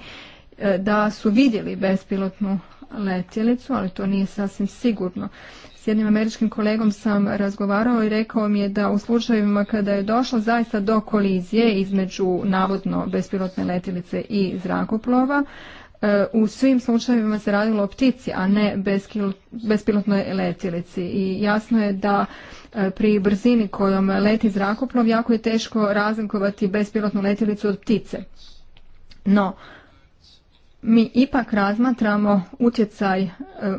e, da su vidjeli bespilotnu letjelicu, ali to nije sasvim sigurno. S jednim američkim kolegom sam razgovarao i rekao mi je da u slučajevima kada je došlo zaista do kolizije između navodno bespilotne letjelice i zrakoplova, E, u svim slučajevima se radilo o ptici, a ne bespilotnoj letjelici. I jasno je da e, pri brzini kojom leti zrakoplov jako je teško razlikovati bespilotnu letjelicu od ptice. No, mi ipak razmatramo utjecaj e,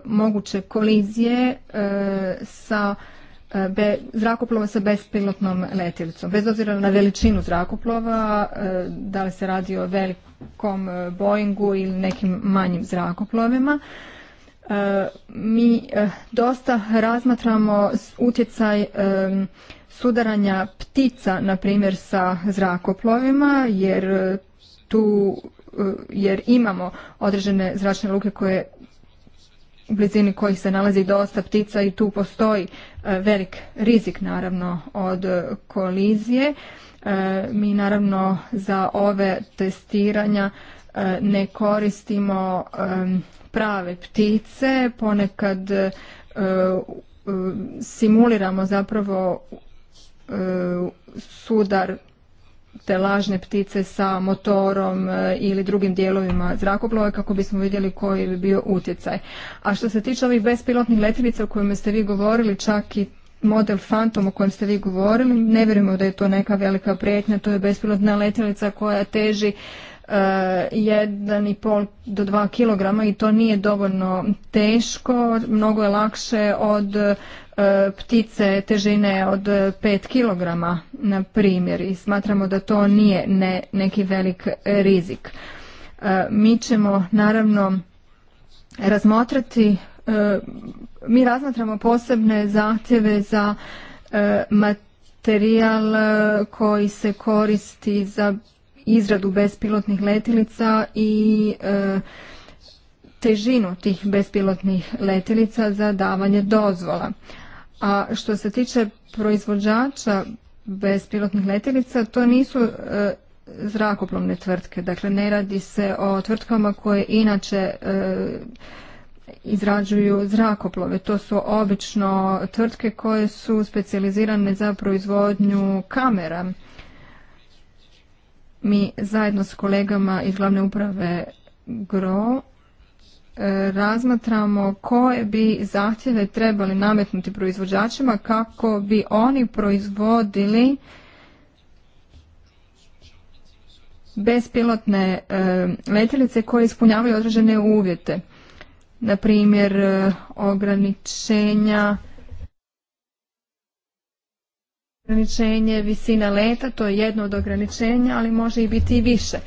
moguće kolizije sa E, zrakoplova sa bespilotnom letilicom. Bez obzira na veličinu zrakoplova, e, da li se radi o velikom e, Boeingu ili nekim manjim zrakoplovima, mi dosta razmatramo utjecaj sudaranja ptica, na primjer, sa zrakoplovima, jer tu jer imamo određene zračne luke koje blizini kojih se nalazi dosta ptica i tu postoji e, velik rizik naravno od kolizije. E, mi naravno za ove testiranja e, ne koristimo prave ptice, ponekad simuliramo zapravo sudar te lažne ptice sa motorom e, ili drugim dijelovima zrakoplova kako bismo vidjeli koji bi bio utjecaj. A što se tiče ovih bespilotnih letjelica o kojima ste vi govorili, čak i model Phantom o kojem ste vi govorili, ne vjerujemo da je to neka velika prijetnja, to je bespilotna letjelica koja teži 1,5 e, do 2 kg i to nije dovoljno teško, mnogo je lakše od E, ptice težine od 5 e, kg, na primjer, i smatramo da to nije neki velik rizik. E, mi ćemo naravno razmotrati, mi razmatramo posebne zahtjeve za materijal koji se koristi za izradu bespilotnih letilica i težinu tih bespilotnih letilica za davanje dozvola. A što se tiče proizvođača bez pilotnih letjelica, to nisu e, zrakoplovne tvrtke. Dakle, ne radi se o tvrtkama koje inače e, izrađuju zrakoplove. To su obično tvrtke koje su specijalizirane za proizvodnju kamera. Mi zajedno s kolegama iz glavne uprave GRO razmatramo koje bi zahtjeve trebali nametnuti proizvođačima kako bi oni proizvodili bespilotne e, letjelice koje ispunjavaju određene uvjete. Na primjer, e, ograničenja ograničenje visina leta, to je jedno od ograničenja, ali može i biti i više.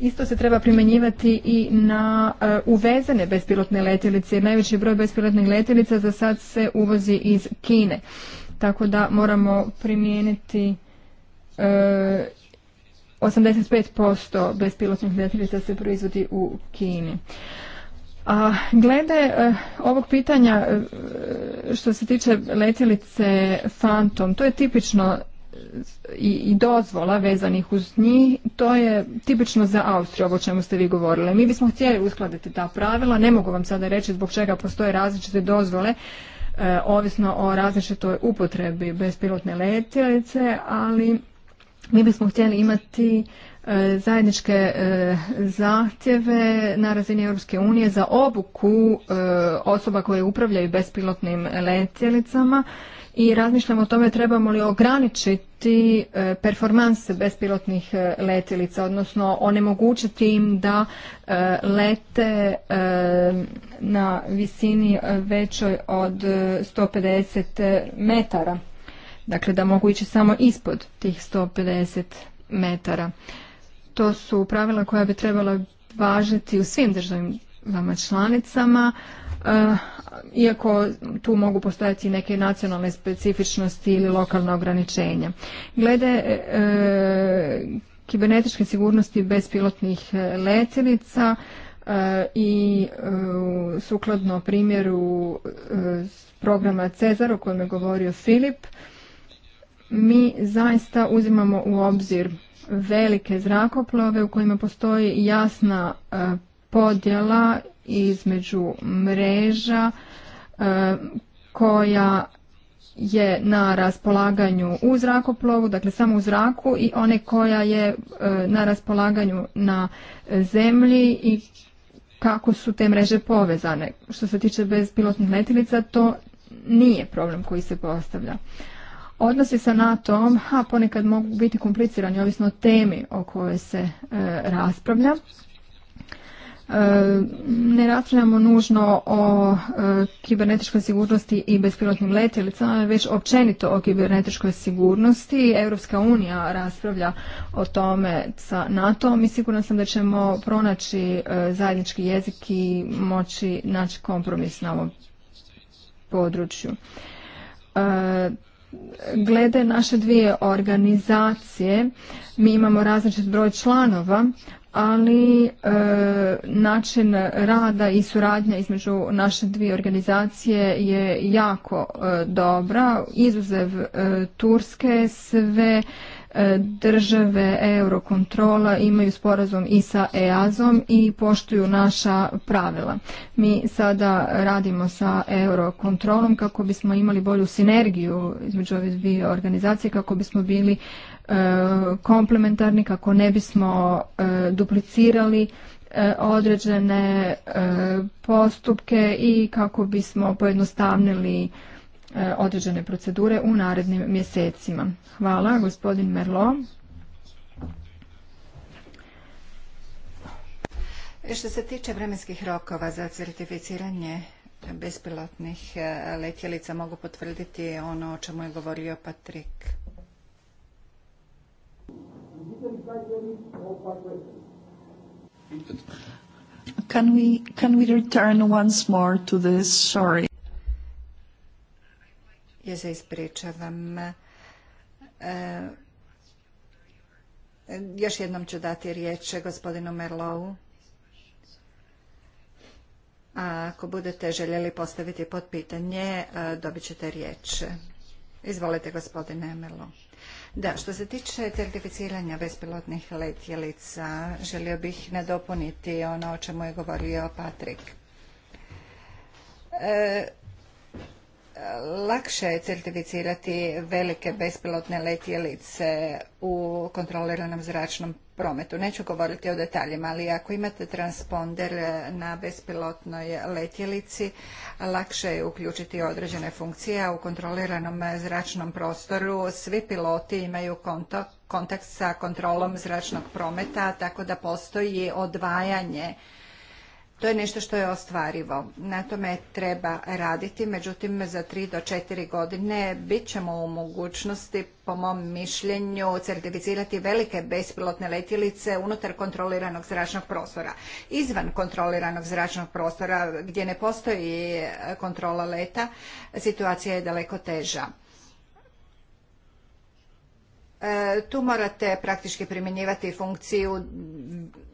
Isto se treba primjenjivati i na uh, uvezene bespilotne letjelice jer najveći broj bespilotnih letjelica za sad se uvozi iz Kine. Tako da moramo primijeniti 85% uh, bespilotnih letjelica se proizvodi u Kini. A glede uh, ovog pitanja što se tiče letjelice Phantom, to je tipično i dozvola vezanih uz njih, to je tipično za Austriju, ovo čemu ste vi govorili. Mi bismo htjeli uskladiti ta pravila, ne mogu vam sada reći zbog čega postoje različite dozvole, e, ovisno o različitoj upotrebi bespilotne letjelice, ali mi bismo htjeli imati e, zajedničke e, zahtjeve na razini Europske unije za obuku osoba koje upravljaju bespilotnim letjelicama, i razmišljamo o tome trebamo li ograničiti e, performanse bespilotnih e, letilica, odnosno onemogućiti im da e, lete na visini većoj od 150 metara. Dakle, da mogu ići samo ispod tih 150 metara. To su pravila koja bi trebala važiti u svim državima članicama, E, iako tu mogu postojati neke nacionalne specifičnosti ili lokalna ograničenja. Glede e, e, kibernetičke sigurnosti bespilotnih letjelica i sukladno primjeru programa Cezar o kojem je govorio Filip, mi zaista uzimamo u obzir velike zrakoplove u kojima postoji jasna podjela između mreža e, koja je na raspolaganju u zrakoplovu, dakle samo u zraku i one koja je e, na raspolaganju na zemlji i kako su te mreže povezane. Što se tiče bezpilotnih letilica, to nije problem koji se postavlja. Odnosi sa na om a ponekad mogu biti komplicirani, ovisno o temi o kojoj se e, raspravlja. Ne raspravljamo nužno o e, kibernetičkoj sigurnosti i bespilotnim letjelicama, već općenito o kibernetičkoj sigurnosti. Europska unija raspravlja o tome sa nato i sigurno sam da ćemo pronaći e, zajednički jezik i moći naći kompromis na ovom području. E, glede naše dvije organizacije, mi imamo različit broj članova, ali e, način rada i suradnja između naše dvije organizacije je jako e, dobra. Izuzev e, Turske sve E, države Eurokontrola imaju sporazum i sa EAZom i poštuju naša pravila. Mi sada radimo sa Eurokontrolom kako bismo imali bolju sinergiju između ove dvije organizacije, kako bismo bili e, komplementarni, kako ne bismo e, duplicirali određene postupke i kako bismo pojednostavnili E, određene procedure u narednim mjesecima. Hvala, gospodin Merlo. E, što se tiče vremenskih rokova za certificiranje bespilotnih e, letjelica, mogu potvrditi ono o čemu je govorio Patrik. Can we, can we return once more to this? Sorry ja se ispričavam. E, još jednom ću dati riječ gospodinu Merlovu. A ako budete željeli postaviti potpitanje, e, dobit ćete riječ. Izvolite gospodine Merlo. Da, što se tiče certificiranja bespilotnih letjelica, želio bih nadopuniti ono o čemu je govorio Patrik. E, lakše je certificirati velike bespilotne letjelice u kontroliranom zračnom prometu. Neću govoriti o detaljima, ali ako imate transponder na bespilotnoj letjelici, lakše je uključiti određene funkcije, a u kontroliranom zračnom prostoru svi piloti imaju kontakt, kontakt sa kontrolom zračnog prometa, tako da postoji odvajanje to je nešto što je ostvarivo. Na tome treba raditi, međutim za 3 do 4 godine bit ćemo u mogućnosti, po mom mišljenju, certificirati velike bespilotne letjelice unutar kontroliranog zračnog prostora. Izvan kontroliranog zračnog prostora gdje ne postoji kontrola leta, situacija je daleko teža. E, tu morate praktički primjenjivati funkciju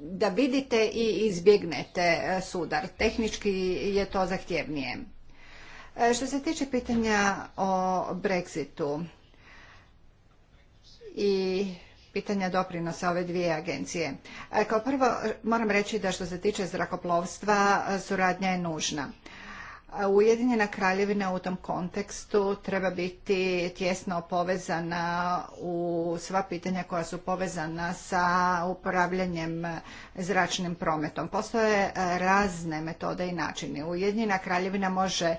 da vidite i izbjegnete e, sudar. Tehnički je to zahtjevnije. E, što se tiče pitanja o Brexitu i pitanja doprinosa ove dvije agencije. Kao prvo moram reći da što se tiče zrakoplovstva suradnja je nužna. Ujedinjena kraljevina u tom kontekstu treba biti tjesno povezana u sva pitanja koja su povezana sa upravljanjem zračnim prometom. Postoje razne metode i načini. Ujedinjena kraljevina može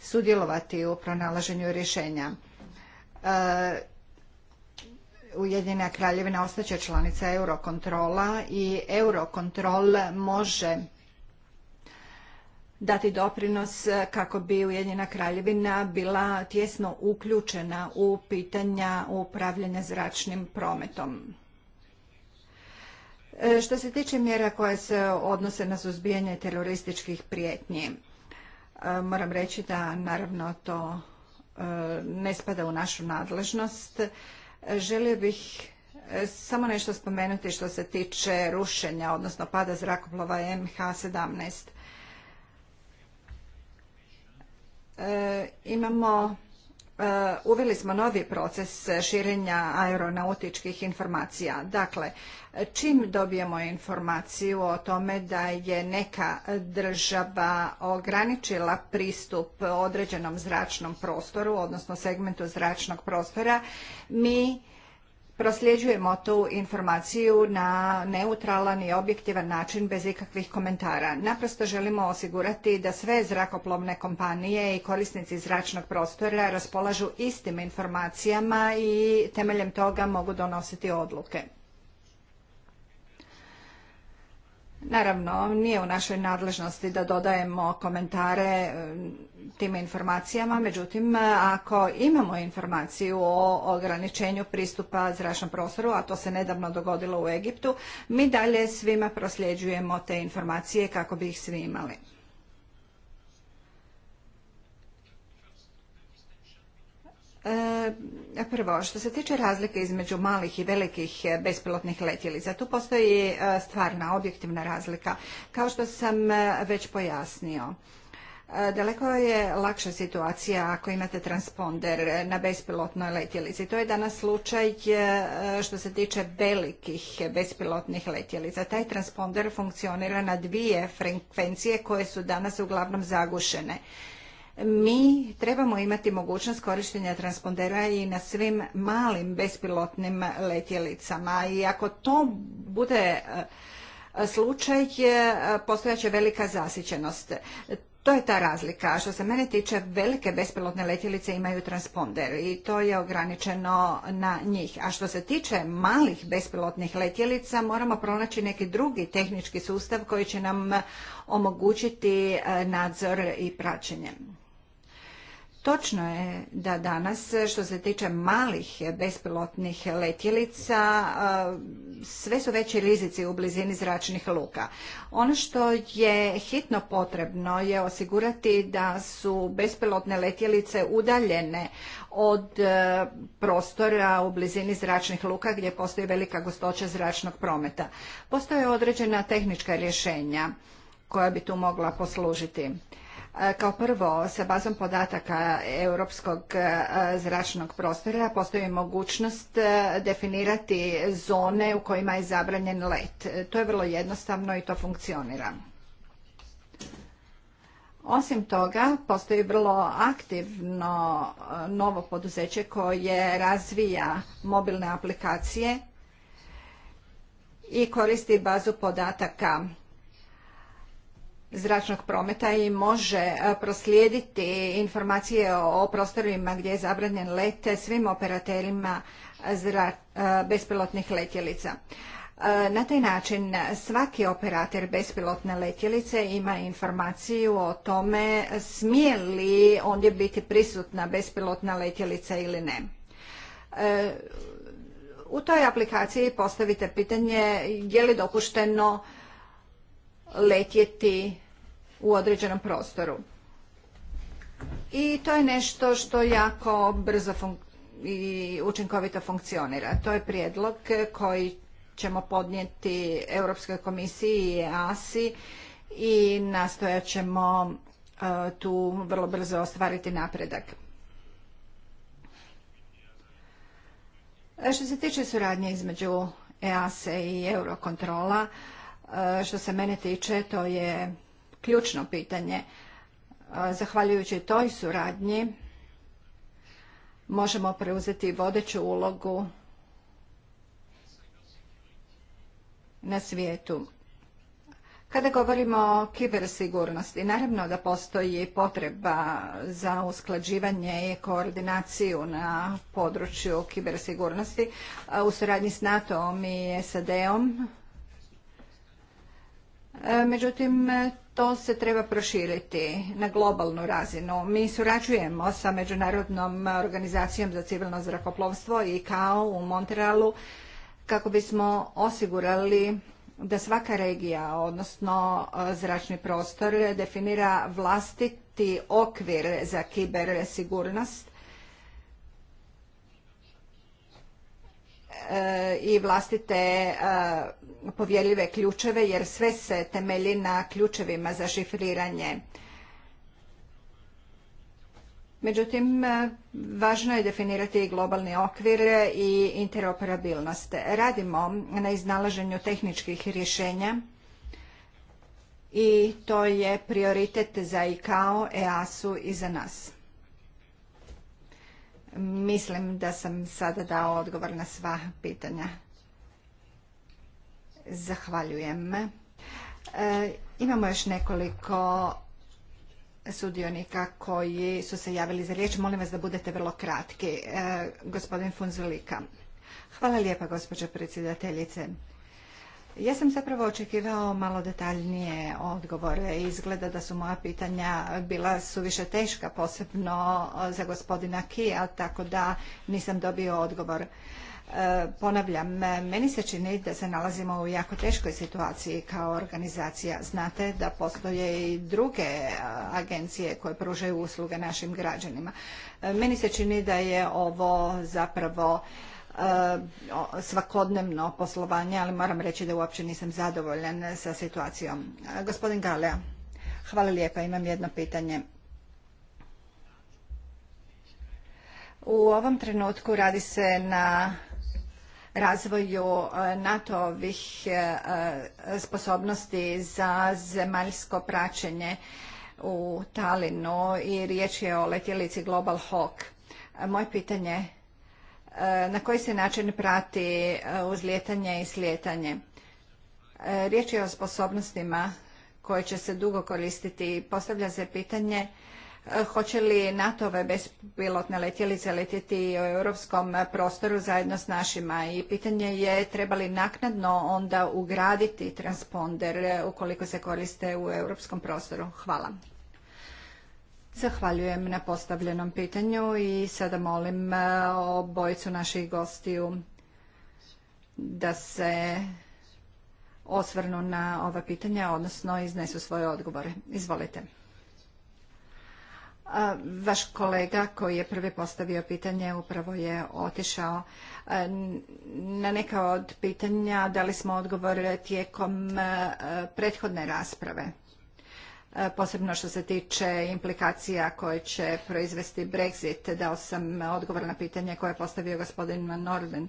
sudjelovati u pronalaženju rješenja. E, Ujedinjena kraljevina ostaće članica Eurokontrola i Eurokontrol može dati doprinos e, kako bi Ujedinjena kraljevina bila tjesno uključena u pitanja upravljanja zračnim prometom. E, što se tiče mjera koje se odnose na suzbijanje terorističkih prijetnji, e, moram reći da naravno to ne spada u našu nadležnost. Želio bih samo nešto spomenuti što se tiče rušenja, odnosno pada zrakoplova MH17. E, imamo e, uveli smo novi proces širenja aeronautičkih informacija. Dakle, čim dobijemo informaciju o tome da je neka država ograničila pristup određenom zračnom prostoru, odnosno segmentu zračnog prostora, mi prosljeđujemo tu informaciju na neutralan i objektivan način bez ikakvih komentara. Naprosto želimo osigurati da sve zrakoplovne kompanije i korisnici zračnog prostora raspolažu istim informacijama i temeljem toga mogu donositi odluke. Naravno, nije u našoj nadležnosti da dodajemo komentare tim informacijama. Međutim, ako imamo informaciju o ograničenju pristupa zračnom prostoru, a to se nedavno dogodilo u Egiptu, mi dalje svima prosljeđujemo te informacije kako bi ih svi imali. E, prvo, što se tiče razlike između malih i velikih bespilotnih letjelica, tu postoji e, stvarna, objektivna razlika, kao što sam e, već pojasnio. Daleko je lakša situacija ako imate transponder na bespilotnoj letjelici. To je danas slučaj e, što se tiče velikih bespilotnih letjelica. Taj transponder funkcionira na dvije frekvencije koje su danas uglavnom zagušene. Mi trebamo imati mogućnost korištenja transpondera i na svim malim bespilotnim letjelicama i ako to bude e, slučaj e, postojaće velika zasićenost. To je ta razlika. Što se mene tiče, velike bespilotne letjelice imaju transponder i to je ograničeno na njih. A što se tiče malih bespilotnih letjelica, moramo pronaći neki drugi tehnički sustav koji će nam omogućiti eh, nadzor i praćenje. Točno je da danas što se tiče malih bespilotnih letjelica eh, sve su veći rizici u blizini zračnih luka. Ono što je hitno potrebno je osigurati da su bespilotne letjelice udaljene od eh, prostora u blizini zračnih luka gdje postoji velika gustoća zračnog prometa. Postoje određena tehnička rješenja koja bi tu mogla poslužiti. E, kao prvo, sa bazom podataka europskog e, zračnog prostora postoji mogućnost e, definirati zone u kojima je zabranjen let. To je vrlo jednostavno i to funkcionira. Osim toga, postoji vrlo aktivno novo poduzeće koje razvija mobilne aplikacije i koristi bazu podataka zračnog prometa i može e, proslijediti informacije o prostorima gdje je zabranjen let svim operaterima e, bespilotnih letjelica. E, na taj način svaki operater bespilotne letjelice ima informaciju o tome smije li ondje biti prisutna bespilotna letjelica ili ne. U toj aplikaciji postavite pitanje je li dopušteno letjeti u određenom prostoru. I to je nešto što jako brzo i učinkovito funkcionira. To je prijedlog koji ćemo podnijeti Europskoj komisiji i EASI i nastojat ćemo e, tu vrlo brzo ostvariti napredak. E, što se tiče suradnje između EASE i Eurokontrola, e, što se mene tiče, to je ključno pitanje. E, zahvaljujući toj suradnji možemo preuzeti vodeću ulogu na svijetu. Kada govorimo o kibersigurnosti, naravno da postoji potreba za usklađivanje i koordinaciju na području kibersigurnosti u suradnji s NATO-om i SAD-om E, međutim, to se treba proširiti na globalnu razinu. Mi surađujemo sa Međunarodnom organizacijom za civilno zrakoplovstvo i kao u Montrealu kako bismo osigurali da svaka regija, odnosno e, zračni prostor, definira vlastiti okvir za sigurnost e, i vlastite povjerljive ključeve jer sve se temelji na ključevima za šifriranje. Međutim, važno je definirati globalni okvir i interoperabilnost. Radimo na iznalaženju tehničkih rješenja i to je prioritet za ICAO, EASU i za nas. Mislim da sam sada dao odgovor na sva pitanja. Zahvaljujem. E, imamo još nekoliko sudionika koji su se javili za riječ. Molim vas da budete vrlo kratki. E, gospodin Funzulika. Hvala lijepa, gospođo predsjedateljice. Ja sam zapravo očekivao malo detaljnije odgovore. Izgleda da su moja pitanja bila suviše teška, posebno za gospodina Kija, tako da nisam dobio odgovor. Ponavljam, meni se čini da se nalazimo u jako teškoj situaciji kao organizacija. Znate da postoje i druge agencije koje pružaju usluge našim građanima. E, meni se čini da je ovo zapravo e, svakodnevno poslovanje, ali moram reći da uopće nisam zadovoljan sa situacijom. E, gospodin Galea, hvala lijepa, imam jedno pitanje. U ovom trenutku radi se na razvoju e, NATO-ovih e, e, sposobnosti za zemaljsko praćenje u Talinu i riječ je o letjelici Global Hawk. Moje pitanje na koji se način prati uzlijetanje i slijetanje? Riječ je o sposobnostima koje će se dugo koristiti i postavlja se pitanje Hoće li NATO-ve bespilotne letjelice letjeti u europskom prostoru zajedno s našima? I pitanje je treba li naknadno onda ugraditi transponder ukoliko se koriste u europskom prostoru? Hvala. Zahvaljujem na postavljenom pitanju i sada molim e, obojicu naših gostiju da se osvrnu na ova pitanja, odnosno iznesu svoje odgovore. Izvolite. Vaš kolega koji je prvi postavio pitanje upravo je otišao e, na neka od pitanja. Dali smo odgovore tijekom e, prethodne rasprave, e, posebno što se tiče implikacija koje će proizvesti Brexit. Dao sam odgovor na pitanje koje je postavio gospodin Norden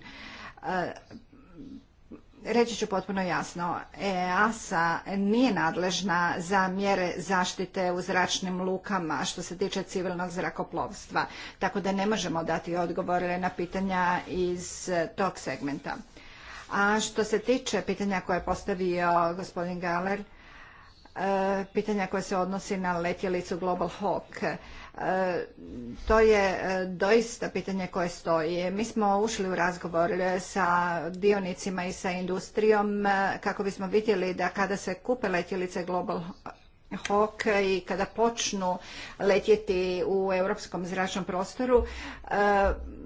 reći ću potpuno jasno, EASA nije nadležna za mjere zaštite u zračnim lukama što se tiče civilnog zrakoplovstva, tako da ne možemo dati odgovore na pitanja iz tog segmenta. A što se tiče pitanja koje je postavio gospodin Galer, e, pitanja koje se odnosi na letjelicu Global Hawk, E, to je e, doista pitanje koje stoji. Mi smo ušli u razgovor e, sa dionicima i sa industrijom kako bismo vidjeli da kada se kupe letjelice Global Hawk i kada počnu letjeti u europskom zračnom prostoru,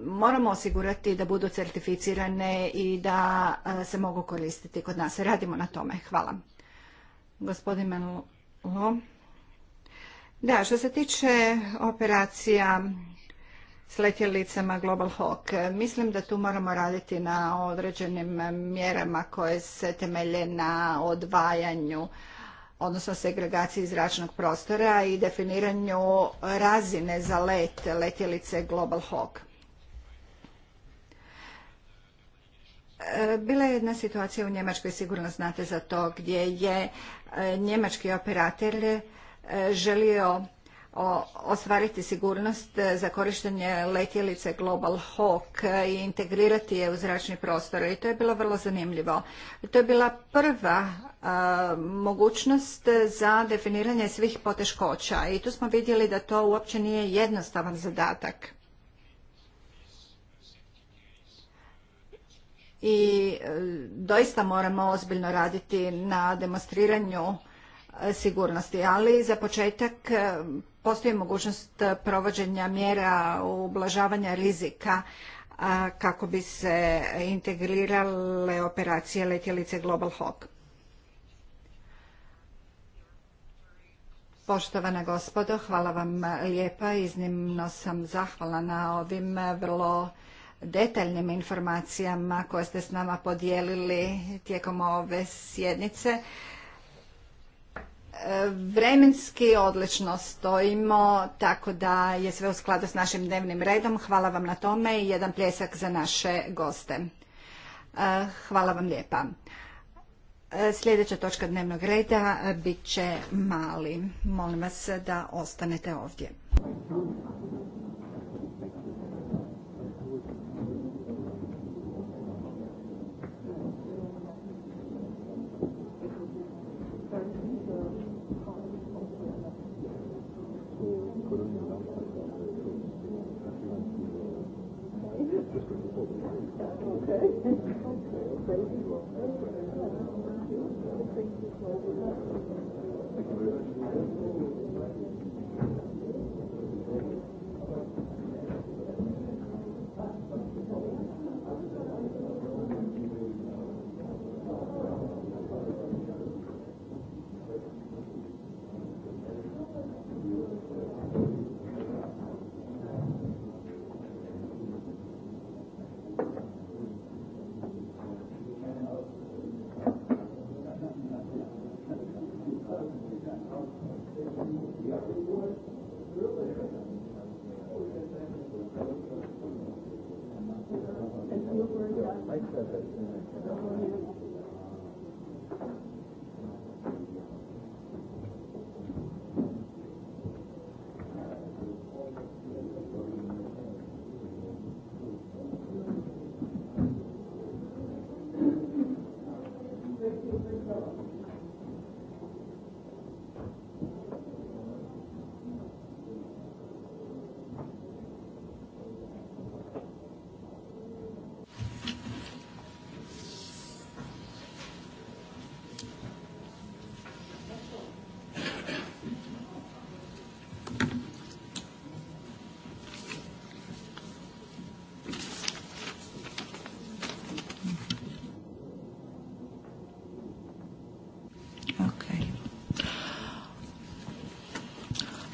moramo osigurati da budu certificirane i da se mogu koristiti kod nas. Radimo na tome. Hvala. Gospodin da, što se tiče operacija s letjelicama Global Hawk. Mislim da tu moramo raditi na određenim mjerama koje se temelje na odvajanju odnosno segregaciji zračnog prostora i definiranju razine za let letjelice Global Hawk. E, bila je jedna situacija u Njemačkoj, sigurno znate za to, gdje je e, njemački operater želio ostvariti sigurnost e, za korištenje letjelice Global Hawk e, i integrirati je u zračni prostor i to je bilo vrlo zanimljivo. To je bila prva e, mogućnost za definiranje svih poteškoća i tu smo vidjeli da to uopće nije jednostavan zadatak. I doista moramo ozbiljno raditi na demonstriranju E, sigurnosti. Ali za početak e, postoji mogućnost provođenja mjera ublažavanja rizika kako bi se integrirale operacije letjelice Global Hawk. Poštovana gospodo, hvala vam lijepa. Iznimno sam zahvala na ovim vrlo detaljnim informacijama koje ste s nama podijelili tijekom ove sjednice vremenski odlično stojimo, tako da je sve u skladu s našim dnevnim redom. Hvala vam na tome i jedan pljesak za naše goste. E, hvala vam lijepa. E, sljedeća točka dnevnog reda bit će mali. Molim vas da ostanete ovdje. Okay.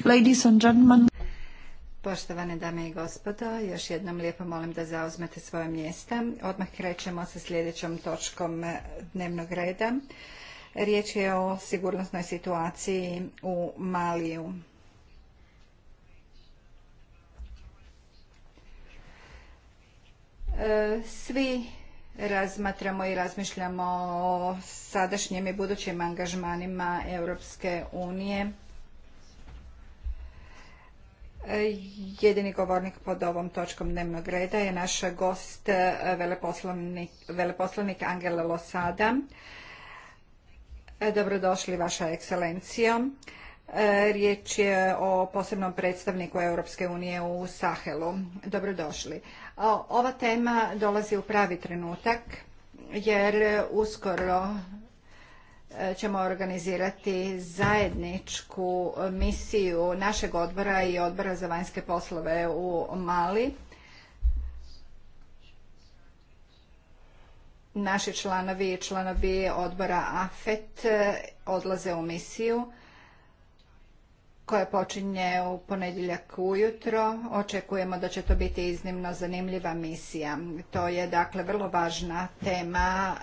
Ladies and gentlemen. Poštovane dame i gospodo, još jednom lijepo molim da zauzmete svoje mjesta. Odmah krećemo sa sljedećom točkom dnevnog reda. Riječ je o sigurnosnoj situaciji u Maliju. E, svi razmatramo i razmišljamo o sadašnjim i budućim angažmanima Europske unije Jedini govornik pod ovom točkom dnevnog reda je naš gost, e, veleposlanik, Angela Losada. E, dobrodošli, vaša ekscelencija. E, riječ je o posebnom predstavniku Europske unije u Sahelu. Dobrodošli. Ova tema dolazi u pravi trenutak jer uskoro E, ćemo organizirati zajedničku misiju našeg odbora i odbora za vanjske poslove u Mali. Naši članovi i članovi odbora AFET odlaze u misiju koja počinje u ponedjeljak ujutro. Očekujemo da će to biti iznimno zanimljiva misija. To je dakle vrlo važna tema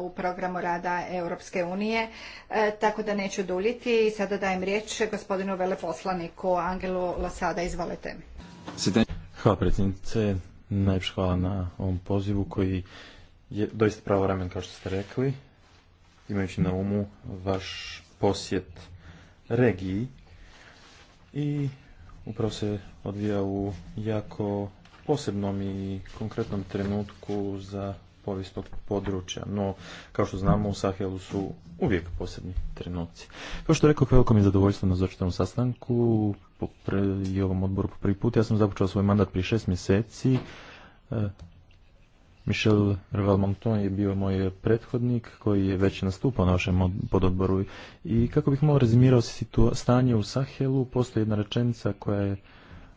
uh, u programu rada Europske unije, uh, tako da neću duljiti i sada dajem riječ gospodinu veleposlaniku Angelu Lasada. Izvolite. Hvala predsjednice, Najpšće hvala na ovom pozivu koji je doista pravovremen kao što ste rekli, imajući na umu vaš posjet regiji i upravo se odvija u jako posebnom i konkretnom trenutku za povijest tog područja. No, kao što znamo, u Sahelu su uvijek posebni trenuci. Kao što rekao, veliko mi je zadovoljstvo na začetnom sastanku i ovom odboru po prvi put. Ja sam započeo svoj mandat prije šest mjeseci. E, Michel Rvalmonton je bio moj prethodnik koji je već nastupao na vašem pododboru i kako bih malo rezimirao stanje u Sahelu, postoji jedna rečenica koja je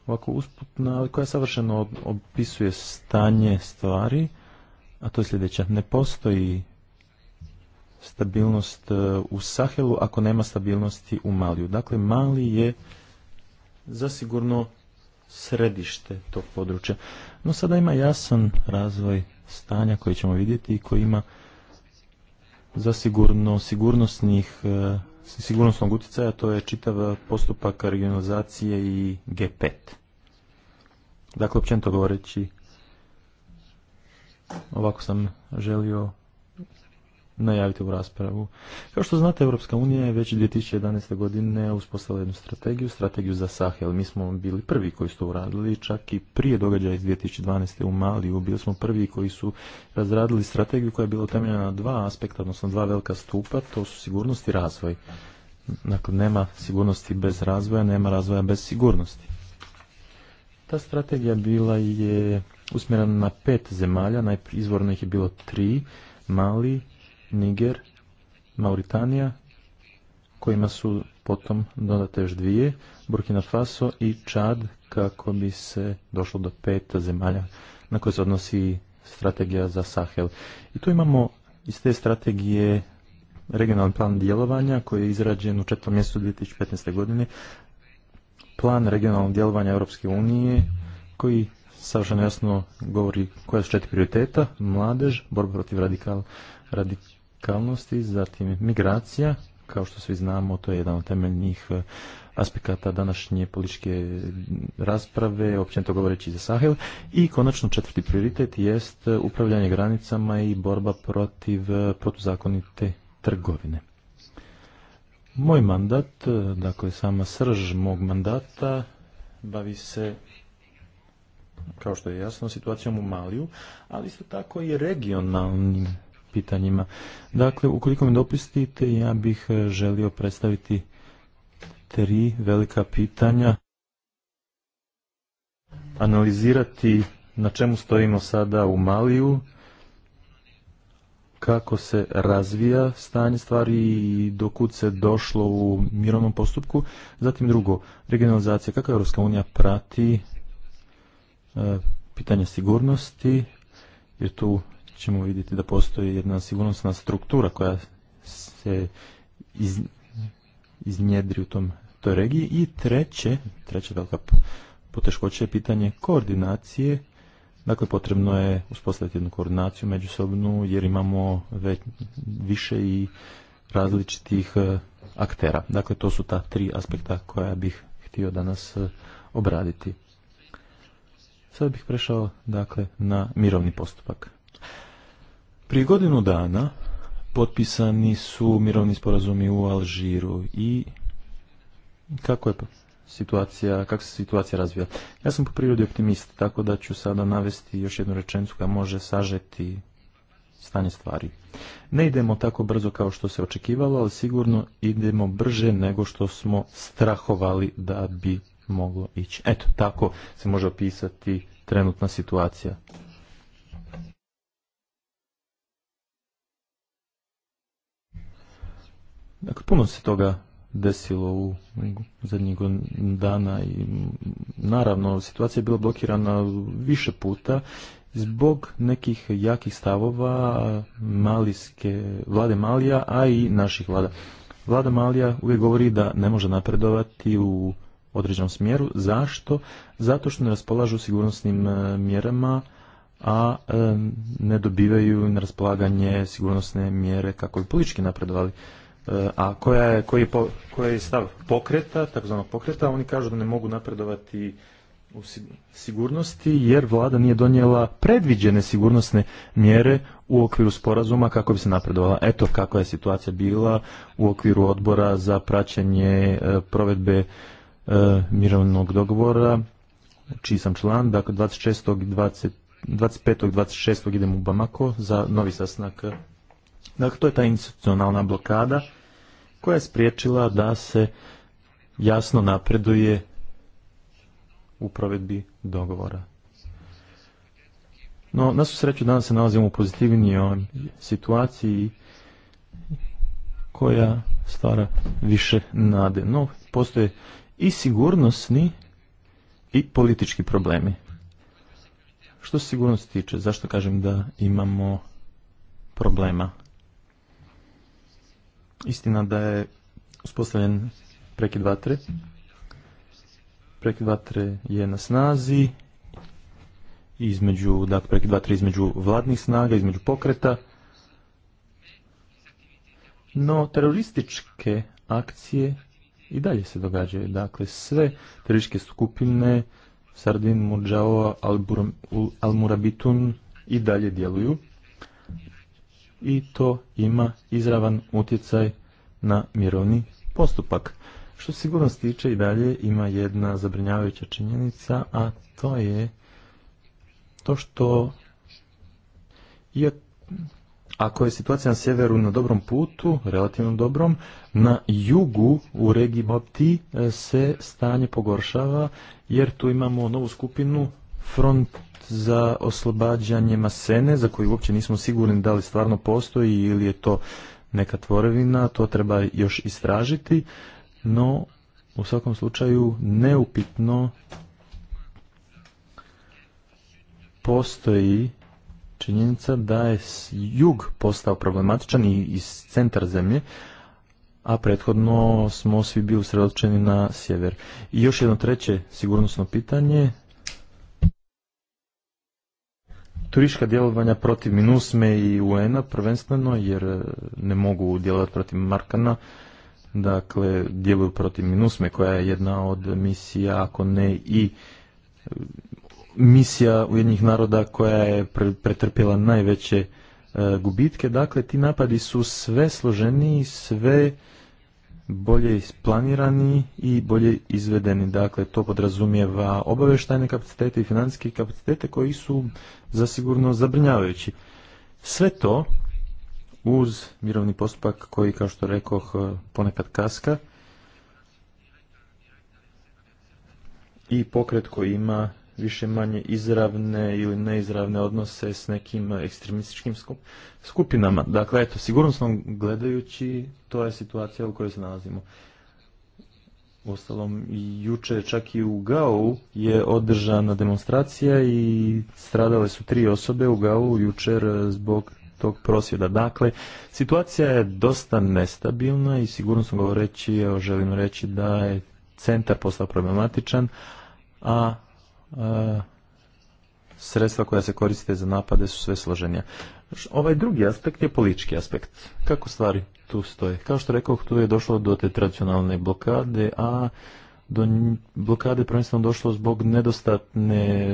ovako usputna, ali koja savršeno opisuje stanje stvari, a to je sljedeća. Ne postoji stabilnost e, u Sahelu ako nema stabilnosti u Maliju. Dakle, Mali je zasigurno središte tog područja. No sada ima jasan razvoj stanja koji ćemo vidjeti i koji ima zasigurno sigurnosnih e, sigurnosnog utjecaja, to je čitav postupak regionalizacije i G5. Dakle, općenito govoreći, ovako sam želio najaviti u raspravu. Kao što znate, Europska unija je već 2011. godine uspostavila jednu strategiju, strategiju za Sahel. Mi smo bili prvi koji su to uradili, čak i prije događaja iz 2012. u Maliju. Bili smo prvi koji su razradili strategiju koja je bila temeljena na dva aspekta, odnosno dva velika stupa, to su sigurnost i razvoj. Dakle, nema sigurnosti bez razvoja, nema razvoja bez sigurnosti. Ta strategija bila je usmjerena na pet zemalja, najizvorno ih je bilo tri, Mali, Niger, Mauritanija, kojima su potom dodate još dvije, Burkina Faso i Čad, kako bi se došlo do pet zemalja na koje se odnosi strategija za Sahel. I tu imamo iz te strategije regionalni plan djelovanja koji je izrađen u četvrtom mjesecu 2015. godine, plan regionalnog djelovanja Europske unije koji savršeno jasno govori koja su četiri prioriteta, mladež, borba protiv radikal, vertikalnosti, zatim migracija, kao što svi znamo, to je jedan od temeljnih eh, aspekata današnje političke rasprave, općenito govoreći za Sahel. I konačno četvrti prioritet jest eh, upravljanje granicama i borba protiv eh, protuzakonite trgovine. Moj mandat, dakle sama srž mog mandata, bavi se kao što je jasno, situacijom u Maliju, ali isto tako i regionalnim pitanjima. Dakle, ukoliko mi dopustite, ja bih e, želio predstaviti tri velika pitanja, analizirati na čemu stojimo sada u Maliju, kako se razvija stanje stvari i dokud se došlo u mirovnom postupku. Zatim drugo, regionalizacija, kako Europska unija prati e, pitanje sigurnosti, jer tu ćemo vidjeti da postoji jedna sigurnosna struktura koja se iz, iznjedri u tom, toj regiji. I treće, treća velika poteškoća je pitanje koordinacije. Dakle, potrebno je uspostaviti jednu koordinaciju međusobnu jer imamo već, više i različitih e, aktera. Dakle, to su ta tri aspekta koja bih htio danas e, obraditi. Sada bih prešao dakle, na mirovni postupak. Prije godinu dana potpisani su mirovni sporazumi u Alžiru i kako je situacija, kako se situacija razvija. Ja sam po prirodi optimist, tako da ću sada navesti još jednu rečenicu koja može sažeti stanje stvari. Ne idemo tako brzo kao što se očekivalo, ali sigurno idemo brže nego što smo strahovali da bi moglo ići. Eto, tako se može opisati trenutna situacija. Dakle, puno se toga desilo u zadnjih dana i naravno situacija je bila blokirana više puta zbog nekih jakih stavova malijske, vlade Malija, a i naših vlada. Vlada Malija uvijek govori da ne može napredovati u određenom smjeru. Zašto? Zato što ne raspolažu sigurnosnim e, mjerama, a e, ne dobivaju na raspolaganje sigurnosne mjere kako bi politički napredovali. E, a koja je, koji, po, koji je stav pokreta, takozvanog pokreta, oni kažu da ne mogu napredovati u sigurnosti jer vlada nije donijela predviđene sigurnosne mjere u okviru sporazuma kako bi se napredovala. Eto kakva je situacija bila u okviru odbora za praćenje e, provedbe e, mirovnog dogovora, čiji sam član, dakle 26. i 25. i 26. idem u Bamako za novi sastanak Dakle, to je ta institucionalna blokada koja je spriječila da se jasno napreduje u provedbi dogovora. No, na su sreću danas se nalazimo u pozitivnijoj situaciji koja stvara više nade. No, postoje i sigurnosni i politički problemi. Što se sigurnosti tiče, zašto kažem da imamo problema? istina da je uspostavljen prekid vatre. Prekid vatre je na snazi između, dakle prekid vatre između vladnih snaga, između pokreta. No terorističke akcije i dalje se događaju. Dakle, sve terorističke skupine Sardin, Murđao, Al-Murabitun i dalje djeluju i to ima izravan utjecaj na mirovni postupak. Što se stiče tiče i dalje ima jedna zabrinjavajuća činjenica, a to je to što je ako je situacija na sjeveru na dobrom putu, relativno dobrom, na jugu u regiji Bopti e, se stanje pogoršava jer tu imamo novu skupinu front za oslobađanje masene za koju uopće nismo sigurni da li stvarno postoji ili je to neka tvorevina, to treba još istražiti, no u svakom slučaju neupitno postoji činjenica da je jug postao problematičan i iz centar zemlje, a prethodno smo svi bili usredočeni na sjever. I još jedno treće sigurnosno pitanje, turistička djelovanja protiv Minusme i UN-a prvenstveno, jer e, ne mogu djelovati protiv Markana, dakle djeluju protiv Minusme koja je jedna od misija, ako ne i e, misija Ujednjih naroda koja je pretrpjela najveće e, gubitke. Dakle, ti napadi su sve složeniji, sve bolje isplanirani i bolje izvedeni. Dakle, to podrazumijeva obavještajne kapacitete i financijske kapacitete koji su zasigurno zabrinjavajući. Sve to uz mirovni postupak koji, kao što rekoh, ponekad kaska i pokret koji ima više manje izravne ili neizravne odnose s nekim ekstremističkim skupinama. Dakle, eto, sigurnosno gledajući, to je situacija u kojoj se nalazimo. Uostalom, juče čak i u GAU je održana demonstracija i stradale su tri osobe u GAU jučer zbog tog prosvjeda. Dakle, situacija je dosta nestabilna i sigurno sam govoreći, evo želim reći da je centar postao problematičan, a, a sredstva koja se koriste za napade su sve složenija. Ovaj drugi aspekt je politički aspekt. Kako stvari tu stoje? Kao što rekao, tu je došlo do te tradicionalne blokade, a do blokade prvenstveno došlo zbog nedostatne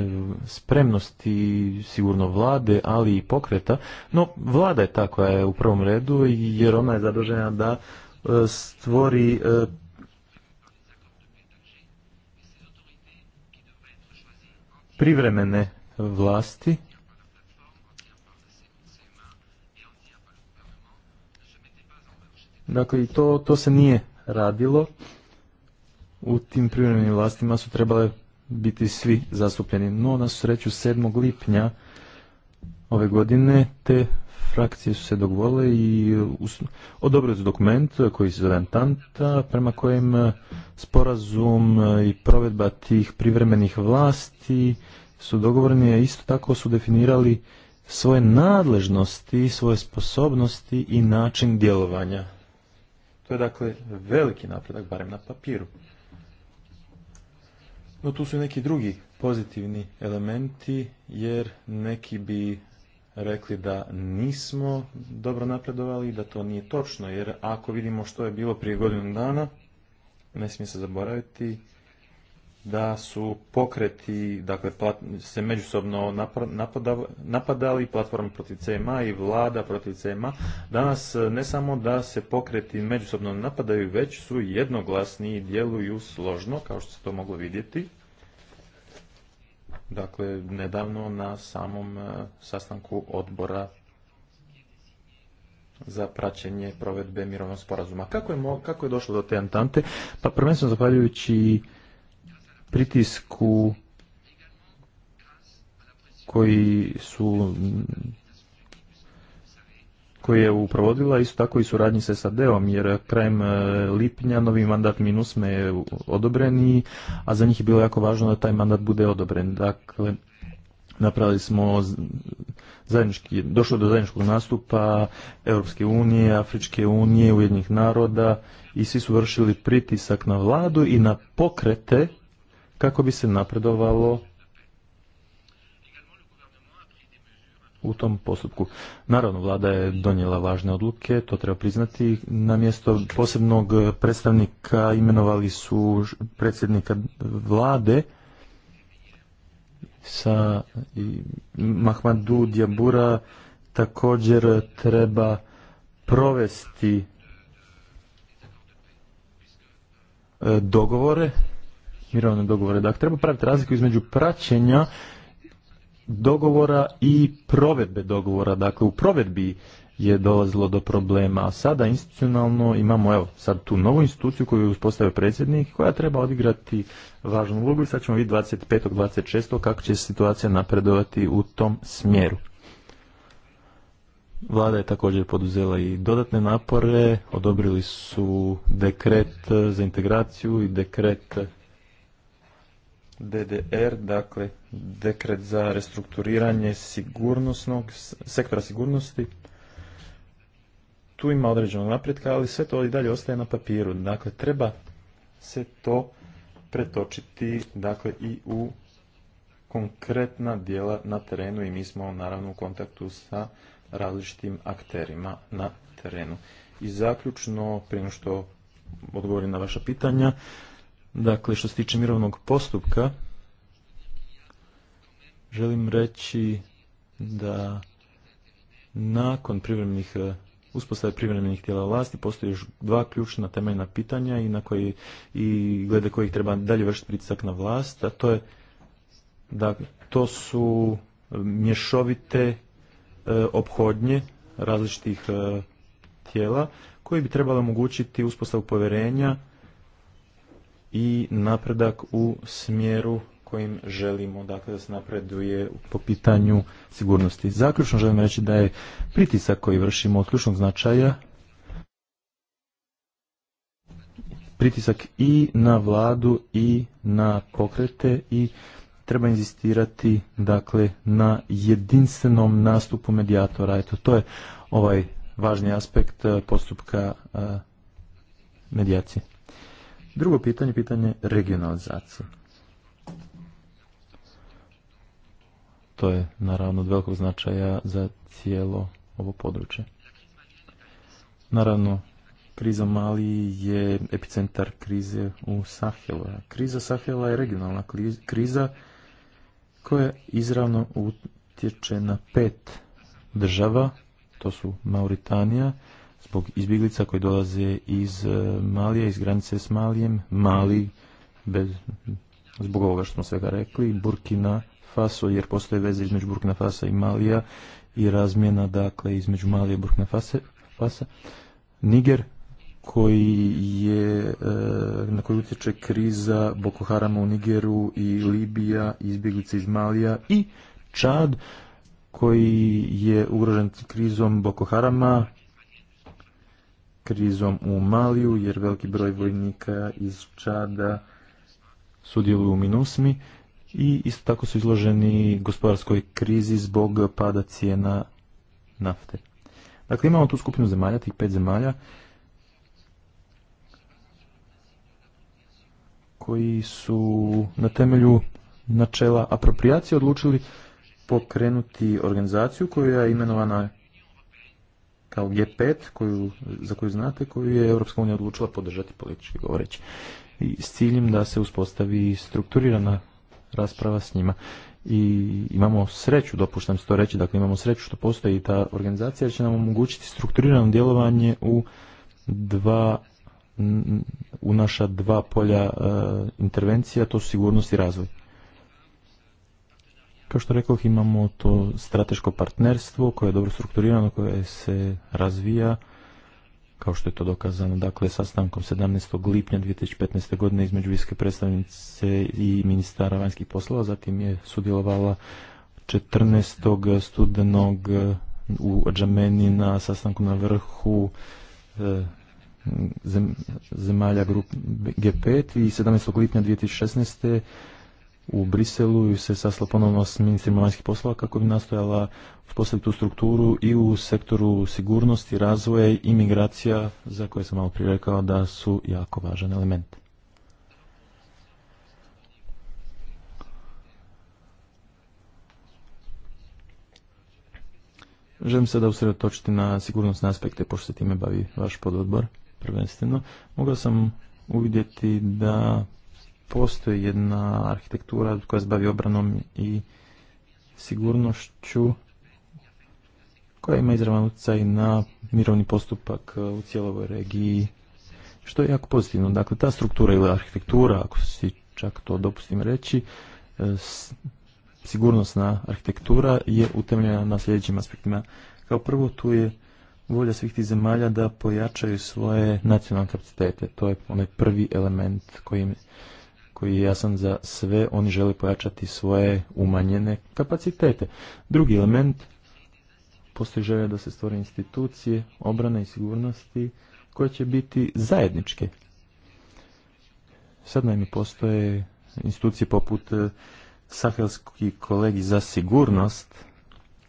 spremnosti sigurno vlade, ali i pokreta. No, vlada je ta koja je u prvom redu, jer ona je zadužena da e, stvori e, privremene vlasti Dakle, to, to se nije radilo. U tim privremenim vlastima su trebale biti svi zastupljeni. No, na sreću 7. lipnja ove godine te frakcije su se dogovorile i odobrili su dokument koji se zove prema kojem e, sporazum e, i provedba tih privremenih vlasti su dogovoreni, a isto tako su definirali svoje nadležnosti, svoje sposobnosti i način djelovanja. To je dakle veliki napredak, barem na papiru. No tu su i neki drugi pozitivni elementi, jer neki bi rekli da nismo dobro napredovali i da to nije točno, jer ako vidimo što je bilo prije godinu dana, ne smije se zaboraviti da su pokreti, dakle, se međusobno napadali, platforma protiv CMA i vlada protiv CMA. Danas e, ne samo da se pokreti međusobno napadaju, već su jednoglasni i djeluju složno, kao što se to moglo vidjeti. Dakle, nedavno na samom e, sastanku odbora za praćenje provedbe mirovnog sporazuma. Kako je, kako je došlo do te antante? Pa prvenstveno zahvaljujući pritisku koji su koji je uprovodila isto tako i suradnji sa SAD-om, jer krajem e, lipnja novi mandat me je odobreni, a za njih je bilo jako važno da taj mandat bude odobren. Dakle, napravili smo zajednički, došlo do zajedničkog nastupa Europske unije, Afričke unije, Ujedinjenih naroda i svi su vršili pritisak na vladu i na pokrete kako bi se napredovalo u tom postupku. Naravno, vlada je donijela važne odluke, to treba priznati. Na mjesto posebnog predstavnika imenovali su predsjednika vlade sa Mahmadu Djabura također treba provesti e, dogovore mirovne dogovore. Dakle, treba praviti razliku između praćenja dogovora i provedbe dogovora. Dakle, u provedbi je dolazilo do problema. A sada institucionalno imamo evo sad tu novu instituciju koju je uspostavio predsjednik koja treba odigrati važnu ulogu i sad ćemo vidjeti 25. 26. kako će situacija napredovati u tom smjeru. Vlada je također poduzela i dodatne napore, odobrili su dekret za integraciju i dekret DDR, dakle dekret za restrukturiranje sigurnosnog, sektora sigurnosti. Tu ima određenog napretka, ali sve to i dalje ostaje na papiru. Dakle, treba se to pretočiti dakle, i u konkretna dijela na terenu i mi smo naravno u kontaktu sa različitim akterima na terenu. I zaključno, prije što odgovorim na vaša pitanja, Dakle, što se tiče mirovnog postupka, želim reći da nakon privremenih e, uspostave privremenih tijela vlasti postoje još dva ključna temeljna pitanja i, na koji, i glede kojih treba dalje vršiti pritisak na vlast, a to je da to su mješovite e, obhodnje različitih e, tijela koji bi trebalo omogućiti uspostavu povjerenja i napredak u smjeru kojim želimo dakle, da se napreduje po pitanju sigurnosti. Zaključno želim reći da je pritisak koji vršimo od ključnog značaja pritisak i na vladu i na pokrete i treba inzistirati dakle na jedinstvenom nastupu medijatora. Eto, to je ovaj važni aspekt eh, postupka eh, medijacije. Drugo pitanje, pitanje regionalizacije. To je naravno od velikog značaja za cijelo ovo područje. Naravno, kriza Mali je epicentar krize u Sahelu. Kriza Sahela je regionalna kriza koja izravno utječe na pet država, to su Mauritanija, zbog izbjeglica koji dolaze iz e, Malija, iz granice s Malijem, Mali, bez, zbog ovoga što smo svega rekli, Burkina Faso, jer postoje veze između Burkina Fasa i Malija i razmjena dakle između Malija i Burkina Fase, Fasa. Niger, koji je, e, na koji utječe kriza Boko Harama u Nigeru i Libija, izbjeglice iz Malija i Čad, koji je ugrožen krizom Boko Harama, krizom u Maliju, jer veliki broj vojnika iz Čada sudjeluju u Minusmi i isto tako su izloženi gospodarskoj krizi zbog pada cijena nafte. Dakle, imamo tu skupinu zemalja, tih pet zemalja, koji su na temelju načela apropriacije odlučili pokrenuti organizaciju koja je imenovana kao G5 koju, za koju znate, koju je Europska unija odlučila podržati politički govoreći i s ciljem da se uspostavi strukturirana rasprava s njima. I imamo sreću, dopuštam se to reći, dakle imamo sreću što postoji ta organizacija jer će nam omogućiti strukturirano djelovanje u dva u naša dva polja e, intervencija, to su sigurnost i razvoj. Kao što rekao, imamo to strateško partnerstvo koje je dobro strukturirano, koje se razvija, kao što je to dokazano, dakle, sastankom 17. lipnja 2015. godine između viske predstavnice i ministara vanjskih poslova, zatim je sudjelovala 14. studenog u Džameni na sastanku na vrhu e, zemalja grup G5 i 17. lipnja 2016 u Briselu i se sasla ponovno s ministrima vanjskih poslova kako bi nastojala uspostaviti tu strukturu i u sektoru sigurnosti, razvoja i migracija za koje sam malo prirekao da su jako važan element. Želim se da usredotočiti na sigurnosne aspekte, pošto se time bavi vaš pododbor, prvenstveno. Mogao sam uvidjeti da postoji jedna arhitektura koja se bavi obranom i sigurnošću koja ima izravan utjecaj na mirovni postupak e, u cijeloj regiji, što je jako pozitivno. Dakle, ta struktura ili arhitektura, ako si čak to dopustim reći, e, sigurnosna arhitektura je utemljena na sljedećim aspektima. Kao prvo, tu je volja svih tih zemalja da pojačaju svoje nacionalne kapacitete. To je onaj prvi element kojim koji jasan za sve, oni žele pojačati svoje umanjene kapacitete. Drugi element, postoji želja da se stvore institucije, obrane i sigurnosti koje će biti zajedničke. Sad naime postoje institucije poput e, Sahelski kolegi za sigurnost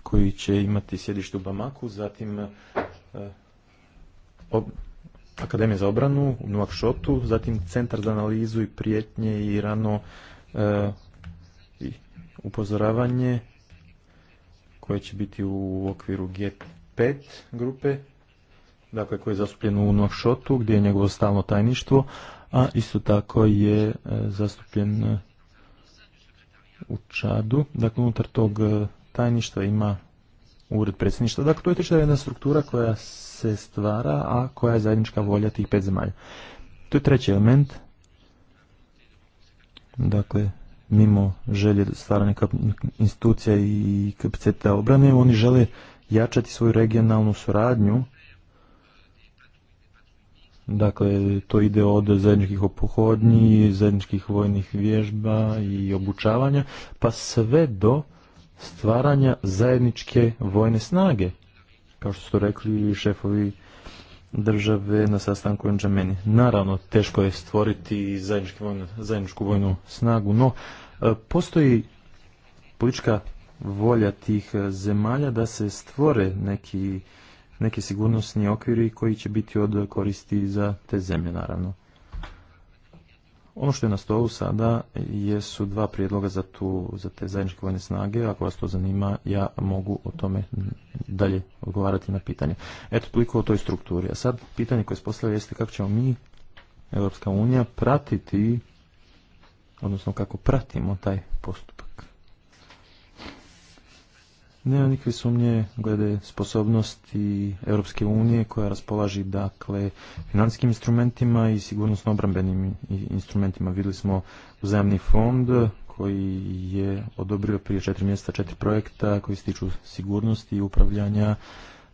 koji će imati sjedište u Bamaku, zatim e, Akademije za obranu u Nuakšotu, zatim Centar za analizu i prijetnje i rano e, upozoravanje koje će biti u okviru G5 grupe, dakle koji je zastupljen u Nuakšotu gdje je njegovo stalno tajništvo, a isto tako je e, zastupljen e, u Čadu. Dakle, unutar tog tajništva ima ured predsjedništva. Dakle, to je treća jedna struktura koja se stvara, a koja je zajednička volja tih pet zemalja. To je treći element. Dakle, mimo želje stvaranja institucija i kapaciteta obrane, oni žele jačati svoju regionalnu suradnju. Dakle, to ide od zajedničkih opohodnji, zajedničkih vojnih vježba i obučavanja, pa sve do stvaranja zajedničke vojne snage, kao što su rekli šefovi države na sastanku u Naravno, teško je stvoriti vojne, zajedničku vojnu snagu, no e, postoji politička volja tih e, zemalja da se stvore neki, neki sigurnosni okviri koji će biti od koristi za te zemlje, naravno. Ono što je na stolu sada jesu dva prijedloga za, tu, za te zajedničke vojne snage. Ako vas to zanima, ja mogu o tome dalje odgovarati na pitanje. Eto, toliko o toj strukturi. A sad, pitanje koje se postavlja jeste kako ćemo mi, Europska unija, pratiti, odnosno kako pratimo taj postupak. Nema nikakve sumnje glede sposobnosti Europske unije koja raspolaži dakle financijskim instrumentima i sigurnosno obrambenim instrumentima. Vidjeli smo uzajamni fond koji je odobrio prije četiri mjesta četiri projekta koji se tiču sigurnosti i upravljanja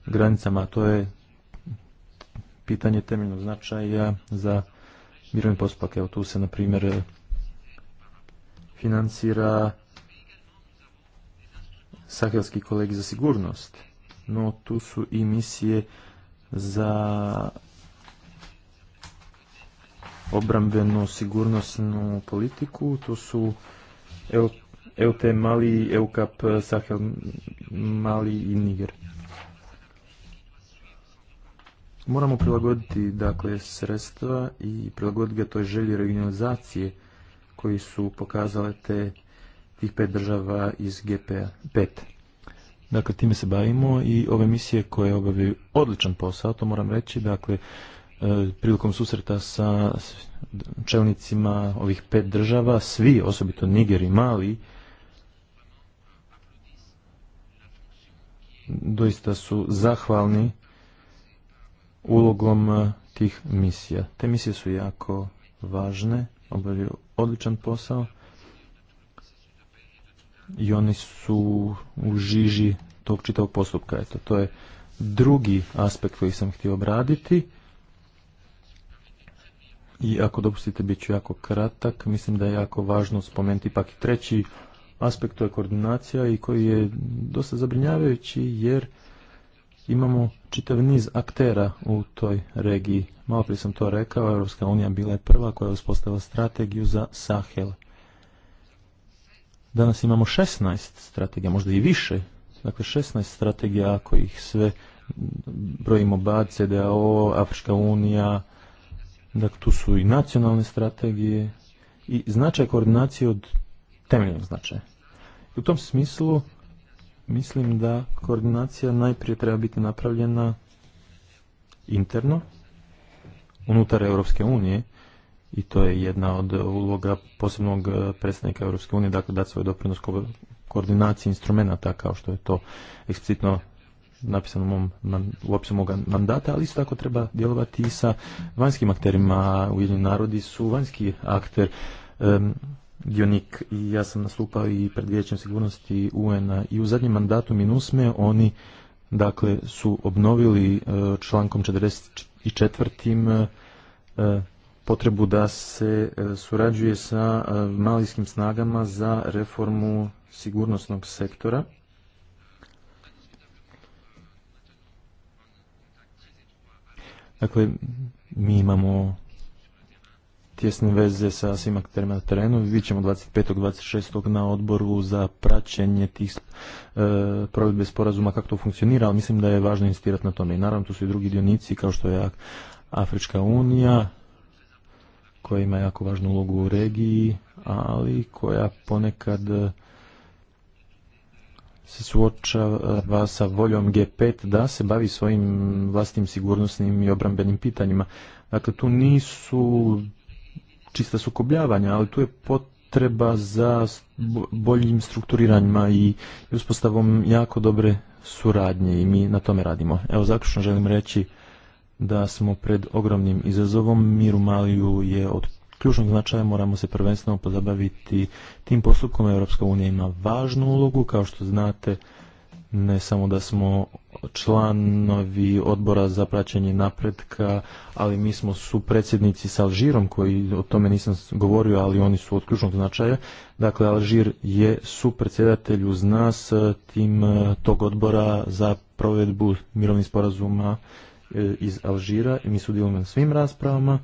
granicama. To je pitanje temeljnog značaja za mirovni postupak. Evo tu se, na primjer, financira sahelski kolegi za sigurnost, no tu su i misije za obrambenu sigurnosnu politiku, tu su EUT Mali, EUCAP, Sahel Mali i Niger. Moramo prilagoditi dakle sredstva i prilagoditi ga toj želji regionalizacije koji su pokazale te tih pet država iz GPA 5. Dakle, time se bavimo i ove misije koje obavljaju odličan posao, to moram reći, dakle, e, prilikom susreta sa čelnicima ovih pet država, svi, osobito Niger i Mali, doista su zahvalni ulogom e, tih misija. Te misije su jako važne, obavljaju odličan posao i oni su u žiži tog čitavog postupka. Eto, to je drugi aspekt koji sam htio obraditi. I ako dopustite, bit ću jako kratak. Mislim da je jako važno spomenuti ipak i treći aspekt, to je koordinacija i koji je dosta zabrinjavajući jer imamo čitav niz aktera u toj regiji. Malo prije sam to rekao, Europska unija bila je prva koja je uspostavila strategiju za Sahel. Danas imamo 16 strategija, možda i više. Dakle, 16 strategija ako ih sve brojimo BAD, CDAO, Afrička unija, dakle tu su i nacionalne strategije i značaj koordinacije od temeljnog značaja. U tom smislu mislim da koordinacija najprije treba biti napravljena interno unutar Europske unije i to je jedna od uloga posebnog e, predstavnika Europske unije, dakle dati svoj doprinos koordinaciji instrumenta kao što je to eksplicitno napisano u, mom, u opisu moga mandata, ali isto tako treba djelovati i sa vanjskim akterima. Ujedinjeni narodi su vanjski akter, dionik i ja sam nastupao i pred vijećem sigurnosti UN-a i u zadnjem mandatu Minusme oni dakle su obnovili uh, člankom 44. Uh, potrebu da se e, surađuje sa e, malijskim snagama za reformu sigurnosnog sektora. Dakle, mi imamo tjesne veze sa svim akterima na terenu. Vidjet ćemo 25. 26. na odboru za praćenje tih e, provedbe sporazuma kako to funkcionira, ali mislim da je važno insistirati na tome. I naravno tu su i drugi dionici kao što je Afrička unija, koja ima jako važnu ulogu u regiji, ali koja ponekad eh, se suočava sa voljom G5 da se bavi svojim vlastnim sigurnosnim i obrambenim pitanjima. Dakle, tu nisu čista sukobljavanja, ali tu je potreba za boljim strukturiranjima i uspostavom jako dobre suradnje i mi na tome radimo. Evo, zaključno želim reći da smo pred ogromnim izazovom. Mir u Maliju je od ključnog značaja, moramo se prvenstveno pozabaviti tim postupkom. Europska unija ima važnu ulogu, kao što znate, ne samo da smo članovi odbora za praćenje napretka, ali mi smo su predsjednici s Alžirom, koji o tome nisam govorio, ali oni su od ključnog značaja. Dakle, Alžir je supredsjedatelj uz nas eh, tim eh, tog odbora za provedbu mirovnih sporazuma E, iz Alžira i mi sudjelujemo na svim raspravama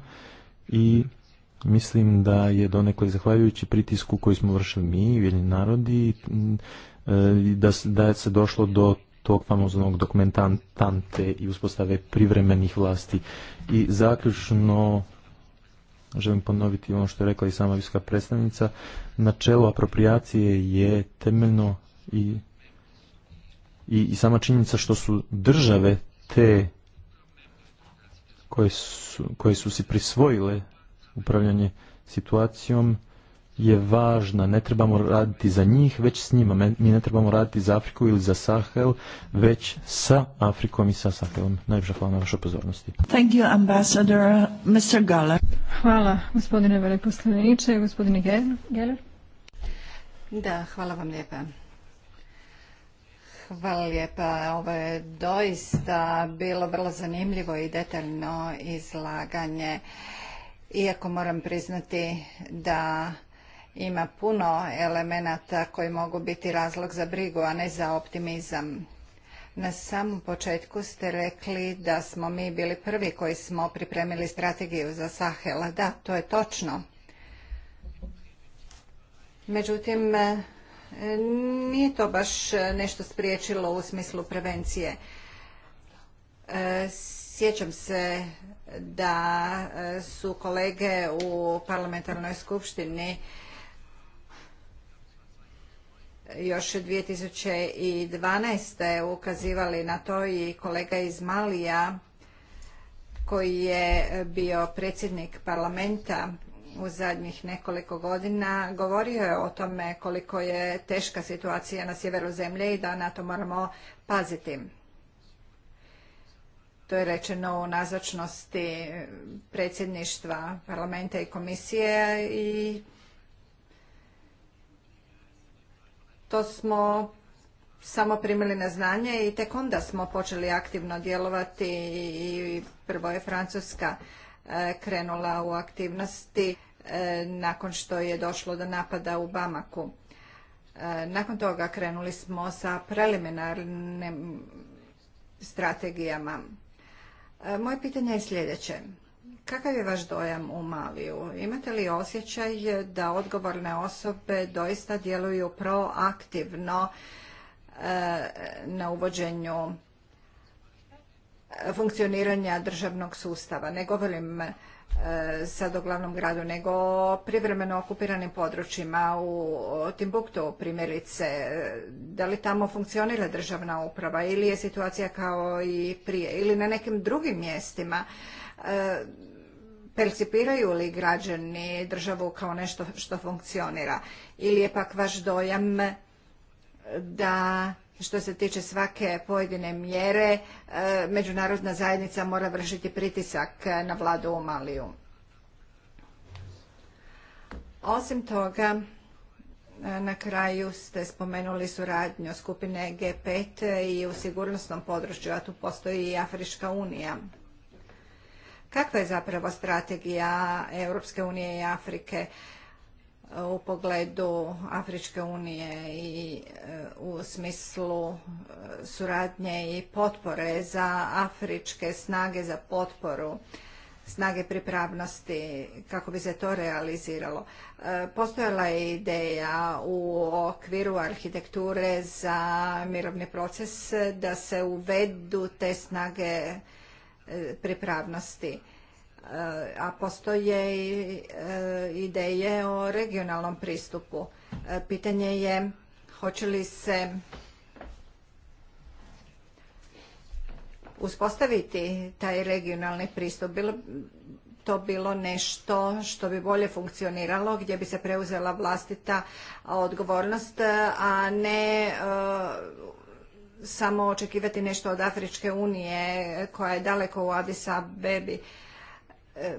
i mislim da je donekle zahvaljujući pritisku koji smo vršili mi, e, i Vjeljni narodi, da, da je se došlo do tog famoznog dokumentante i uspostave privremenih vlasti. I zaključno želim ponoviti ono što je rekla i sama viska predstavnica, načelo apropriacije je temeljno i, i, i sama činjenica što su države te koje su, koje su si prisvojile upravljanje situacijom je važna. Ne trebamo raditi za njih, već s njima. Mi ne trebamo raditi za Afriku ili za Sahel, već sa Afrikom i sa Sahelom. Najljepša hvala na vašoj pozornosti. Thank you, ambassador, uh, Mr. Hvala, gospodine veleposlaniče, gospodine Geller. Da, hvala vam lijepa. Hvala lijepa. Ovo je doista bilo vrlo zanimljivo i detaljno izlaganje. Iako moram priznati da ima puno elemenata koji mogu biti razlog za brigu, a ne za optimizam. Na samom početku ste rekli da smo mi bili prvi koji smo pripremili strategiju za Sahela. Da, to je točno. Međutim, nije to baš nešto spriječilo u smislu prevencije. E, sjećam se da su kolege u parlamentarnoj skupštini još 2012. ukazivali na to i kolega iz Malija koji je bio predsjednik parlamenta u zadnjih nekoliko godina govorio je o tome koliko je teška situacija na sjeveru zemlje i da na to moramo paziti. To je rečeno u nazočnosti predsjedništva parlamenta i komisije i to smo samo primili na znanje i tek onda smo počeli aktivno djelovati i prvo je Francuska e, krenula u aktivnosti E, nakon što je došlo do napada u Bamaku. E, nakon toga krenuli smo sa preliminarnim strategijama. E, moje pitanje je sljedeće. Kakav je vaš dojam u Maliju? Imate li osjećaj da odgovorne osobe doista djeluju proaktivno na uvođenju funkcioniranja državnog sustava? Ne govorim E, sad o glavnom gradu, nego o privremeno okupiranim područjima u Timbuktu primjerice. E, da li tamo funkcionira državna uprava ili je situacija kao i prije ili na nekim drugim mjestima? E, percipiraju li građani državu kao nešto što funkcionira ili je pak vaš dojam da što se tiče svake pojedine mjere, e, međunarodna zajednica mora vršiti pritisak na vladu u Maliju. Osim toga, e, na kraju ste spomenuli suradnju skupine G5 i u sigurnosnom području, a tu postoji i Afrička unija. Kakva je zapravo strategija Europske unije i Afrike? u pogledu Afričke unije i e, u smislu e, suradnje i potpore za afričke snage za potporu snage pripravnosti kako bi se to realiziralo. E, postojala je ideja u okviru arhitekture za mirovni proces da se uvedu te snage pripravnosti a postoje i e, ideje o regionalnom pristupu. E, pitanje je hoće li se uspostaviti taj regionalni pristup. Bilo, to bilo nešto što bi bolje funkcioniralo, gdje bi se preuzela vlastita odgovornost, a ne e, samo očekivati nešto od Afričke unije koja je daleko u Addis Abebi. E,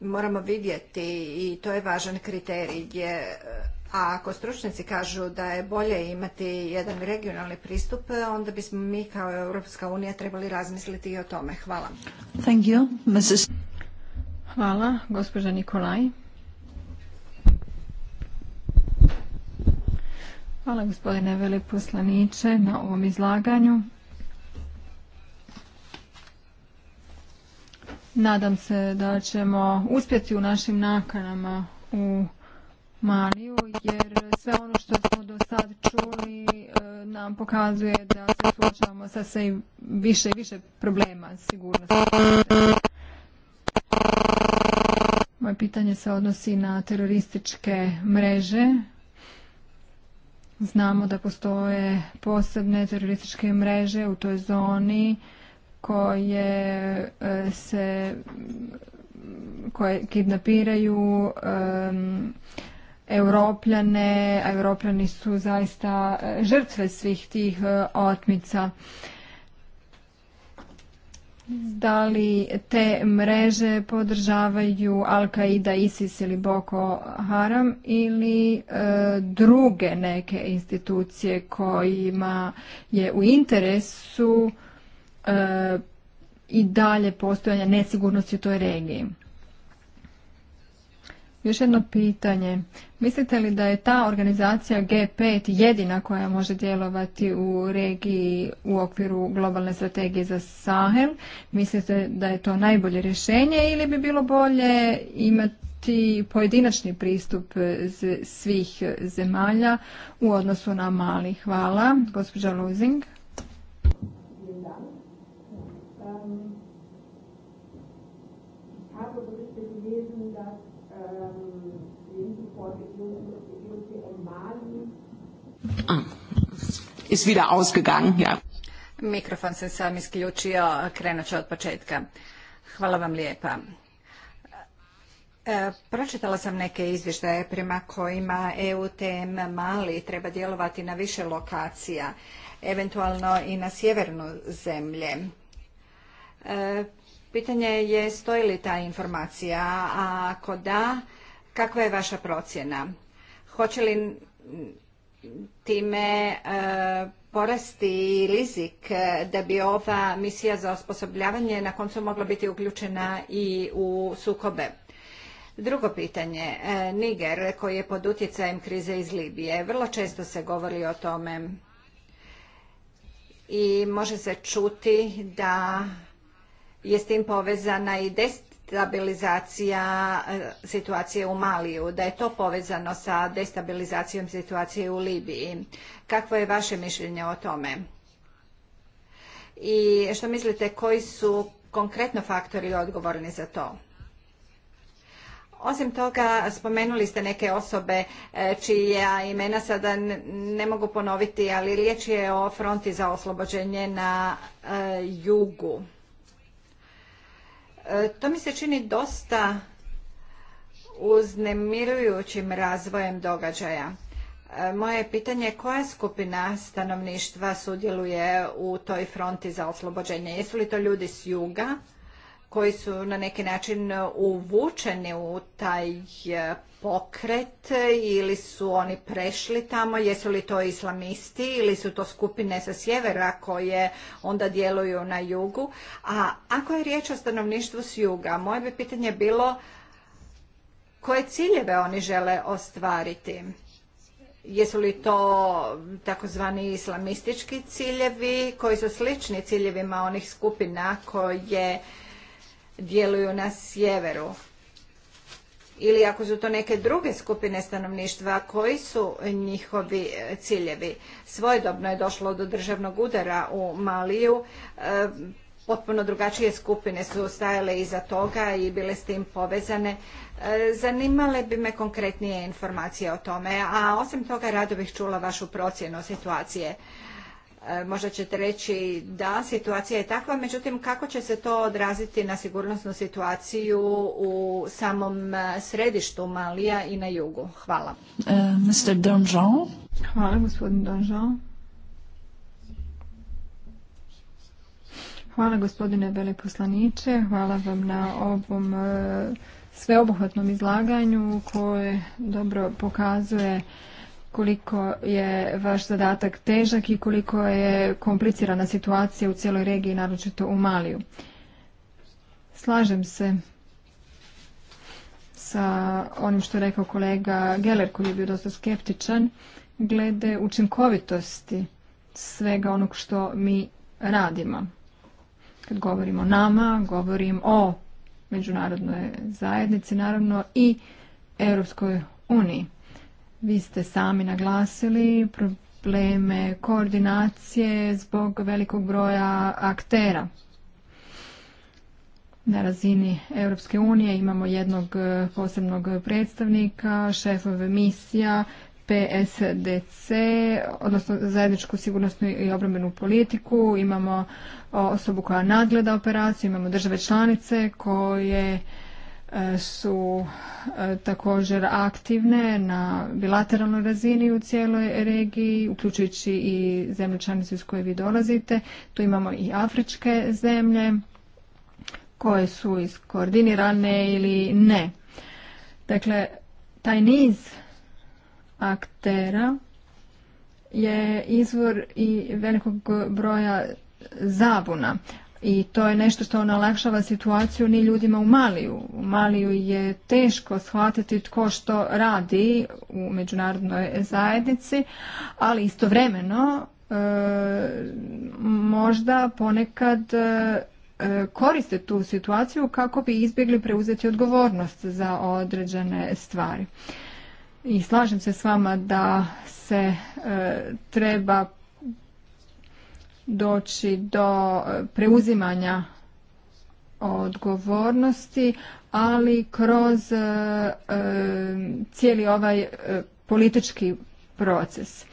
moramo vidjeti i to je važan kriterij gdje e, a ako stručnjaci kažu da je bolje imati jedan regionalni pristup, onda bismo mi kao Europska unija trebali razmisliti i o tome. Hvala. Thank you, Mrs. Hvala, gospođa Nikolaj. Hvala gospodine veleposlaniče na ovom izlaganju. Nadam se da ćemo uspjeti u našim nakanama u Maliju, jer sve ono što smo do sad čuli e, nam pokazuje da se suočavamo sa sve više i više problema sigurnosti. Moje pitanje se odnosi na terorističke mreže. Znamo da postoje posebne terorističke mreže u toj zoni koje e, se koje kidnapiraju europljane, a europljani su zaista e, žrtve svih tih e, otmica. Da li te mreže podržavaju Al-Qaida, ISIS ili Boko Haram ili druge neke institucije kojima je u interesu e, i dalje postojanja nesigurnosti u toj regiji. Još jedno pitanje. Mislite li da je ta organizacija G5 jedina koja može djelovati u regiji u okviru globalne strategije za Sahel? Mislite da je to najbolje rješenje ili bi bilo bolje imati pojedinačni pristup svih zemalja u odnosu na mali? Hvala. Gospođa Luzing. Ah. ist wieder ausgegangen, ja. Mikrofon se sam isključio, krenut ću od početka. Hvala vam lijepa. E, pročitala sam neke izvještaje prema kojima EUTM Mali treba djelovati na više lokacija, eventualno i na sjevernu zemlje. E, pitanje je stoji li ta informacija, a ako da, kakva je vaša procjena? Hoće li time e, porasti rizik e, da bi ova misija za osposobljavanje na koncu mogla biti uključena i u sukobe. Drugo pitanje, e, Niger koji je pod utjecajem krize iz Libije. Vrlo često se govori o tome i može se čuti da je s tim povezana i stabilizacija e, situacije u Maliju, da je to povezano sa destabilizacijom situacije u Libiji. Kakvo je vaše mišljenje o tome? I što mislite, koji su konkretno faktori odgovorni za to? Osim toga, spomenuli ste neke osobe e, čija imena sada ne mogu ponoviti, ali riječ je o fronti za oslobođenje na e, jugu. E, to mi se čini dosta uznemirujućim razvojem događaja. E, moje pitanje je koja skupina stanovništva sudjeluje u toj fronti za oslobođenje? Jesu li to ljudi s juga? koji su na neki način uvučeni u taj e, pokret ili su oni prešli tamo, jesu li to islamisti ili su to skupine sa sjevera koje onda djeluju na jugu. A ako je riječ o stanovništvu s juga, moje bi pitanje bilo koje ciljeve oni žele ostvariti. Jesu li to takozvani islamistički ciljevi koji su slični ciljevima onih skupina koje djeluju na sjeveru ili ako su to neke druge skupine stanovništva, koji su njihovi e, ciljevi. Svojedobno je došlo do državnog udara u Maliju, e, potpuno drugačije skupine su stajale iza toga i bile s tim povezane. E, zanimale bi me konkretnije informacije o tome, a osim toga rado bih čula vašu procjenu situacije. E, možda ćete reći da situacija je takva, međutim kako će se to odraziti na sigurnosnu situaciju u samom e, središtu Malija i na jugu? Hvala. E, Mr. Donjon. Hvala gospodin Hvala gospodine veleposlaniče, hvala vam na ovom sveobuhvatnom izlaganju koje dobro pokazuje koliko je vaš zadatak težak i koliko je komplicirana situacija u cijeloj regiji, naročito u Maliju. Slažem se sa onim što je rekao kolega Geller koji je bio dosta skeptičan glede učinkovitosti svega onog što mi radimo. Kad govorimo o nama, govorim o međunarodnoj zajednici naravno i Europskoj uniji. Vi ste sami naglasili probleme koordinacije zbog velikog broja aktera. Na razini Europske unije imamo jednog e, posebnog predstavnika, šefove misija, PSDC, odnosno zajedničku sigurnosnu i obrambenu politiku, imamo osobu koja nadgleda operaciju, imamo države članice koje su e, također aktivne na bilateralnoj razini u cijeloj regiji, uključujući i zemlje članice iz koje vi dolazite. Tu imamo i afričke zemlje koje su iskoordinirane ili ne. Dakle, taj niz aktera je izvor i velikog broja zabuna i to je nešto što olakšava situaciju ni ljudima u Maliju. U Maliju je teško shvatiti tko što radi u međunarodnoj zajednici, ali istovremeno e, možda ponekad e, koriste tu situaciju kako bi izbjegli preuzeti odgovornost za određene stvari. I slažem se s vama da se e, treba doći do e, preuzimanja odgovornosti, ali kroz e, e, cijeli ovaj politički proces.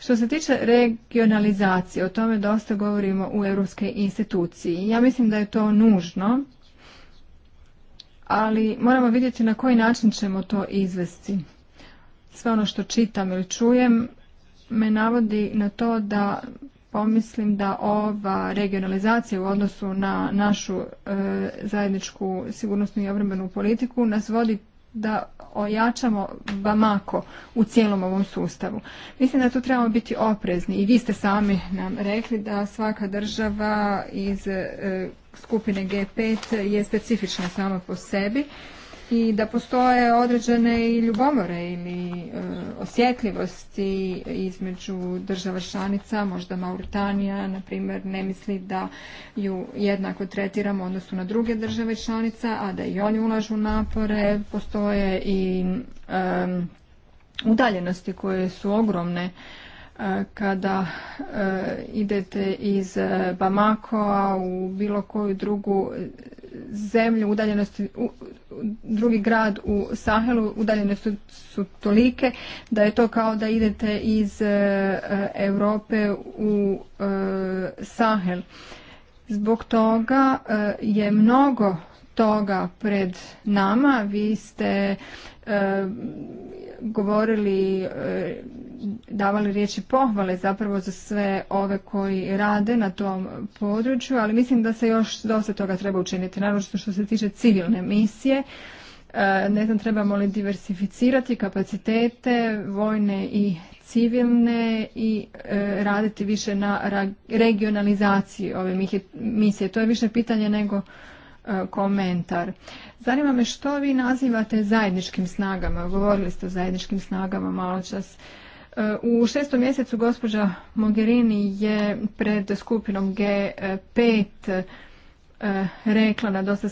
Što se tiče regionalizacije, o tome dosta govorimo u europskoj instituciji. Ja mislim da je to nužno, ali moramo vidjeti na koji način ćemo to izvesti. Sve ono što čitam ili čujem me navodi na to da pa mislim da ova regionalizacija u odnosu na našu e, zajedničku sigurnosnu i obrambenu politiku nas vodi da ojačamo Bamako u cijelom ovom sustavu. Mislim da tu trebamo biti oprezni i vi ste sami nam rekli da svaka država iz e, skupine G5 je specifična sama po sebi i da postoje određene i ljubomore ili e, osjetljivosti između država članica, možda Mauritanija, na primjer, ne misli da ju jednako tretiramo odnosu na druge države članica, a da i oni ulažu napore, postoje i udaljenosti koje su ogromne kada eh, idete iz eh, Bamakoa u bilo koju drugu zemlju, udaljenosti, drugi grad u Sahelu, udaljenosti su tolike da je to kao da idete iz eh, Europe u Sahel. Zbog toga je mnogo toga pred nama. Vi ste govorili, e, davali riječi pohvale zapravo za sve ove koji rade na tom području, ali mislim da se još dosta toga treba učiniti, Naravno što se tiče civilne misije. E, ne znam trebamo li diversificirati kapacitete vojne i civilne i e, raditi više na regionalizaciji ove misije. To je više pitanje nego E, komentar. Zanima me što vi nazivate zajedničkim snagama. Govorili ste o zajedničkim snagama malo čas. E, u šestom mjesecu gospođa Mogherini je pred skupinom G5 e, rekla na dosta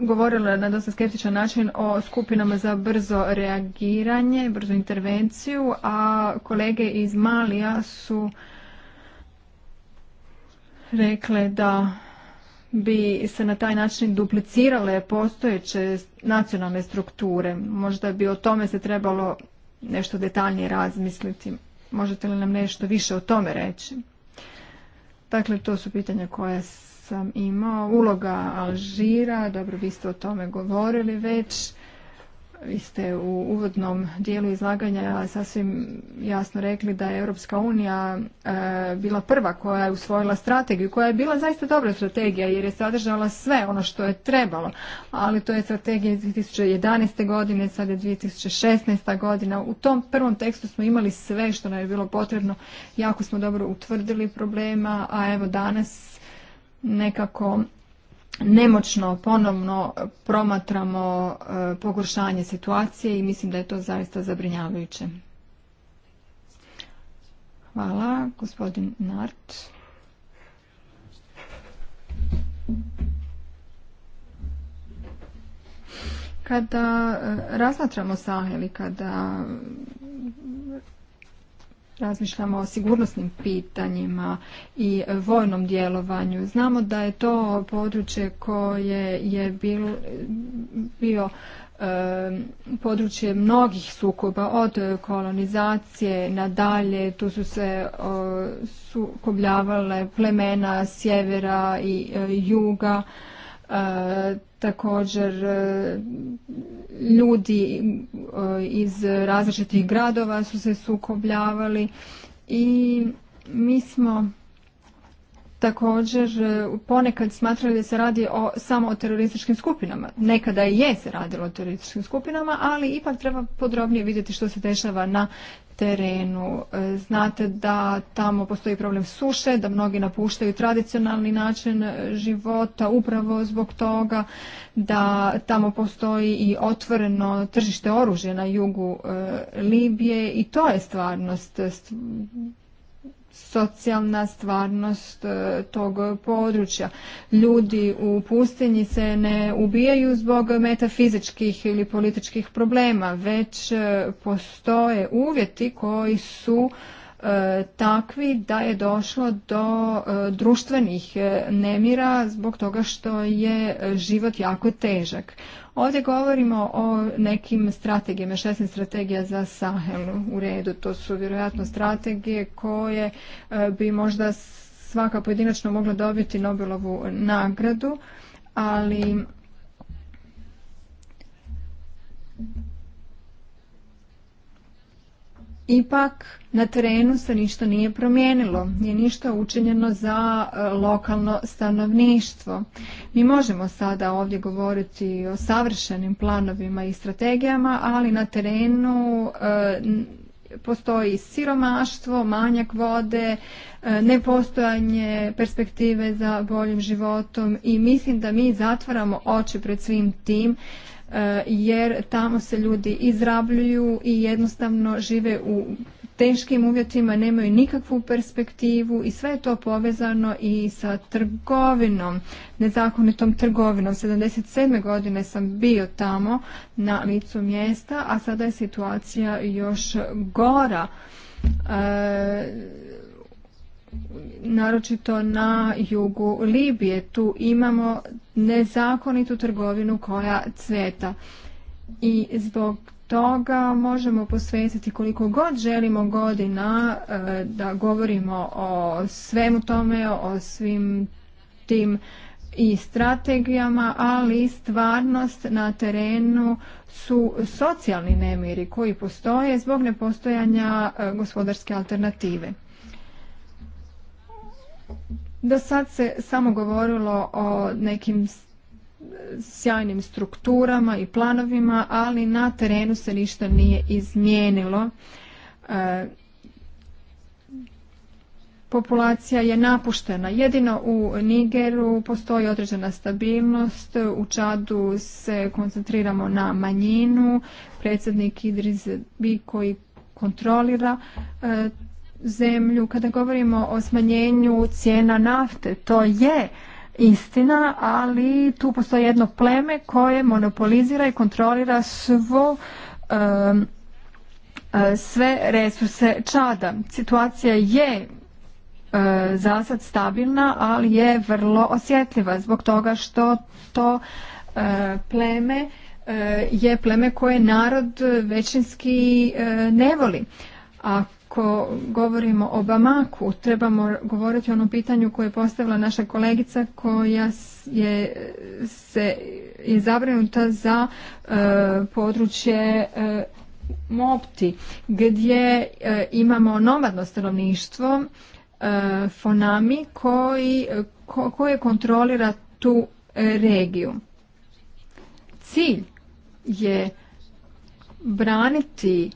govorila na dosta skeptičan način o skupinama za brzo reagiranje, brzo intervenciju, a kolege iz Malija su rekle da bi se na taj način duplicirale postojeće nacionalne strukture. Možda bi o tome se trebalo nešto detaljnije razmisliti. Možete li nam nešto više o tome reći? Dakle, to su pitanja koja sam imao. Uloga Alžira, dobro, vi ste o tome govorili već vi ste u uvodnom dijelu izlaganja sasvim jasno rekli da je Europska unija e, bila prva koja je usvojila strategiju, koja je bila zaista dobra strategija jer je sadržala sve ono što je trebalo, ali to je strategija iz 2011. godine, sad je 2016. godina. U tom prvom tekstu smo imali sve što nam je bilo potrebno, jako smo dobro utvrdili problema, a evo danas nekako nemoćno ponovno promatramo e, pogoršanje situacije i mislim da je to zaista zabrinjavajuće. Hvala, gospodin Nart. Kada e, razmatramo Sahel i kada razmišljamo o sigurnosnim pitanjima i vojnom djelovanju. Znamo da je to područje koje je bilo bio područje mnogih sukoba od kolonizacije nadalje tu su se sukobljavale plemena sjevera i e, juga e, također e, ljudi e, iz različitih gradova su se sukobljavali i mi smo također e, ponekad smatrali da se radi o, samo o terorističkim skupinama. Nekada i je se radilo o terorističkim skupinama, ali ipak treba podrobnije vidjeti što se dešava na terenu. E, znate da tamo postoji problem suše, da mnogi napuštaju tradicionalni način e, života upravo zbog toga da tamo postoji i otvoreno tržište oružja na jugu e, Libije i to je stvarnost socijalna stvarnost e, tog područja. Ljudi u pustinji se ne ubijaju zbog metafizičkih ili političkih problema, već e, postoje uvjeti koji su E, takvi da je došlo do e, društvenih e, nemira zbog toga što je život jako težak. Ovdje govorimo o nekim strategijama, 16 strategija za Sahel u redu. To su vjerojatno strategije koje bi možda svaka pojedinačno mogla dobiti Nobelovu nagradu, ali Ipak na terenu se ništa nije promijenilo, nije ništa učinjeno za e, lokalno stanovništvo. Mi možemo sada ovdje govoriti o savršenim planovima i strategijama, ali na terenu e, postoji siromaštvo, manjak vode, e, nepostojanje perspektive za boljim životom i mislim da mi zatvaramo oči pred svim tim E, jer tamo se ljudi izrabljuju i jednostavno žive u teškim uvjetima, nemaju nikakvu perspektivu i sve je to povezano i sa trgovinom, nezakonitom trgovinom. 77. godine sam bio tamo na licu mjesta, a sada je situacija još gora. E, naročito na jugu Libije. Tu imamo nezakonitu trgovinu koja cveta. I zbog toga možemo posvetiti koliko god želimo godina e, da govorimo o svemu tome, o svim tim i strategijama, ali stvarnost na terenu su socijalni nemiri koji postoje zbog nepostojanja e, gospodarske alternative. Do sad se samo govorilo o nekim sjajnim strukturama i planovima, ali na terenu se ništa nije izmijenilo. E, populacija je napuštena. Jedino u Nigeru postoji određena stabilnost, u Čadu se koncentriramo na manjinu, predsjednik Idris bi koji kontrolira e, zemlju kada govorimo o smanjenju cijena nafte. To je istina, ali tu postoji jedno pleme koje monopolizira i kontrolira svo sve resurse čada. Situacija je zasad za sad stabilna, ali je vrlo osjetljiva zbog toga što to pleme je pleme koje narod većinski ne voli. A ako govorimo o Bamaku, trebamo govoriti o onom pitanju koje je postavila naša kolegica koja je, se, je zabrinuta za e, područje e, Mopti, gdje e, imamo nomadno stanovništvo Fonami koji, koje kontrolira tu regiju. Cilj je braniti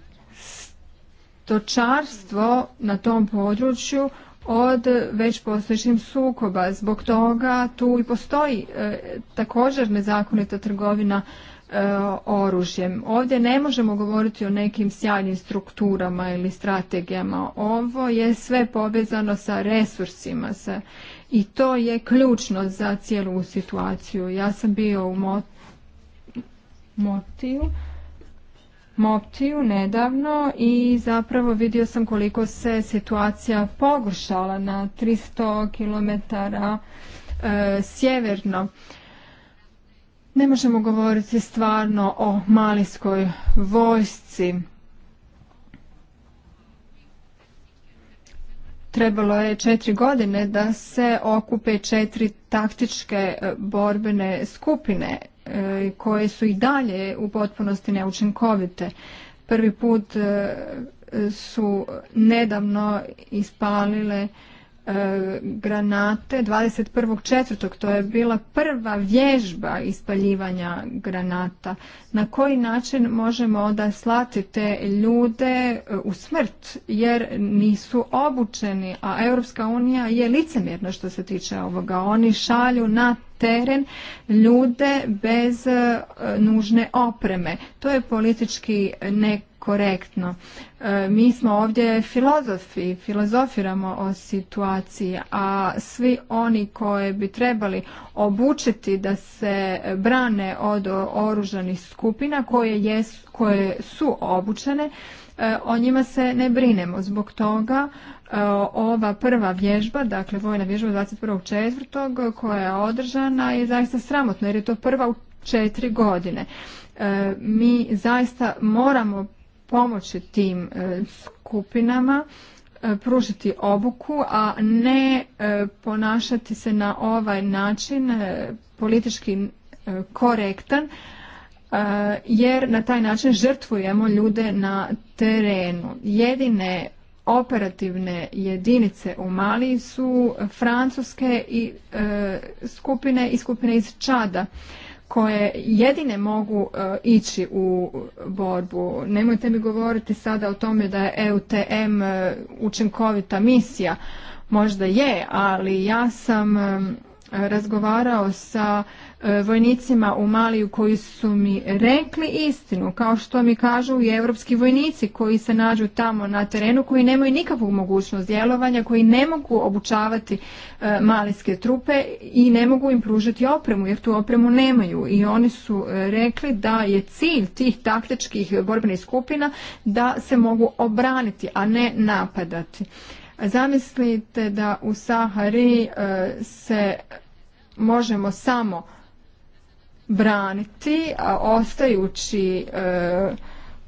stočarstvo na tom području od već postojećim sukoba. Zbog toga tu i postoji e, također nezakonita trgovina e, oružjem. Ovdje ne možemo govoriti o nekim sjajnim strukturama ili strategijama. Ovo je sve povezano sa resursima sa, i to je ključno za cijelu situaciju. Ja sam bio u Motiju Moptiju nedavno i zapravo vidio sam koliko se situacija pogoršala na 300 km e, sjeverno. Ne možemo govoriti stvarno o malijskoj vojsci. Trebalo je četiri godine da se okupe četiri taktičke e, borbene skupine E, koje su i dalje u potpunosti neučinkovite. Prvi put e, su nedavno ispalile E, granate 21.4. To je bila prva vježba ispaljivanja granata. Na koji način možemo onda slati te ljude e, u smrt jer nisu obučeni, a Europska unija je licemjerna što se tiče ovoga. Oni šalju na teren ljude bez e, nužne opreme. To je politički ne korektno. E, mi smo ovdje filozofi, filozofiramo o situaciji, a svi oni koje bi trebali obučiti da se brane od oružanih skupina koje, koje su obučene, e, o njima se ne brinemo. Zbog toga e, ova prva vježba, dakle vojna vježba 21.4. koja je održana je zaista sramotna jer je to prva u četiri godine. Mi zaista moramo pomoći tim e, skupinama, e, pružiti obuku, a ne e, ponašati se na ovaj način politički korektan, jer na taj način žrtvujemo ljude na terenu. Jedine operativne jedinice u Mali su francuske i skupine i skupine iz Čada koje jedine mogu e, ići u borbu. Nemojte mi govoriti sada o tome da je EUTM e, učinkovita misija. Možda je, ali ja sam e, razgovarao sa e, vojnicima u Maliju koji su mi rekli istinu, kao što mi kažu i evropski vojnici koji se nađu tamo na terenu, koji nemaju nikakvu mogućnost djelovanja, koji ne mogu obučavati e, malijske trupe i ne mogu im pružati opremu, jer tu opremu nemaju. I oni su e, rekli da je cilj tih taktičkih borbenih skupina da se mogu obraniti, a ne napadati. Zamislite da u Sahari e, se možemo samo braniti, ostajući e,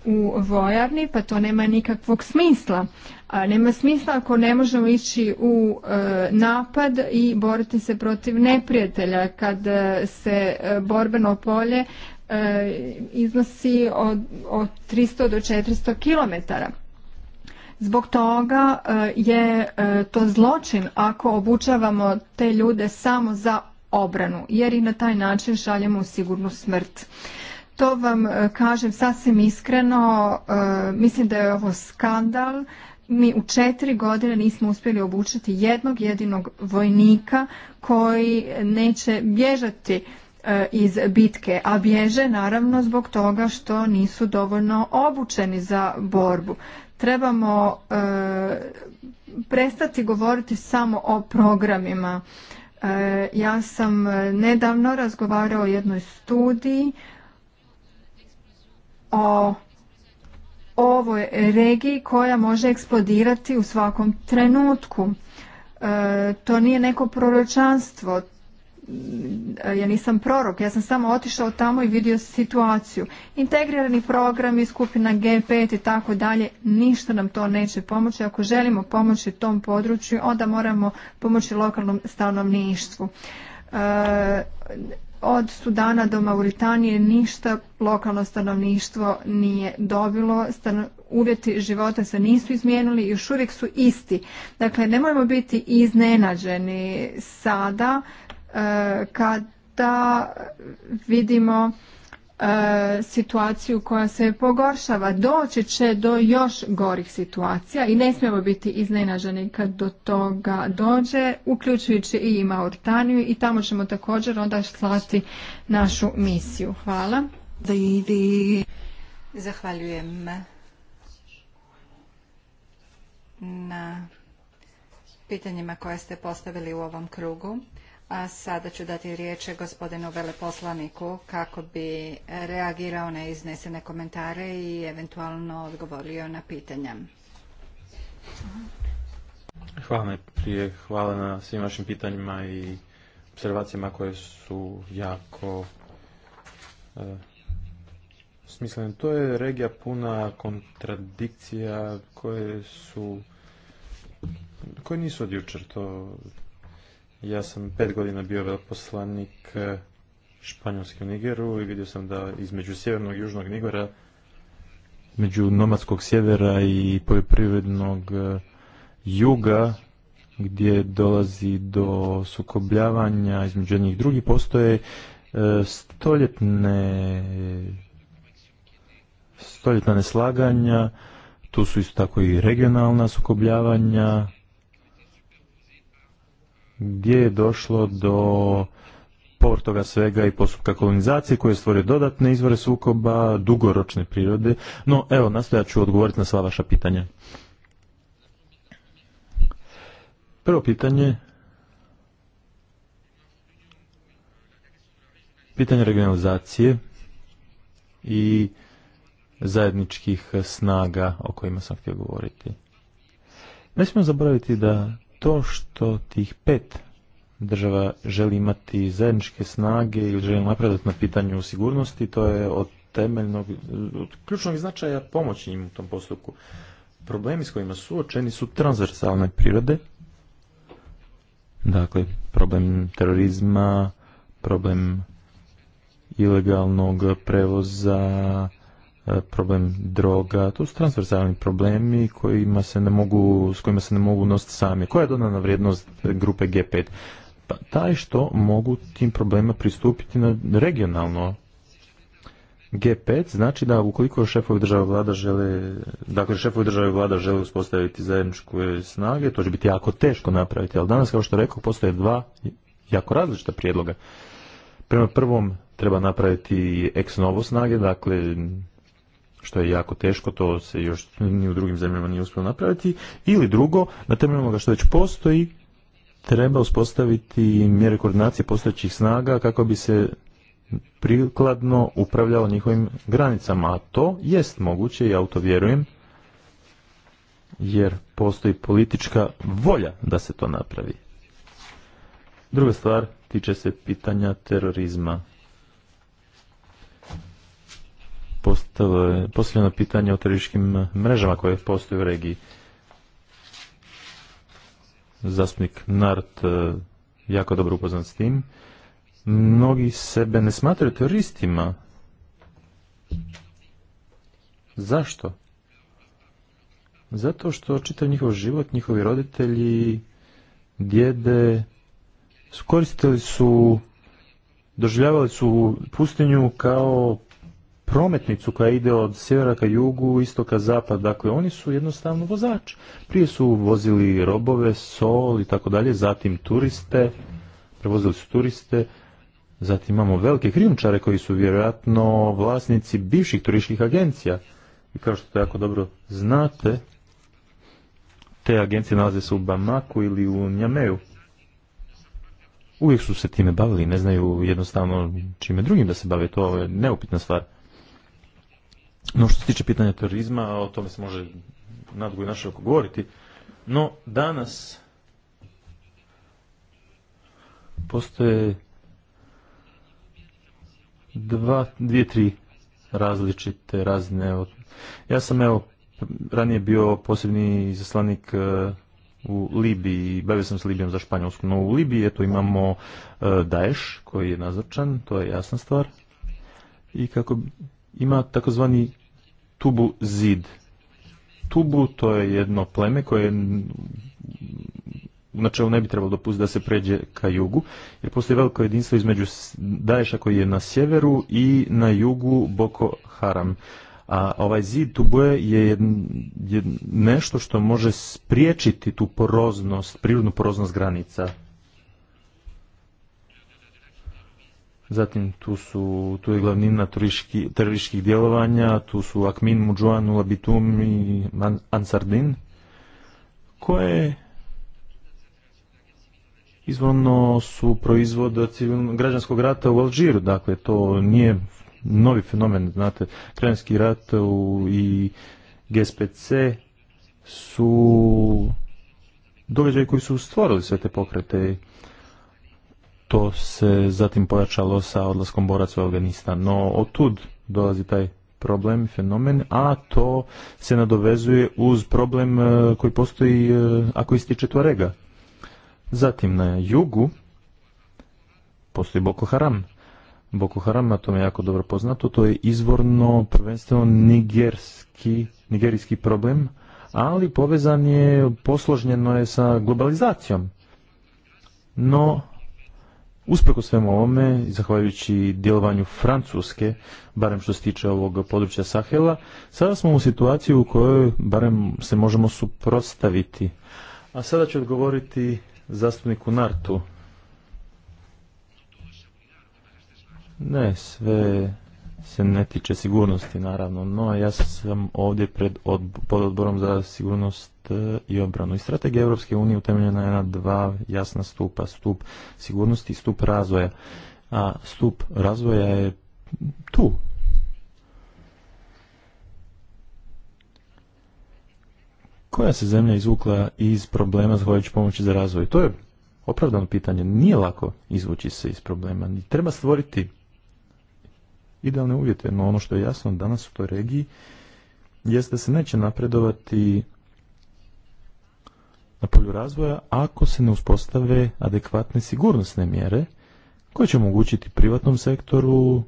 u vojarni, pa to nema nikakvog smisla. nema smisla ako ne možemo ići u e, napad i boriti se protiv neprijatelja kad se borbeno polje iznosi od, od 300 do 400 kilometara. Zbog toga e, je e, to zločin ako obučavamo te ljude samo za obranu, jer i na taj način šaljemo u sigurnu smrt. To vam e, kažem sasvim iskreno, mislim da je ovo skandal. Mi u četiri godine nismo uspjeli obučiti jednog jedinog vojnika koji neće bježati iz bitke, a bježe naravno zbog toga što nisu dovoljno obučeni za borbu trebamo e, prestati govoriti samo o programima. E, ja sam nedavno razgovarao o jednoj studiji o ovoj regiji koja može eksplodirati u svakom trenutku. E, to nije neko proročanstvo, ja nisam prorok, ja sam samo otišao tamo i vidio situaciju. Integrirani programi, skupina G5 i tako dalje, ništa nam to neće pomoći. Ako želimo pomoći tom području, onda moramo pomoći lokalnom stanovništvu. E, od Sudana do Mauritanije ništa lokalno stanovništvo nije dobilo, uvjeti života se nisu izmijenili i još uvijek su isti. Dakle, nemojmo biti iznenađeni sada E, kada vidimo e, situaciju koja se pogoršava. Doći će do još gorih situacija i ne smijemo biti iznenaženi kad do toga dođe, uključujući i Mauritaniju i tamo ćemo također onda slati našu misiju. Hvala. Zahvaljujem na pitanjima koje ste postavili u ovom krugu. A sada ću dati riječ gospodinu veleposlaniku kako bi reagirao na iznesene komentare i eventualno odgovorio na pitanja. Hvala prije hvala na svim vašim pitanjima i observacijama koje su jako e, smislene. To je regija puna kontradikcija koje su koje nisu od jučer, to ja sam pet godina bio veleposlanik e, Španjolske u Nigeru i vidio sam da između sjevernog i južnog Nigora, među nomadskog sjevera i poljoprivrednog e, juga, gdje dolazi do sukobljavanja između jednih drugih, postoje e, stoljetne stoljetna neslaganja, tu su isto tako i regionalna sukobljavanja, gdje je došlo do povrtoga svega i postupka kolonizacije koje stvore dodatne izvore sukoba dugoročne prirode. No, evo, nastojat ću odgovoriti na sva vaša pitanja. Prvo pitanje pitanje regionalizacije i zajedničkih snaga o kojima sam htio govoriti. Ne smijemo zaboraviti da to što tih pet država želi imati zajedničke snage ili želi napredati na pitanju sigurnosti, to je od temeljnog, od ključnog značaja pomoći im u tom postupku. Problemi s kojima suočeni su transversalne prirode, dakle problem terorizma, problem ilegalnog prevoza, E, problem droga, to su transverzalni problemi kojima se ne mogu, s kojima se ne mogu nositi sami. Koja je dodana vrijednost grupe G5? Pa taj što mogu tim problema pristupiti na regionalno G5 znači da ukoliko šefovi država vlada žele, dakle šefovi države vlada žele uspostaviti zajedničke snage, to će biti jako teško napraviti, ali danas kao što rekao postoje dva jako različita prijedloga. Prema prvom treba napraviti ex novo snage, dakle što je jako teško, to se još ni u drugim zemljama nije uspjelo napraviti, ili drugo, na temelju onoga što već postoji, treba uspostaviti mjere koordinacije postojećih snaga kako bi se prikladno upravljalo njihovim granicama, a to jest moguće, ja u to vjerujem, jer postoji politička volja da se to napravi. Druga stvar tiče se pitanja terorizma. postavljeno pitanje o terorističkim mrežama koje postoje u regiji. Zastupnik Nart e, jako dobro upoznat s tim. Mnogi sebe ne smatraju teroristima. Zašto? Zato što čitav njihov život, njihovi roditelji, djede, koristili su, doživljavali su pustinju kao prometnicu koja ide od sjevera ka jugu, istoka zapad. Dakle, oni su jednostavno vozači. Prije su vozili robove, sol i tako dalje, zatim turiste, prevozili su turiste, zatim imamo velike krijumčare koji su vjerojatno vlasnici bivših turističkih agencija. I kao što to jako dobro znate, te agencije nalaze se u Bamaku ili u Njameju. Uvijek su se time bavili, ne znaju jednostavno čime drugim da se bave, to je neupitna stvar. No što se tiče pitanja terorizma, o tome se može nadugo i oko govoriti. No danas postoje dva, dvije, tri različite razine. Ja sam evo ranije bio posebni zaslanik e, u Libiji, bavio sam se Libijom za Španjolsku, no u Libiji eto imamo e, Daesh koji je nazočan, to je jasna stvar, i kako ima takozvani Tubu Zid. Tubu to je jedno pleme koje u načelu ne bi trebalo dopustiti da se pređe ka jugu, jer postoji veliko jedinstvo između Daješa koji je na sjeveru i na jugu Boko Haram. A ovaj zid Tubuje je, je nešto što može spriječiti tu poroznost, prirodnu poroznost granica. Zatim tu, su, tu je glavnina terorističkih djelovanja, tu su Akmin, Muđuan, Ulabitum i Ansardin, koje izvorno su proizvod građanskog rata u Alžiru, dakle to nije novi fenomen, znate, građanski rat u, i GSPC su događaji koji su stvorili sve te pokrete to se zatim pojačalo sa odlaskom boraca u Afganistan. No, otud dolazi taj problem, fenomen, a to se nadovezuje uz problem e, koji postoji e, ako ističe Tuarega. Zatim na jugu postoji Boko Haram. Boko Haram, a to je jako dobro poznato, to je izvorno prvenstveno nigerski, nigerijski problem, ali povezan je, posložnjeno je sa globalizacijom. No, Usprkos svemu ovome, zahvaljujući djelovanju Francuske, barem što se tiče ovog područja Sahela, sada smo u situaciji u kojoj barem se možemo suprotstaviti. A sada ću odgovoriti zastupniku Nartu. Ne, sve se ne tiče sigurnosti naravno, no ja sam ovdje pred pod odborom za sigurnost e, i obranu. I strategija Europske unije utemeljena je na dva jasna stupa, stup sigurnosti i stup razvoja. A stup razvoja je tu. Koja se zemlja izvukla iz problema zahvaljujući pomoći za razvoj? To je opravdano pitanje. Nije lako izvući se iz problema. Treba stvoriti idealne uvjete, no ono što je jasno danas u toj regiji jeste da se neće napredovati na polju razvoja ako se ne uspostave adekvatne sigurnosne mjere koje će omogućiti privatnom sektoru,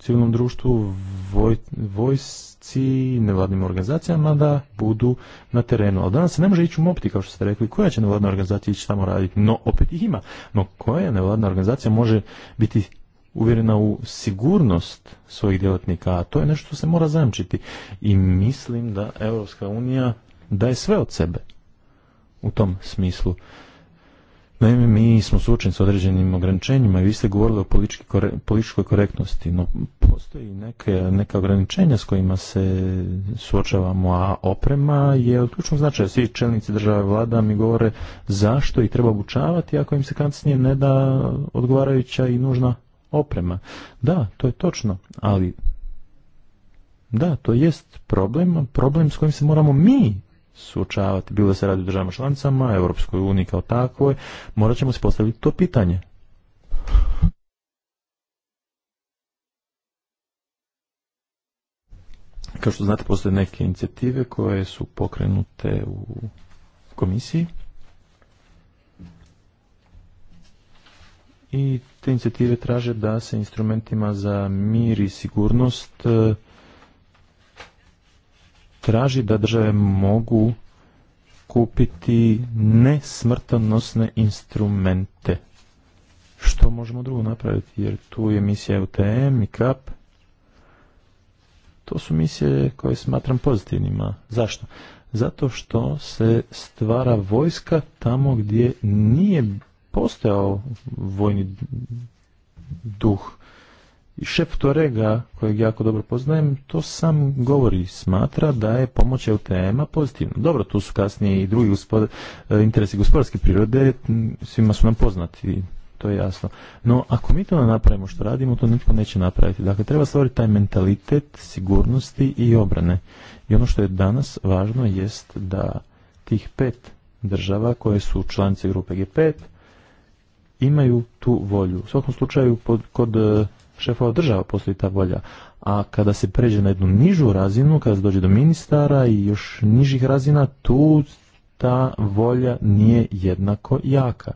civilnom društvu, voj, vojsci, nevladnim organizacijama da budu na terenu. Ali danas se ne može ići u mopti, kao što ste rekli, koja će nevladna organizacija ići tamo raditi, no opet ih ima. No koja nevladna organizacija može biti uvjerena u sigurnost svojih djelatnika, a to je nešto što se mora zamčiti. I mislim da Europska unija daje sve od sebe u tom smislu. Naime, mi smo suočeni s određenim ograničenjima i vi ste govorili o političkoj korektnosti, no postoji neke, neka ograničenja s kojima se suočavamo, a oprema je od ključnog značaja. Svi čelnici države vlada mi govore zašto i treba obučavati ako im se kasnije ne da odgovarajuća i nužna oprema. Da, to je točno, ali da, to jest problem, problem s kojim se moramo mi suočavati, bilo da se radi o državama članicama, Europskoj uniji kao takvoj, morat ćemo se postaviti to pitanje. Kao što znate, postoje neke inicijative koje su pokrenute u komisiji. i te inicijative traže da se instrumentima za mir i sigurnost e, traži da države mogu kupiti nesmrtonosne instrumente. Što možemo drugo napraviti? Jer tu je misija e UTM i KAP. To su misije koje smatram pozitivnima. Zašto? Zato što se stvara vojska tamo gdje nije postojao vojni duh. I šef Torega, kojeg jako dobro poznajem, to sam govori, smatra da je pomoć LTM-a pozitivna. Dobro, tu su kasnije i drugi gospod, e, interesi gospodarske prirode, svima su nam poznati, to je jasno. No, ako mi to ne napravimo što radimo, to nitko neće napraviti. Dakle, treba stvoriti taj mentalitet sigurnosti i obrane. I ono što je danas važno jest da tih pet država koje su članice grupe G5, imaju tu volju. U svakom slučaju pod, kod e, šefova država postoji ta volja. A kada se pređe na jednu nižu razinu, kada se dođe do ministara i još nižih razina, tu ta volja nije jednako jaka.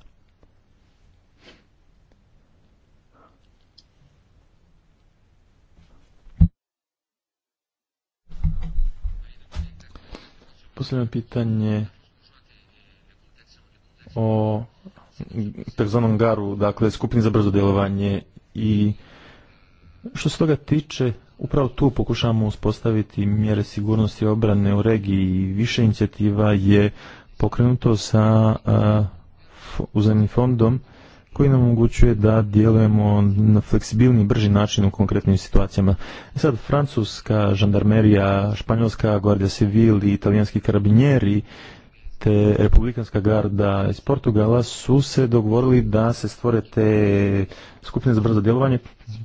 Posljedno pitanje o takzvanom garu, dakle skupini za brzo djelovanje i što se toga tiče, upravo tu pokušavamo uspostaviti mjere sigurnosti obrane u regiji. i Više inicijativa je pokrenuto sa uzemnim fondom koji nam omogućuje da djelujemo na fleksibilni, brži način u konkretnim situacijama. E sad, francuska žandarmerija, španjolska guardia civil i italijanski karabinjeri te republikanska garda iz Portugala su se dogovorili da se stvore te skupine za brzo djelovanje,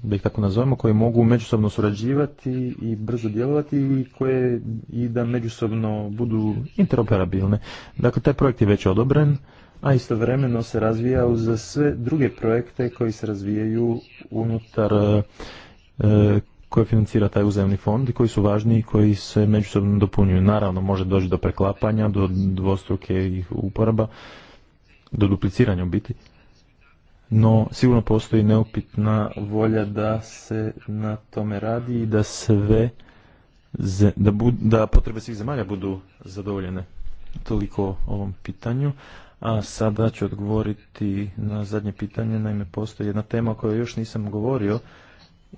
da ih tako nazovemo, koje mogu međusobno surađivati i brzo djelovati i, koje, i da međusobno budu interoperabilne. Dakle, taj projekt je već odobren, a istovremeno se razvija uz sve druge projekte koji se razvijaju unutar e, koje financira taj uzajemni fond i koji su važni i koji se međusobno dopunjuju. Naravno, može doći do preklapanja, do dvostruke ih uporaba, do dupliciranja u biti. No, sigurno postoji neupitna volja da se na tome radi i da sve da, da potrebe svih zemalja budu zadovoljene. Toliko o ovom pitanju. A sada ću odgovoriti na zadnje pitanje. Naime, postoji jedna tema o kojoj još nisam govorio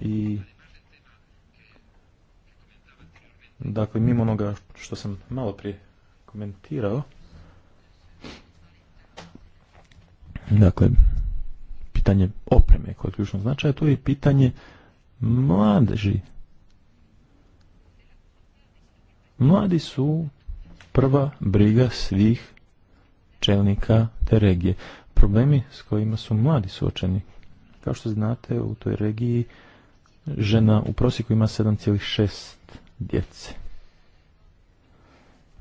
i Dakle, mimo onoga što sam malo prije komentirao, dakle, pitanje opreme koje je ključno značaja, to je pitanje mladeži. Mladi su prva briga svih čelnika te regije. Problemi s kojima su mladi suočeni. Kao što znate, u toj regiji žena u prosjeku ima 7,6 djece.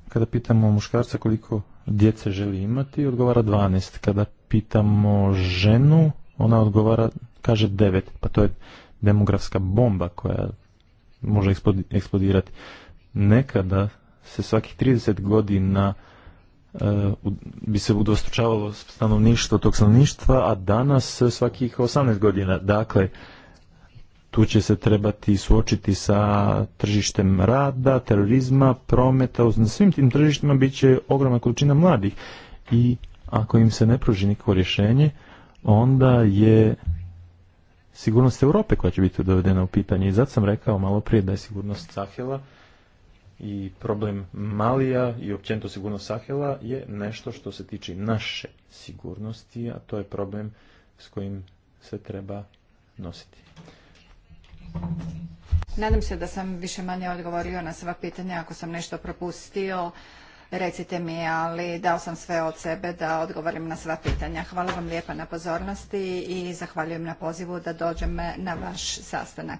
Kada pitamo muškarca koliko djece želi imati, odgovara 12. Kada pitamo ženu, ona odgovara, kaže 9. Pa to je demografska bomba koja može eksplodirati. Nekada se svakih 30 godina eh, bi se udostručavalo stanovništvo tog stanovništva, a danas svakih 18 godina. Dakle, tu će se trebati suočiti sa tržištem rada, terorizma, prometa, na svim tim tržištima bit će ogromna količina mladih i ako im se ne pruži nikakvo rješenje, onda je sigurnost Europe koja će biti dovedena u pitanje. I zato sam rekao malo prije da je sigurnost Sahela i problem Malija i općenito sigurnost Sahela je nešto što se tiče naše sigurnosti, a to je problem s kojim se treba nositi. Nadam se da sam više manje odgovorio na sva pitanja. Ako sam nešto propustio, recite mi, ali dao sam sve od sebe da odgovorim na sva pitanja. Hvala vam lijepa na pozornosti i zahvaljujem na pozivu da dođem na vaš sastanak.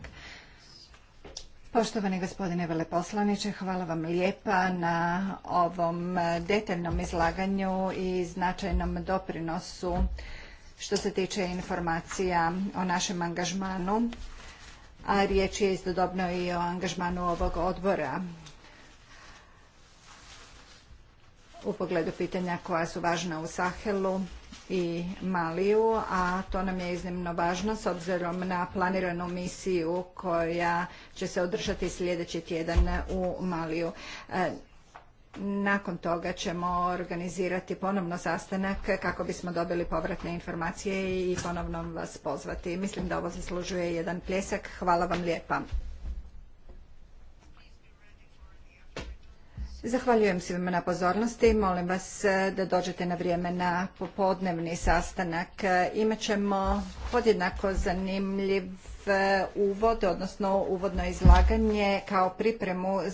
Poštovani gospodine veleposlaniče, hvala vam lijepa na ovom detaljnom izlaganju i značajnom doprinosu što se tiče informacija o našem angažmanu a riječ je istodobno i o angažmanu ovog odbora u pogledu pitanja koja su važna u Sahelu i Maliju, a to nam je iznimno važno s obzirom na planiranu misiju koja će se održati sljedeći tjedan u Maliju. E, nakon toga ćemo organizirati ponovno sastanak kako bismo dobili povratne informacije i ponovno vas pozvati. Mislim da ovo zaslužuje jedan pljesak. Hvala vam lijepa. Zahvaljujem svima na pozornosti. Molim vas eh, da dođete na vrijeme na popodnevni sastanak. Eh, Imaćemo podjednako zanimljiv eh, uvod, odnosno uvodno izlaganje kao pripremu za